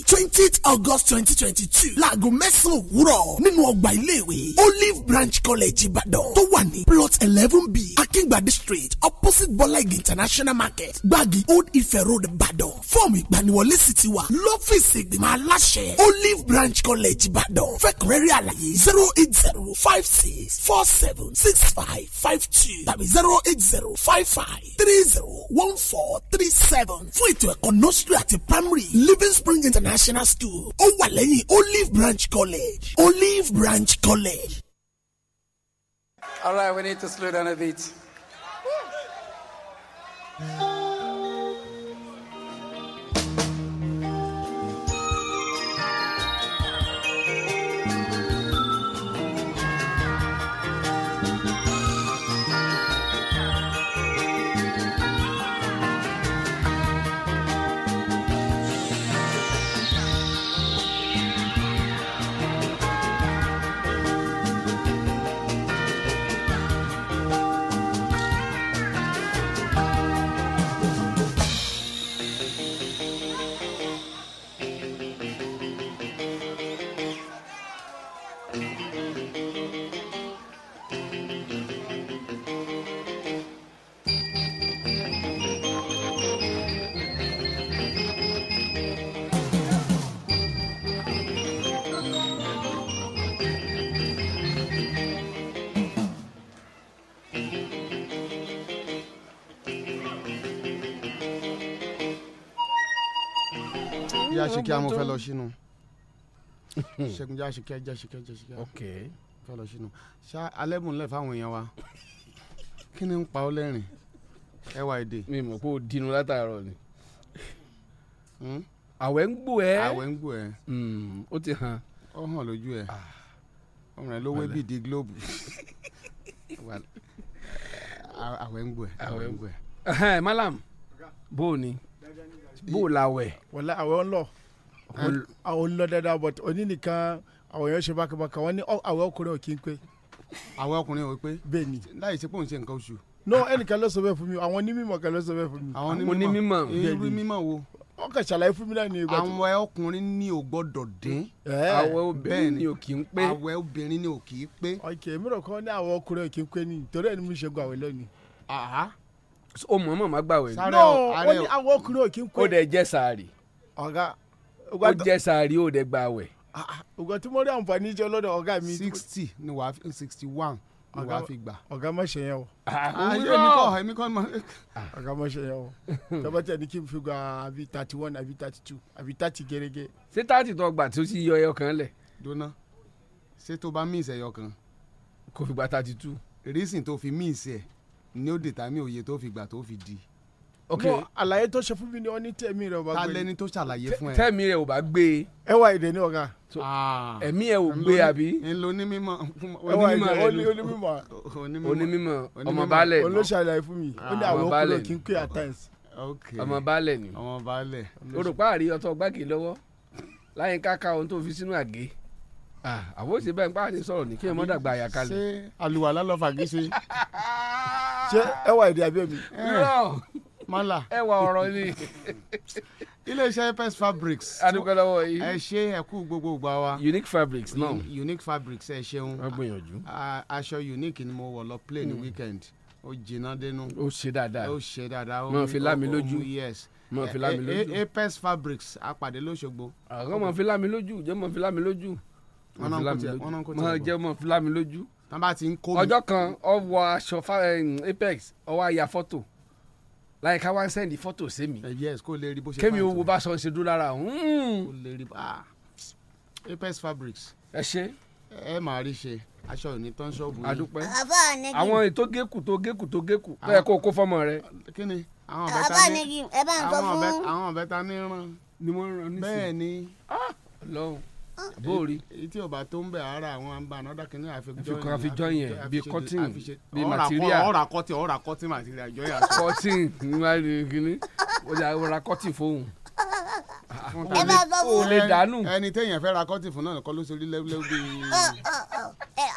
Friday twentieth August twenty twenty two láago mẹ́sàn-án òwúrọ̀ nínú ọgbà iléèwé Olive Branch College Ìbàdàn tó wà ní plot eleven b Akíngbadé street opposite Bọ́láìgì International Market Gbági Old Ife Road Ìbàdàn fọ́ọ̀mù ìgbaniwọlé sì ti wà lọ́fíìsì ìgbìmọ̀ aláṣẹ Olive Branch College Ìbàdàn fẹ́kùnrẹ́rẹ́ àlàyé zero eight zero five six four seven six five five two tàbí zero eight zero five five three zero one four three seven fún ètò ẹ̀kọ́ nursery àti primary Living Spring International. international school ó wà lẹ́yìn olive branch college olive branch college. all right we need to slow down a bit. àṣekẹ́ àmọ́ fẹ́ lọ sínú ṣẹ́gun jẹ́ àṣekẹ́ jẹ́ àṣekẹ́ jẹ́ àṣekẹ́ ok fẹ́ lọ sínú ṣá alẹ́ mò ń fáwọn èèyàn wa kí ni ń pa ọ́ lẹ́rìn ẹwà èdè. mi mọ̀ pé o dinu látàárọ̀ ni hmm? àwẹ̀ ń gbò ẹ́ àwẹ̀ ń gbò ẹ́ hmm, ó ti hàn ó hàn lójú ẹ̀ ah. ọmọ rẹ ló wé bíi di globe àwẹ̀ ń gbò ẹ́ àwẹ̀ ń gbò ẹ́. malam bó o ni bó o la wẹ̀. wọ́n àwẹ̀ ń lọ àwọn olùlọ but òní nìkan àwọn èèyàn ṣe bákàbákà wọn ní àwọn ọkùnrin ò kí ń pé. àwọn ọkùnrin ò pé. bẹ́ẹ̀ ni láì ṣe pé òun ṣe nǹkan oṣù. no ẹnìkan ló sọ bẹ́ẹ̀ fún mi àwọn onímọ̀ kan ló sọ bẹ́ẹ̀ fún mi. àwọn onímọ̀ irú mímọ̀ wo. wọn kà ṣàlàyé fún mi náà ní ìgbà tó. àwọn ọkùnrin ni ò gbọ́dọ̀ dín. àwọn obìnrin ni ò kì í pé. àwọn obìnrin ni ò kì í pé. ok mìíràn o mọ̀ mọ̀ má gbàwé. sáré o àrẹ ní àwọn ọkùnrin ò kí ń pè. ó dẹ̀ jẹ́ sàárì. ọ̀gá ó jẹ sàárì ó dẹ gba àwẹ̀. ògùn ah, ah, tí mo rí àǹfààní jẹ lọ́dọ̀ ọ̀gá mi. sixty ni wàá fi sixty one ni wàá fi gbà. ọ̀gá má ṣe yẹn o. Ah, èmi kọ́ èmi kọ́ ma. ọ̀gá má ṣe yẹn o. tọ́ba tí a ní kí n fi gba àbí thirty one àbí thirty two àbí thirty gẹ́gẹ́. ṣé thirty tó gbà tó sì yọ ẹyọ kan lẹ̀. dona ṣé tó bá míìsì ẹyọ kan. kò fi gba thirty two. reason tó fi míìsì ẹ ni ó dètàmí òye tó fi gbà tó fi di okay àlàyé tó ṣe fún mi ni ọ ní tẹ̀mí rẹ̀ ò bá gbé. ta lẹni tó ṣàlàyé fún ẹ. tẹ̀mí rẹ̀ ò bá gbé. E. ẹwà èdè ni ọ̀gá. Ah. ẹ̀mí ẹ̀ ò gbé àbí. onímọ̀ onímọ̀ rẹ̀ ló ọmọ baálẹ̀ ni. olóṣàlàyé fún mi ah. ó ní àwọn ọkùnrin kì í pè at times. ọmọ baálẹ̀ ni ọmọ baálẹ̀. orúkọ àrí ọtọ gbági lọ́wọ́ láyé káka ohun tó fi sínú àgé àwọn òsè bẹ́ẹ̀ nípa àti sọ̀rọ̀ ní kí ẹ mọ́ dàgbà àyà kalẹ̀. ṣé àlùwàlá lọ fàgé ṣe. ṣé ẹwà èdè àbí ẹ̀mí. Mala. ẹ wà ọ̀rọ̀ ni. iléeṣẹ́ apex fabrics. adúgbòlówó yìí. ẹ ṣe ẹkú gbogbo gbà wa. unique fabrics náà. No. unique fabrics ẹ ṣeun. wọ́n gbìyànjú. aṣọ unique ni mo wọ̀ lọ play ní mm. weekend. O jiná dénú. O ṣe dáadáa. O ṣe dáadáa. mo fi lámi lójú. yes mo fi lámi lójú. apex fabrics apàdé lóṣogbo. àwọn mo fi lámi lójú jẹ́ mo fi lámi lójú. wọ́n náà kò tiẹ̀ wọ́n náà kò tiẹ̀ bọ̀. mo jẹ́ mo fi lámi lójú. tán bá ti ń kó mi. ọjọ́ kan ọ wọ aṣọ apex ọwọ́ àyà fọ́tò láyé ká wá ń sẹ́ndì fọ́tò sí mi eh, kémi owó bá sọ ṣe dúró lára hmm. ah, Apex Fabrics. ẹ ṣe. ẹ máa rí ṣe aṣọ òní tán ṣọ́ọ̀bù yìí. àdúpẹ́ àwọn ètò gẹ́kù tó gẹ́kù tó gẹ́kù tó yẹ ah. kó kó fọmọ rẹ. kí ni àwọn ọ̀bẹ ta ní àwọn ọ̀bẹ ta ní ràn. ni mo ràn ní sí. bẹ́ẹ̀ ni. Ah, ọlọ́run bóòrí. etí ọba tó ń bẹ ara àwọn àǹbá anọ́dá kìíní àfijọ́ yẹn àfijọ́ yẹn bí cotton bí material. ọ̀rà cotton ọ̀rà cotton material àjọ yà sọ. cotton kìíní ọ̀rà cotton fóun o lè dànù. ẹni téèyàn fẹ́ ra cotton fún náà kọ́ ló sori lẹ́wọ́lẹ́wọ́ bí.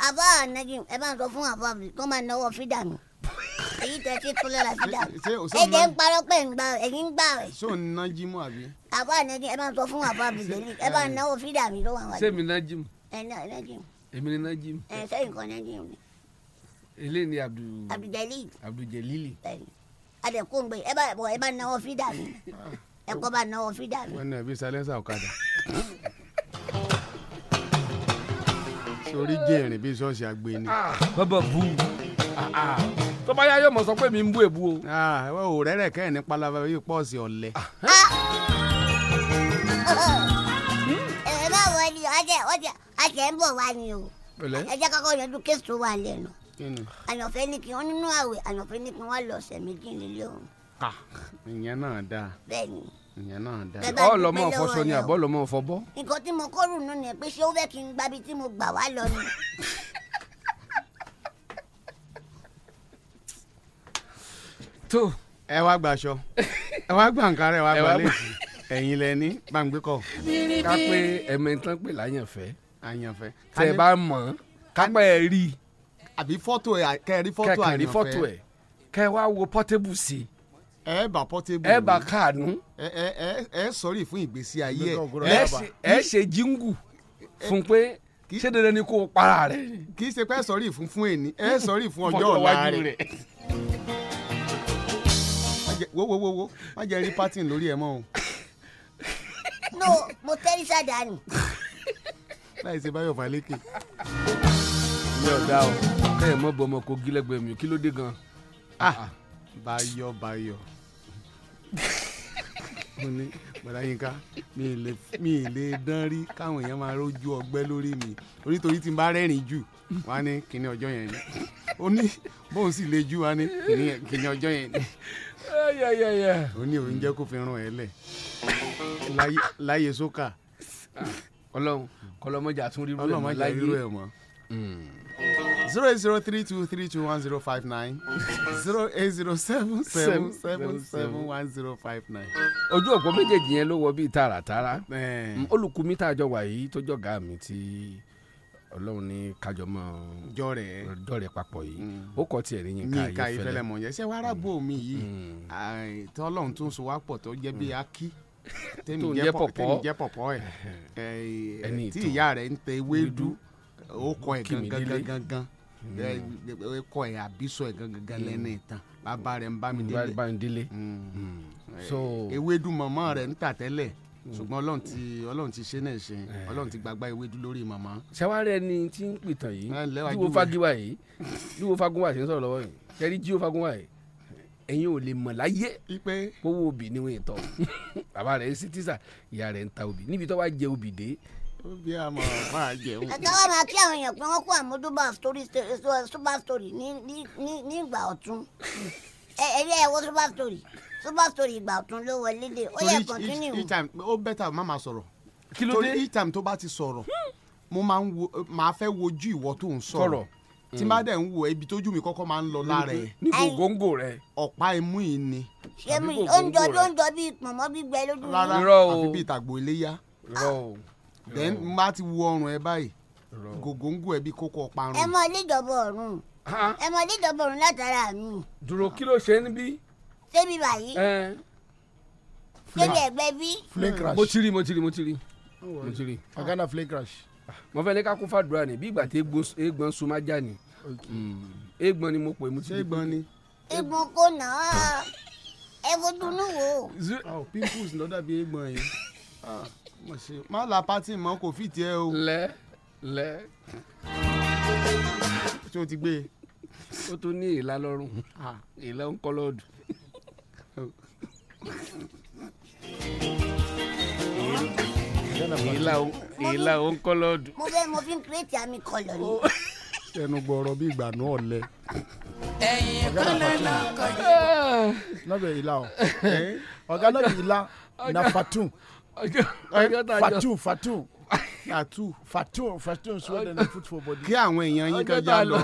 àbá nagi ẹ bá ń sọ fún àbá mi kó máa náwó fídà mi èyí tẹ fi kúlẹ̀ la fi dà o ẹ̀jẹ̀ ń parọ́ pé ń gbà ẹ̀yìn ń gbà rẹ̀. so n ná jimu àbí. àbá nẹ́gí ẹ bá sọ fún àbá bìbélì ẹ bá náwó fídà mi lọ́wọ́ àwọn. sẹ́mi ná jimu. ẹ ná ná jimu. èmi ni ná jimu. ẹ sẹ́yìn kan ná jimu ni. eléyìí ni abdu. abduljalil. abduljalili. adẹ̀kùngbẹ ẹ bá bọ̀ ẹ bá náwó fídà mi ah. ẹ kọ́ bá náwó fídà mi. wọn nà bí salẹ́sà ọ̀kadà sórí jẹ́rìn bí sọ́ọ̀sì àgbẹ̀ ni. Ah. bàbá bú tó bá yá yóò mọ̀ sọ pé mi ń bú èbú o. ò rẹ́rẹ̀ kẹ́ ẹ̀ ní palaba yìí pọ́ọ̀sì ọ̀lẹ. Ah. ẹ bá wọ ni ọjẹ ọjẹ ọjẹ ń bọ̀ wá ni o ẹ jẹ́ kọ́kọ́ yanjú kéésì tó wà lẹ́nu àyànfẹ́ ní kí wọ́n nínú àwẹ̀ àyànfẹ́ ní kí wọ́n lọ ọ̀sẹ̀ méjì nílé òun. ìyẹn náà dáa. bẹ́ẹ̀ni ìyẹn náà dáa. ọ lọmọ ọfọṣọ ni àbọ lọmọ ọfọ bọ. nǹkan tí mo kọ́ rùn nù ni pé ṣé ó fẹ́ kí n gbabi tí mo gbà wá lọ ni. tó. ẹ wá gba aṣọ ẹ wá gba nkárẹ ẹ wá gba léèsì ẹ̀yin lẹ ní gbàǹgbé kọ. ká pé ẹ̀mẹ̀ntán pè láyànfẹ́. àyànfẹ́. tẹ bá mọ̀ ká pẹ́ ẹ rí i àbí fọ́tò ẹ̀ kẹrí fọ́tò àyànfẹ́ kẹrí fọ́tò ẹ̀ kẹ wá wo pọ́tébù sí i. ẹ bá pọ́tébù ẹ bá káànú. ẹ ẹ ẹ ẹ sọrí fún ìgbésí ayé ẹ ẹ ṣe jíngù fún pé ṣé dandan ni kó o para rẹ. kì í ṣe pé ẹ sọrí fún fún èní ẹ sọrí fún ọjọ́ ọ̀la rẹ wo wo wo wo má jẹ́ rí pátìn lórí ẹ̀ mọ́ o. no mo tẹ́rí sàdánù. láì ṣe báyọ̀ fálékè. mi ò dá o bẹ́ẹ̀ mọ́ bọ́ ọmọ kogi lẹ́gbẹ̀ẹ́ mi kí ló dé gan-an. Ah. Ah, ah. báyọ̀ báyọ̀ mo ní bàdá yínká mi ì lè mi ì lè dán rí káwọn èèyàn máa rójú ọgbẹ́ lórí mi onítorí tí n bá rẹ́rìn jù wá ní kíní ọjọ́ yẹn ni ó ní bóun sì le jù wá ní kíní ọjọ́ yẹn ni ó ní òun jẹ́ kó fi ràn ẹ́ lẹ̀ láyé sókà ọlọ́run kọlọ́mọjà tún rírú ẹ̀ mọ́ láyé ẹ̀ mọ́ hmm. zero eight zero three two three two one zero five nine zero eight zero seven seven seven seven one zero five nine. ojú ọ̀pọ̀ méjèèjì yẹn ló wọ bíi tààràtààrà olùkú mi tá a yìí tó jọ̀gá mi ti ọlọ́run ní kájọ mọ́ jọ̀rẹ́ jọ̀rẹ́ papọ̀ yìí mm. ó kọ́ tiẹ̀ ní Yínká Ayéfẹ́lẹ́ mọ̀ yẹn ṣé wàá rábò mi yìí mm. tọ́lọ́run tó ń so wá pọ̀ tó jẹ́ bí mm. akí tẹ́mi jẹ́ pọ̀pọ̀ ẹ̀ tí ìyá rẹ̀ ń tẹ ewédú ó kọ ẹ̀ gangan gangan kọ ẹ̀ àbísọ ẹ̀ gangan gangan lẹ́nu ìtàn bàbá rẹ̀ ń bá mi délé ewédú mọ̀mọ́ rẹ̀ ń Mm. ṣùgbọ́n ọlọ́run ti ọlọ́run ti ṣe náà ṣe eh. ọlọ́run ti gbagba ewédú lórí màmá. ṣàwárí ẹni tí ń pìtàn yìí eh, jíwo fagiwa yìí jíwo fagunwa ṣe ń sọ̀rọ̀ lọ́wọ́ yìí ṣẹ́rí jíwo fagunwa yìí ẹ̀yin ò lè mọ̀ láyé kówó obì ni wọ́n tọ́ bàbá rẹ̀ ń ṣe tíṣà ìyá rẹ̀ ń ta obì níbi tó wá jẹ obì dé bí a mọ̀ máa jẹun. ẹ̀ka wa máa kí àwọn èèyàn pé wọ́n kó àmójúbà super story ní ìgbà ọ̀tún ẹ̀yẹ ẹ̀ wọ́n super story super story ìgbà ọ̀tún ló wọlé dé ó yẹ continue. each time ó bẹ́tà má máa sọ̀rọ̀ torí each time tó bá ti sọ̀rọ̀ mo máa ń wo máa fẹ́ wojú ìwọ tó ń sọ̀rọ̀ tí má mm. dẹ̀ ń wo ibi tójú mi kọ́kọ́ máa ń lọ lára ẹ̀. ní gògóńgò rẹ. ọ̀pá imú yìí ni. ṣé mi oúnjẹ oúnjẹ bíi pọ̀nmọ́ gbígbẹ lójú mi. rárá àfi bíi ìtàgbò iléyà. rọ o. then má ti wo ọrùn ẹ báyìí gògóńgò ẹ bíi kókó ọparun. ẹ mọ ilé ìjọba ọ̀run ẹ mọ ilé ìjọba ọ̀run látara mi débi báyìí débi ẹgbẹ́ bí. mo ti rí mo ti rí mo ti rí mo ti rí. ọ̀gánà flake crash. mo fẹ́ ní ká kún fàdúrà ni bí ìgbà tí egbọn súnmọ́ ajá ni hmm. egbọn ni mo pè mo ti rí. egbọn ni. kò náà ẹ fojú wo. Ah, oh, pimples ló dàbí egbọn yìí ah, má la pati mọ kò fi tiẹ o. lẹ lẹ. tí o ti gbé e. ó tún ní ìlà lọ́rùn ah. ìlà ń kọ́ lọ́ọ̀dù ìlà ìlà òun kọ́lọ́ dùn. mo fẹ́ mo fi ń kírètì àmì kọlọ ni. ẹnu gbọrọ bí ìgbà náà lẹ. ẹyin kọlọ náà kọjú. lọ́bẹ̀ ìlà o ọ̀gá lọ́bẹ̀ ìlà na fatu fatu fatu. atu fatu fatu fatu su waɗannan for body kí àwọn èèyàn yín kan já lọ.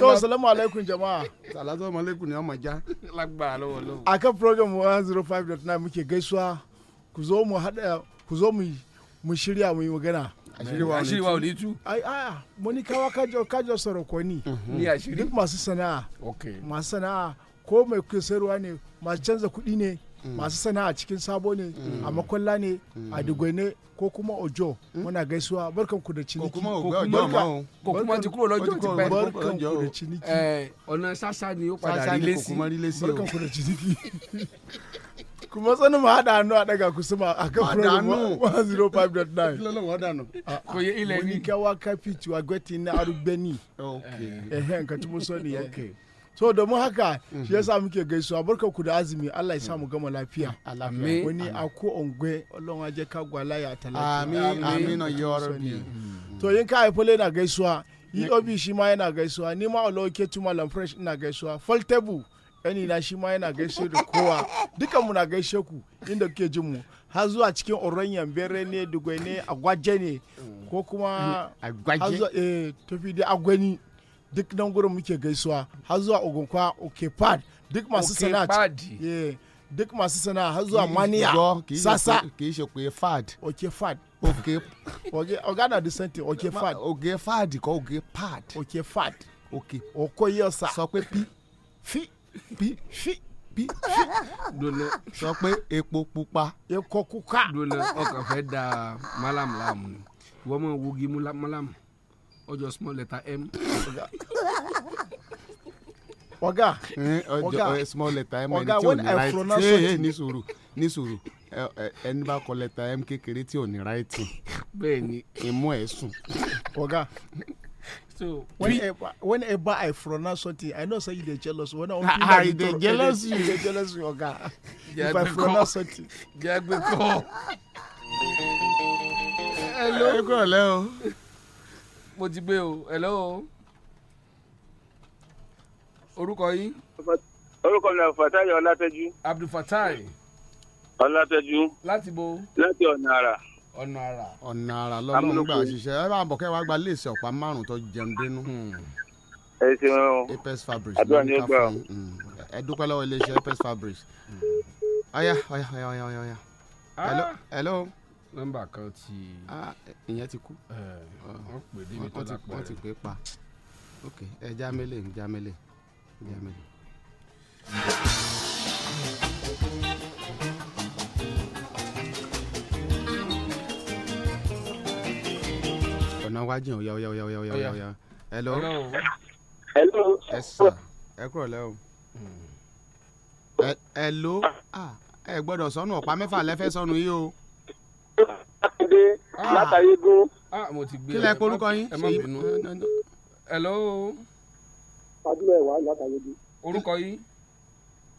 tó salamu alaikum jama'a. salamu alaikum ni wọn ma ja. lagba lọ́wọ́ lọ́wọ́. a kan program one zero five dot nine muke gaisuwa ku zo mu haɗa ku zo mu shirya mu yi magana. àṣírí wa ò ní tú. mo ní káwa kájọ sọ̀rọ̀ kọ́ ni. Mhm. ni àṣírí. duk masu sana'a. masu sana'a ko mai kusurwa ne masu canza kuɗi ne. Mm. masu sana'a cikin sabo ne mm. a makwalla ne mm. a dugwai ko kuma ojo hmm? muna gaisuwa barkan ku da ciniki ko kuma ojo ma ko kuma ti kúrò lọ́jọ́ ti pẹ́ eh, barkan ku da ciniki ọ̀nà sasa ni ó padà rile si barkan ku da ciniki kuma sani mu haɗa hannu a ɗaga ku suma a kan program 105.9 lọ́lọ́ mu haɗa hannu kò yẹ ilẹ̀ ni mo ní káwá kápítì wa gbẹ́tì ní arúgbẹ́ni ẹ̀hẹ́ nǹkan tí mo sọ nìyẹn so domin haka shi yasa muke gaisuwa barka ku da azumi Allah ya sa mu gama lafiya wani ako ongwe ya je ka gba láyà talaka amin amin yorobi to yin ka haifole na gaisuwa yi obi shi ma yana gaisuwa ni ma Allah ke tuma lam fresh ina gaisuwa foltebu yani na shi ma yana gaishe da kowa dukan mu na gaishe ku inda kuke jin mu har zuwa cikin oranyan bere ne dugwai ne agwaje ne ko kuma agwaje eh tofi da agwani duk nan gurin muke gaisuwa har zuwa ogunkwa okepad duk masu sana'a duk masu sana'a har zuwa maniya sasa kì í ṣe pé fad okefad ogana the same thing okefad okefad kọ okepad okefad oke okoyosa sọ pé pi fi pi fi pi dole sọ pé epo pupa epo kuka dole ọkàn fẹ́ da malam lamu wọ́n mọ̀ wogi malam ọjọ́ small letter m. ọ̀gá ọ̀gá eh, eh, small letter m ẹni tí ò ní right ṣe é ní sùúrù ní sùúrù eh, ẹni bá kọ letter m kékeré tí ò ní right. bẹ́ẹ̀ni imú ẹ sùn. ọ̀gá so whenever whenever I pronounce something I know say you dey jealous when I wan feel like you dey jealous you dey jealous you oga if I pronounce something. jagbe kọ. hello. ẹ mo ti gbé o hello orúkọ yìí. orúkọ mi ni ọlátẹjú. abdulfatai. ọlátẹjú. láti bo. láti ọ̀nà àrà. ọ̀nà àrà. ọ̀nà àrà lọ́dún gbà ṣiṣẹ́ ẹ bá bọ̀ kẹ́ wàá gba léèsì ọ̀pá márùn-ún tó jẹun dénú. Hmm. ẹ ṣeun o. apes fabric ló ń ká fún hmm. ẹ dúpẹ́ lọ́wọ́ iléeṣẹ́ apes fabric. ọ̀yá hmm. ọ̀yá ọ̀yá ọ̀yá ọ̀yá. Ah. hello. hello? nọ́mbà kan ti. ìyẹn ti kú. wọ́n pè débi tó lápẹ̀ rẹ̀ wọ́n ti pè pa ok ẹ jámẹ́lẹ̀ já jámẹ́lẹ̀. ọ̀nà wájú ọ̀yà ọ̀yà ọ̀yà ọ̀yà ọ̀yà ọ̀yà hello. hello. ẹ sà ẹ kúrò lẹ́wọ̀. hello hmm. ẹ gbọ́dọ̀ sọnù ọ̀pá mẹ́fà lẹ́fẹ́ sọnù yìí o látàdé ah. látàyégún. Ah, mo ti gbé kílẹ̀ porúkọ yín ẹ má bínú. hello. àdúrà ẹ̀wà látàyégún. orúkọ yìí.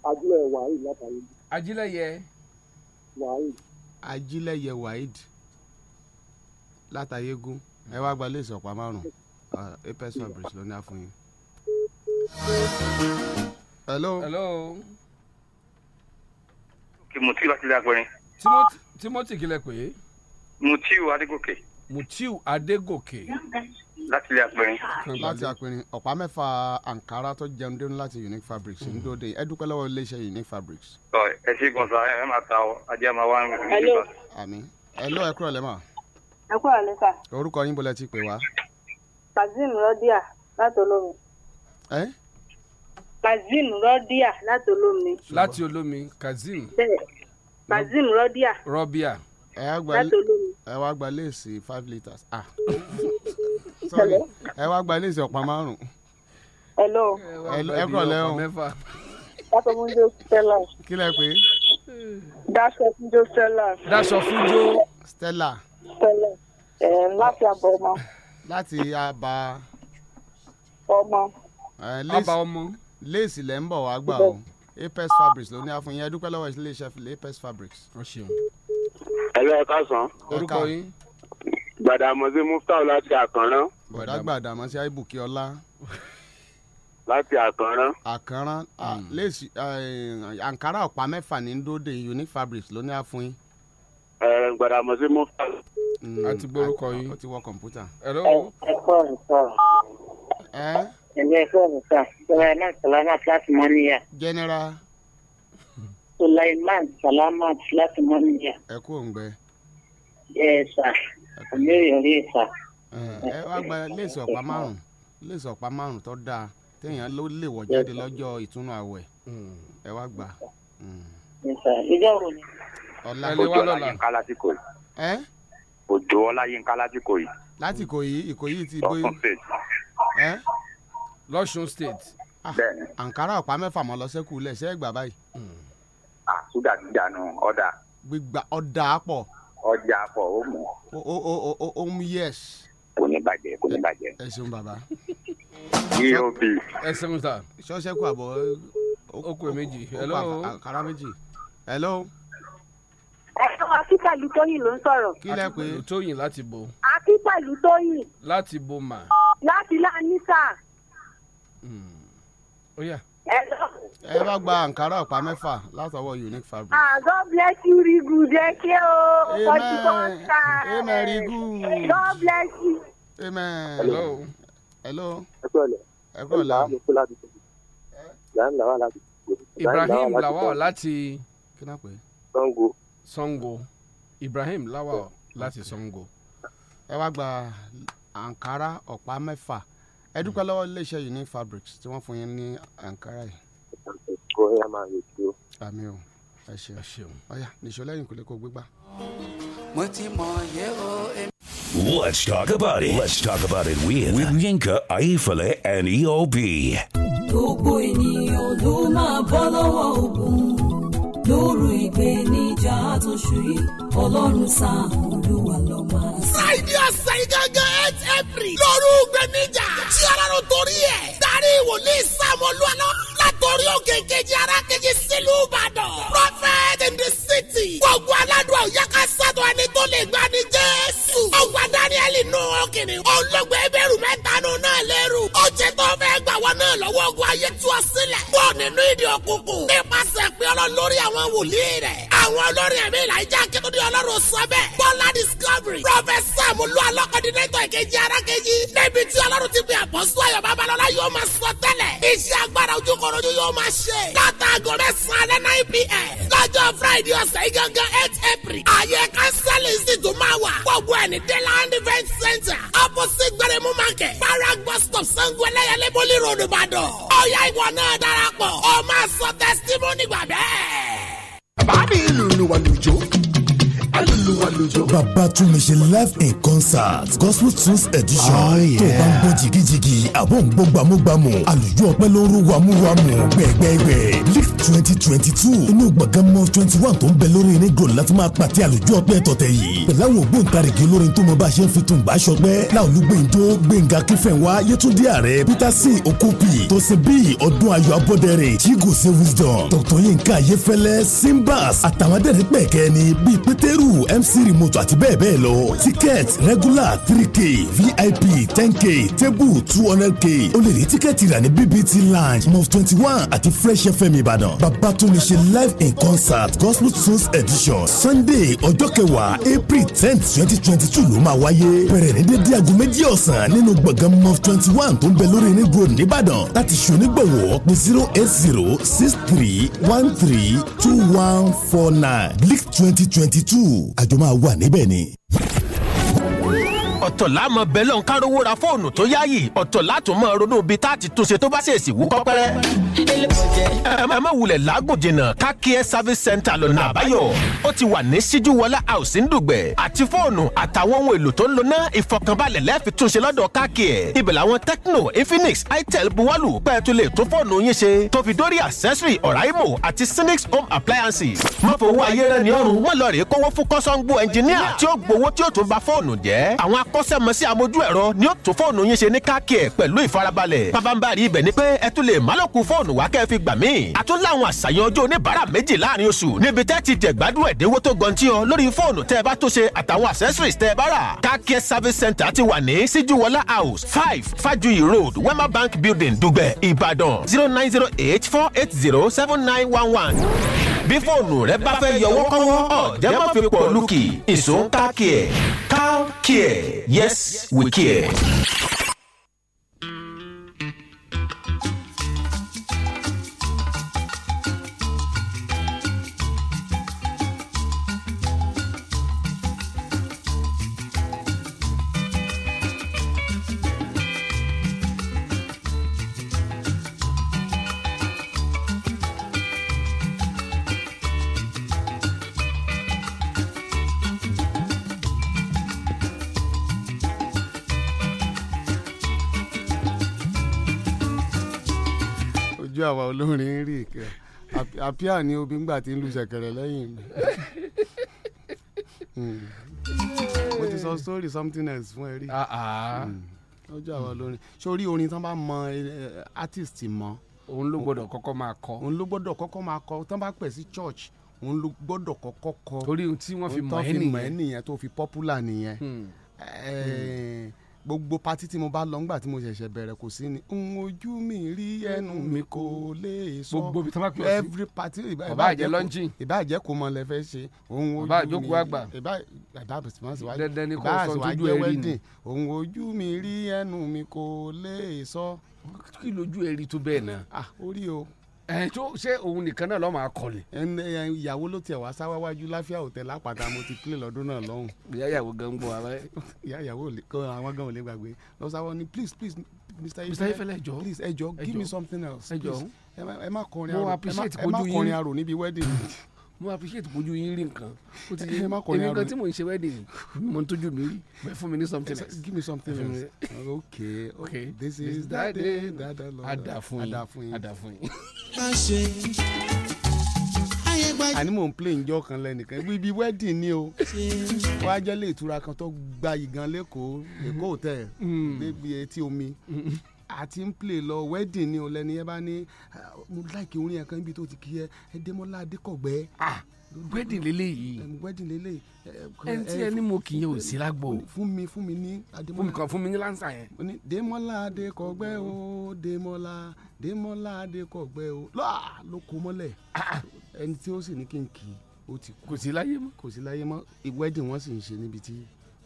àdúrà ẹ̀wà látàyégún. ajílẹ̀yẹ. wàhíì. ajílẹ̀yẹ wàhíì látàyégún ẹ wá gba léèsì ọ̀pá márùn-ún ah, apes fabric ló ní àfọyín. hello. hello. kìmọ̀tì láti lé agbẹ́rin. timothy timothy kílẹ̀ pé. mutiu adégòkè. mutiu adégòkè. láti ilé apẹrin. láti apẹrin ọ̀pá mẹ́fà ankara tó jẹun dénú láti unique fabrics ń dóde ẹ dúpẹ́ lọ́wọ́ iléeṣẹ́ unique fabrics. ọ ẹ ṣe gbọ̀nsá ẹ máa ta ọ ajé máa wá ń rìn nípa. àmín ẹ lọ ẹ kúrò lẹ́mọ̀. ẹ kúrò lẹ́sà. orúkọ yín bọ́lá ti pè wá. kazeem rọ́díà láti olómi. ẹ. kazeem rọ́díà láti olómi. láti olómi kazeem. bẹ́ẹ̀ Bazim Rọ́bíà. Rọ́bíà ẹ wá gba léèsì five litres. Ah. Sorry ẹ wá gba léèsì ọ̀pá márùn-ún. ẹ kọ̀ lẹ́hùn. Stella. Kí lẹ pé? Stella. Stella. Stella eh, láti ọmọ. láti ọmọ. Eh, ọmọ. léèsì lẹ́ ń wá gbà o. Apes Fabrics ló ní àfún yẹn dúpẹ́ lọ́wọ́ ilé iṣẹ́ fìlẹ̀ Apex Fabrics. ọ ṣeun. ẹ̀lọ́ ẹ̀ka sàn. orúkọ yín. gbàdàmọ́sí muftau láti àkànrán. bọ̀dá gbàdàmọ́sí àìbùkí ọlá. láti àkànrán. àkànrán hmm. léèsì àǹkárá eh, ọ̀pá mẹ́fà ní ndóde unique fabrics ló ní àfún yín. gbàdàmọ́sí muftau. a ti gbórúkọ hmm, yín. ó ti wọ kọ̀ǹpútà. ẹ̀lọ́. ẹ̀kọ́ ẹ̀kọ́. ẹ̀ ẹgbẹ́ ẹ̀fọ́ ọ̀gùnfà Sulaiman Salamat láti Mọ́níyà. general. Sulaiman Salamat láti Mọ́níyà. ẹ kú òǹgbẹ. ẹ sà àmúyẹ̀ rí sà. ẹ wá gba léèsì ọ̀pá márùn-ún léèsì ọ̀pá márùn-ún tó dáa téèyàn ló lè wọ̀ jáde lọ́jọ́ ìtúnu àwẹ̀ ẹ wá gbà. ìjọ wo ni. ọ̀la ẹ lè wá lọ́la. òjò ọlá yín ká lásìkò yìí. lásìkò yìí ìkòyí ti bóyá lọ́sùn state. àǹkárá ah, ọ̀pá mẹ́fà mọ́ lọ́sẹ̀kù lẹ́sẹ̀ ẹ̀gbà báyìí. àsúgà hmm. ah, gbígbà nù ọ̀dà. gbígbà ọ̀dà pọ̀. ọjà pọ̀ ó mọ̀. o o o o mu yes. kò ní bàjẹ́ kò ní bàjẹ́. ẹ ṣeun bàbá. eob. ẹ ṣeun sà. sọ́sẹ́kù àbọ̀ okùn méjì. àǹkárá méjì. hello ẹ̀sọ́ akíntàlú tóyìn ló ń sọ̀rọ̀. kí lẹ pé tóyìn láti bo. akíntàlú tóyìn. láti bo mà. láti lánísà. Oh ẹ bá gba ankara ọ̀pá mẹ́fà látọwọ́ unique fabric. ah god bless you rigu jẹ́kẹ́ o forty four stars. amen rigu. god bless you. amen. hello. hello. ẹ kúrò la. ibrahim lawal láti kí náà pè é. sango. sango ibrahim lawal láti sango ẹ wá gba ankara ọ̀pá mẹ́fà ẹ dúpẹ́ lọ́wọ́ iléeṣẹ́ unique fabrics tí wọ́n fún yín ní ankara yìí. kò yẹ máa yẹ kí o. àmì o ẹ ṣeun ẹ ṣeun ọyà nìṣó lẹ́yìn kò lè kó gbégbá. mo ti mọ yẹ o. Let's talk about it. Let's talk about it with, with Yinka, Aifale, and EOB. Gbogbo ènìyàn ló máa bọ́ lọ́wọ́ ogun lóru ìgbéníjà tó ọlọ́run sáà olúwa lọ́ọ́ máa. ọ̀sẹ̀. Jeffrey lóru gbẹ̀míjà tí ọlọ́run torí ẹ̀ darí wòlíì sàmúlò àná látọ̀rí òkè kejì ara kejì sílùú Ìbàdàn prophet in the city gbogbo aládùn ọ̀yá ká sàtọ̀ ẹni tó lè gbani Jésù ọgbà Daniel nù ọkìnrin olóògbé sílẹ̀ kó nínú ìdí òkùnkùn nípasẹ̀ pé ọlọ́run lórí àwọn wòlíì rẹ̀ àwọn olórí ẹ̀mí ìlàjà akéwòdì ọlọ́run sọ bẹ́ẹ̀ bọ́lá discovery prọfẹsà mulu alọ́kọ̀dínétọ̀ ìkejì arákejì níbi tí ọlọ́run ti pè àpọ́sù ayọ̀ babalọ́lá yóò máa sọ tẹ́lẹ̀ iṣẹ́ agbára ojúkọ̀rọ̀jú yóò máa ṣe látàgọ́ mẹ́sàn-án alẹ́ nine pm lọ́jọ́ friday ọ̀sẹ̀ yìí gangan eight april àyè kánsẹ́lì sí máa wà. gbogbo ẹni deland event center opposite gbaremu market parag bus stop sango ẹlẹ́yẹlé bólú ròdù ìbàdàn. ọ̀ya ìwọ náà darapọ̀ ọ máa testimony gbàgbẹ́. bàbá mi ìlú wà lójó bàbá tún ṣe live in concert gospel tunes edition oh, tó bá ń gbọ́ jigijigi àbọ̀ ń gbọ́ gbàmúgbàmù àlùjọ ọpẹ́ ló ń rú wàmúwàmù gbẹ̀gbẹ̀gbẹ̀ lift twenty twenty two inú gbọ̀ngàn mọ́ twenty one tó ń bẹ lórí nígò láti máa pàtẹ àlùjọ ọpẹ́ tọ̀tẹ̀ yìí pẹ̀lú àwọn ògbóǹtarìgì olórin tó mọ bá a ṣe ń fi tùǹbà ṣọgbẹ́ láolúgbìndó gbẹ̀ngà kífẹ̀wá yẹtúndí ààrẹ peter c okopi tọ́sí bíi ọdún ayọ̀ abọ́dẹ̀rẹ̀ chigo say wisdom yinka ayefẹ́lẹ́ simbas àtàwọn adẹ́rìn pẹ̀kẹ́ ni bíi pétérù zero mc remote àti bẹ́ẹ̀ bẹ́ẹ̀ lọ ticket regular three k vip ten k table two hundred k o lè rí tíkẹ́ẹ̀tì rà ní bbt lounge mof twenty one àti fresh fm ìbàdàn bàbá tó lè ṣe live in concert gospel tunes edition sunday ọjọ́ kẹwàá april tenth twenty twenty two ló máa wáyé bẹ̀rẹ̀ ní dédé aago méjì ọ̀sán nínú gbọ̀ngàn mof twenty one tó ń bẹ lórí ní road nìbàdàn láti ṣonígbọ̀wọ́ pé zero eight zero six three one three two one four nine bleak twenty twenty two àjọ máa wà níbẹ̀ ni ọ̀tọ̀ láàmọ̀ bẹ́lọ̀ ń kárówó ra fóònù tó yáyì ọ̀tọ̀ látún mọ́ ronú bí tá a ti túnṣe tó bá ṣe èsì wú kọ́pẹ́rẹ́. ẹ má wulẹ̀ lágùn jìnnà kákíẹ́ service center lọ́nà àbáyọ ó ti wà ní síjúwọlá house ńdùgbẹ̀ àti fóònù àtàwọn ohun èlò tó ń lona ìfọkànbalẹ̀ lẹ́ẹ̀fi túnṣe lọ́dọ̀ kákíẹ́ ibẹ̀ làwọn tecno infinix itel buwalu pẹ́ẹ́tù lè tún fóònù yín ṣe tó fi dórí accessory ọ̀ráìmọ̀ àti sinix home appliances má fowó ayé rẹ̀ ní ọrùn wọ́n lọ rèé kówó fún kọ́sọ́ngbó ẹnjìníà tí ó gbowó tí ó tún ba fóònù jẹ́ àwọn akọ́ akọ́ṣẹ́mọṣẹ́ amójú ẹ̀rọ ni ó tún fóònù yín ṣe ní káàkì pẹ̀lú ìfarabalẹ̀ pàbámbarì ibẹ̀ ni pé ẹ tún lè má lòkù fóònù wá kẹ́ ẹ fi gbà míì àtún láwọn àṣàyàn ọjọ́ oníbàárà méjì láàrin oṣù níbi tẹ́ ti jẹ̀gbádùn ẹ̀dínwó tó gọntí ọ lórí fóònù tẹ́ ẹ bá tó ṣe àtàwọn accessories tẹ́ ẹ bá rà káàkì service center ti wà ní síjúwọlá house five fájuyì road wema bank building dùgbẹ̀ ìbàdàn zero nine zero eight four eight zero seven nine one one bí fóònù rẹ bá fẹ́ yọwọ́ kọ́wọ́ ọ̀jẹ́ má fi pọ̀ lùkì ìsún ká kí care, ká yes we care. ojú àwa olórin rí ìkẹ́ àpíà ni obì ńgbà tí ń lu ṣẹ̀kẹ̀rẹ̀ lẹ́yìn mi hmm. mo ti sọ story something else fún ẹ rí ojú ah, ah. hmm. àwa olórin sórí orin tán bá mọ eh, eh, artist mọ òun ló gbọ́dọ̀ kọ́kọ́ máa kọ òun ló gbọ́dọ̀ kọ́kọ́ máa kọ tán bá pè sí church òun ló gbọ́dọ̀ kọ́kọ́ kọ torí tí wọ́n fi mọ̀ ẹ́ nìyẹn tó fi popular nìyẹn hmm. eh, gbogbo patí tí mo bá lọ ńgbà mo ṣẹ̀ṣẹ̀ bẹ̀rẹ̀ kò sí ni n ojú mi rí ẹnu mi kò lè sọ gbogbo ibi tí wọ́n bá pè ọ́ sí every party ìbàjẹ́ lọ́njìn ìbàjẹ́ kò mọ̀ lẹ́fẹ́ ṣe òun ojú mi ìbàjókòó àgbà ìbàjẹ́ wedding òun ojú mi rí ẹnu mi kò lè sọ. kí lójú ẹ rí tó bẹ́ẹ̀ náà. ah orí o ẹ tó ṣé òun nìkan náà lọ́mọ akọni. ìyàwó ló tiẹ̀ wá sáwá láfíà òtẹ́ lápàtà mo ti kílè lọ́dún náà lọ́hùn. ìyá ìyàwó gan gbọ́ ara ẹ. ìyá ìyàwó kan àwọn gan ò lè gbàgbé lọ sáwọ́ ni please please Mr. Ifele please ẹjọ give me something else. ẹjọ ẹ má kọrin arò níbi wedding. mo appreciate kojú yín rí nǹkan ó ti yé èmi kan tí mò ń ṣe wedding mo ń tójú mi rí bẹ́ẹ̀ fún mi ní something else. give me something else okay okay this is that day that that lord adafun yin adafun yin. àní mò ń play njọ́ kan lẹ́nìkan ibi wedding ni o wọ́n á jẹ́ lé ìtura kan tó gbayì gan lẹ́kọ̀ọ́ èkó hotel hmm. níbi etí omi hmm àti ń play lọ wedding ni o yẹn bá ní ah, mo like orin yẹn níbi tó ti kí ẹ ẹ Adékọ̀gbẹ́. Ah, wedding lélẹ́yìí. wedding lélẹ́yìí. ẹni tí ẹni mo kì í yẹn ò sí lágbo. fún mi fún mi ní. fún fún mi ní láǹsà yẹn. mo ní Démọ́lá Adékọ̀gbẹ́ o Démọ́lá Démọ́lá Adékọ̀gbẹ́ o ló ah, kó mọ́lẹ̀ ẹni tí ó sì ní kí n kì í ó ti kú. kò sí láyé mọ́. kò sí láyé mọ́ wedding wọ́n sì ń ṣe níbi tí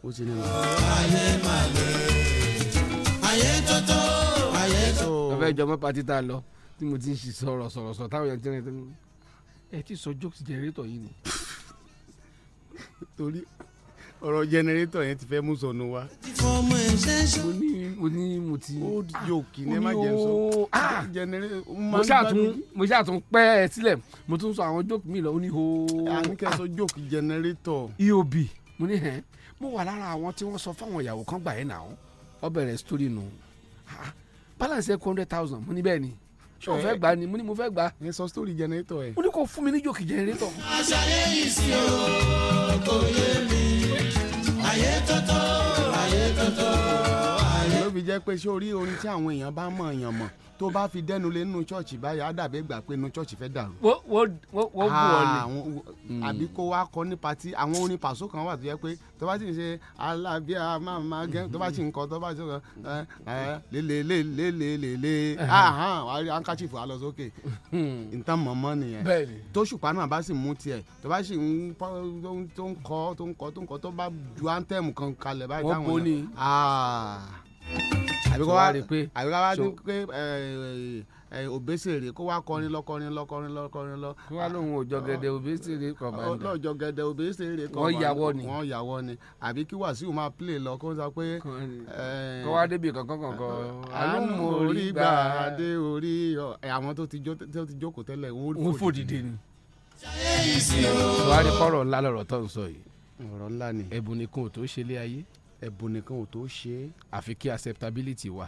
ó ti ní. ayé màlẹ́ ayé tótó ayé tótó. ọ̀fẹ́ ìjọba pati tá a lọ tí mo ti ń ṣe sọ̀rọ̀ sọ̀rọ̀ sọ̀rọ̀ táwọn yẹn ti rìn tẹ́lẹ̀ ẹ ti sọ jokes generator yìí ni. torí ọ̀rọ̀ generator yẹn ti fẹ́ mú sọnù wa. mo ní mo ní mo ti. ó yóò kí ní ẹ má jẹun sọ. Ah! mo ṣàtún mo ṣàtún pẹ́ ẹ sílẹ̀ mo tún sọ àwọn jokes mi lọ ó ní ho. àníkẹ́ sọ jokes generator. eob mo ní hẹ́n mo wà lára àwọn tí wọ́n sọ fáwọn ìyàwó kan gbà yẹn náà ọ bẹ̀rẹ̀ story nù ah, balance ẹ̀ kó hundred thousand mo ní bẹ́ẹ̀ ni ṣé o eh. fẹ́ gbà ni mo ní mo fẹ́ gbà. ẹ sọ story generator ẹ. mo ní kò fún mi ní jòkì generator. àṣàyè yìí sí o kò yé mi àyè tọ́tọ́ àyè tọ́tọ́ àyè. ló fi jẹ́ pé ṣé orí orin tí àwọn èèyàn bá mọ̀ èèyàn mọ̀ tó bá fi dẹnu lé nínú ṣọ́ọ̀ṣì báyìí á dàbí ìgbà pé inú ṣọ́ọ̀ṣì fẹ́ dàrú. wọ́n wọ́n wọ́n ni. Ah, mm. àbí kó wá kọ ní patí àwọn orin pàṣọ kan wà tó yẹ pé tó bá sì ń ṣe alábíà máa máa gẹ tó bá sì ń kọ tó bá sì ń kọ eh, eh, lélelélelelele ahan ah, handkerchief wa lọ sókè nǹkan hmm. mọ̀mọ́ nìyẹn tó ṣùpá náà bá sì mú tiẹ̀ tó bá sì ń tó ń kọ tó ń kọ tó ń kọ tó bá ju anthem kan kalẹ̀ báyìí táwọn yẹn àbíkọ́ wa àbíkọ́ wa ní pé òbésèrè kó wá kọrin lọ kọrin lọ kọrin lọ kọrin lọ. kí wàá lóun òjọ gẹdẹ òbésèrè kan máa ń dà. lọ́jọ́ gẹdẹ òbésèrè kan máa ń dà wọ́n yàwọ́ ni. wọ́n yàwọ́ ni àbí kí wàsíù máa play lọ kó sọ pé. kó wá débi kankan kankan. àánú orí gbà dé orí àwọn tó ti jókòó tẹ́lẹ̀ wọ́n fò dìde ni. wàá rí kọ́rọ̀ ńlá lọ̀rọ̀ tó ń sọ yìí. ọ̀rọ̀ ńlá ni. ẹ̀bùn nìkan ò tó ṣe lé ayé ẹ̀bùn nìkan ò tó ṣe é. àfi kí acceptability wa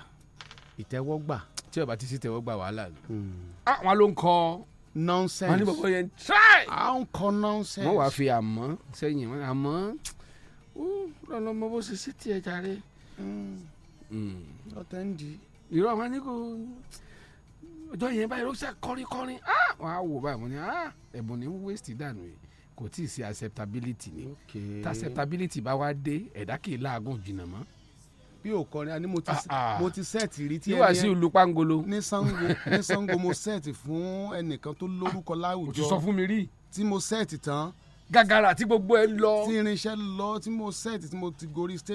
ìtẹ́wọ́gbà. tí o bá ti sí tẹ́wọ́gbà wàhálà ni. àwọn hmm. ah, ló ń kọ nonsense. wọ́n ní bọ̀bọ̀ yẹn try. à ń kọ nonsense. wọ́n wàá fi àmọ́ sẹ́yìn wọn àmọ́ lọ́nà ọmọ bó ṣe sí tiẹ̀ jàre. Hmm. ọ̀tẹ̀ ń di. ìrọ̀ wọn ní kò ọjọ́ yẹn báyìí ló ṣe kọrin kọrin ah! wọ́n á wò báyìí wọ́n ní ah! ẹ̀bùn ní waste dànù yìí kò tí ì sí acceptability ni okay. ta acceptability bá wá dé ẹ̀dá kì í láàgùn jìnnà mọ́ bí o kọrin ani mo ti ah, ah. mo ti sẹ́ẹ̀tì rí tí ẹni yíwá sí olùpangolo ní sango ní sango mo sẹ́ẹ̀tì fún ẹnìkan tó lórúkọ láwùjọ o ti sọ fún mi rí tí mo sẹ́ẹ̀tì tán gàgàrà tí gbogbo ẹ lọ tí irinṣẹ́ lọ tí mo sẹ́ẹ̀tì tí mo ti gorí stage.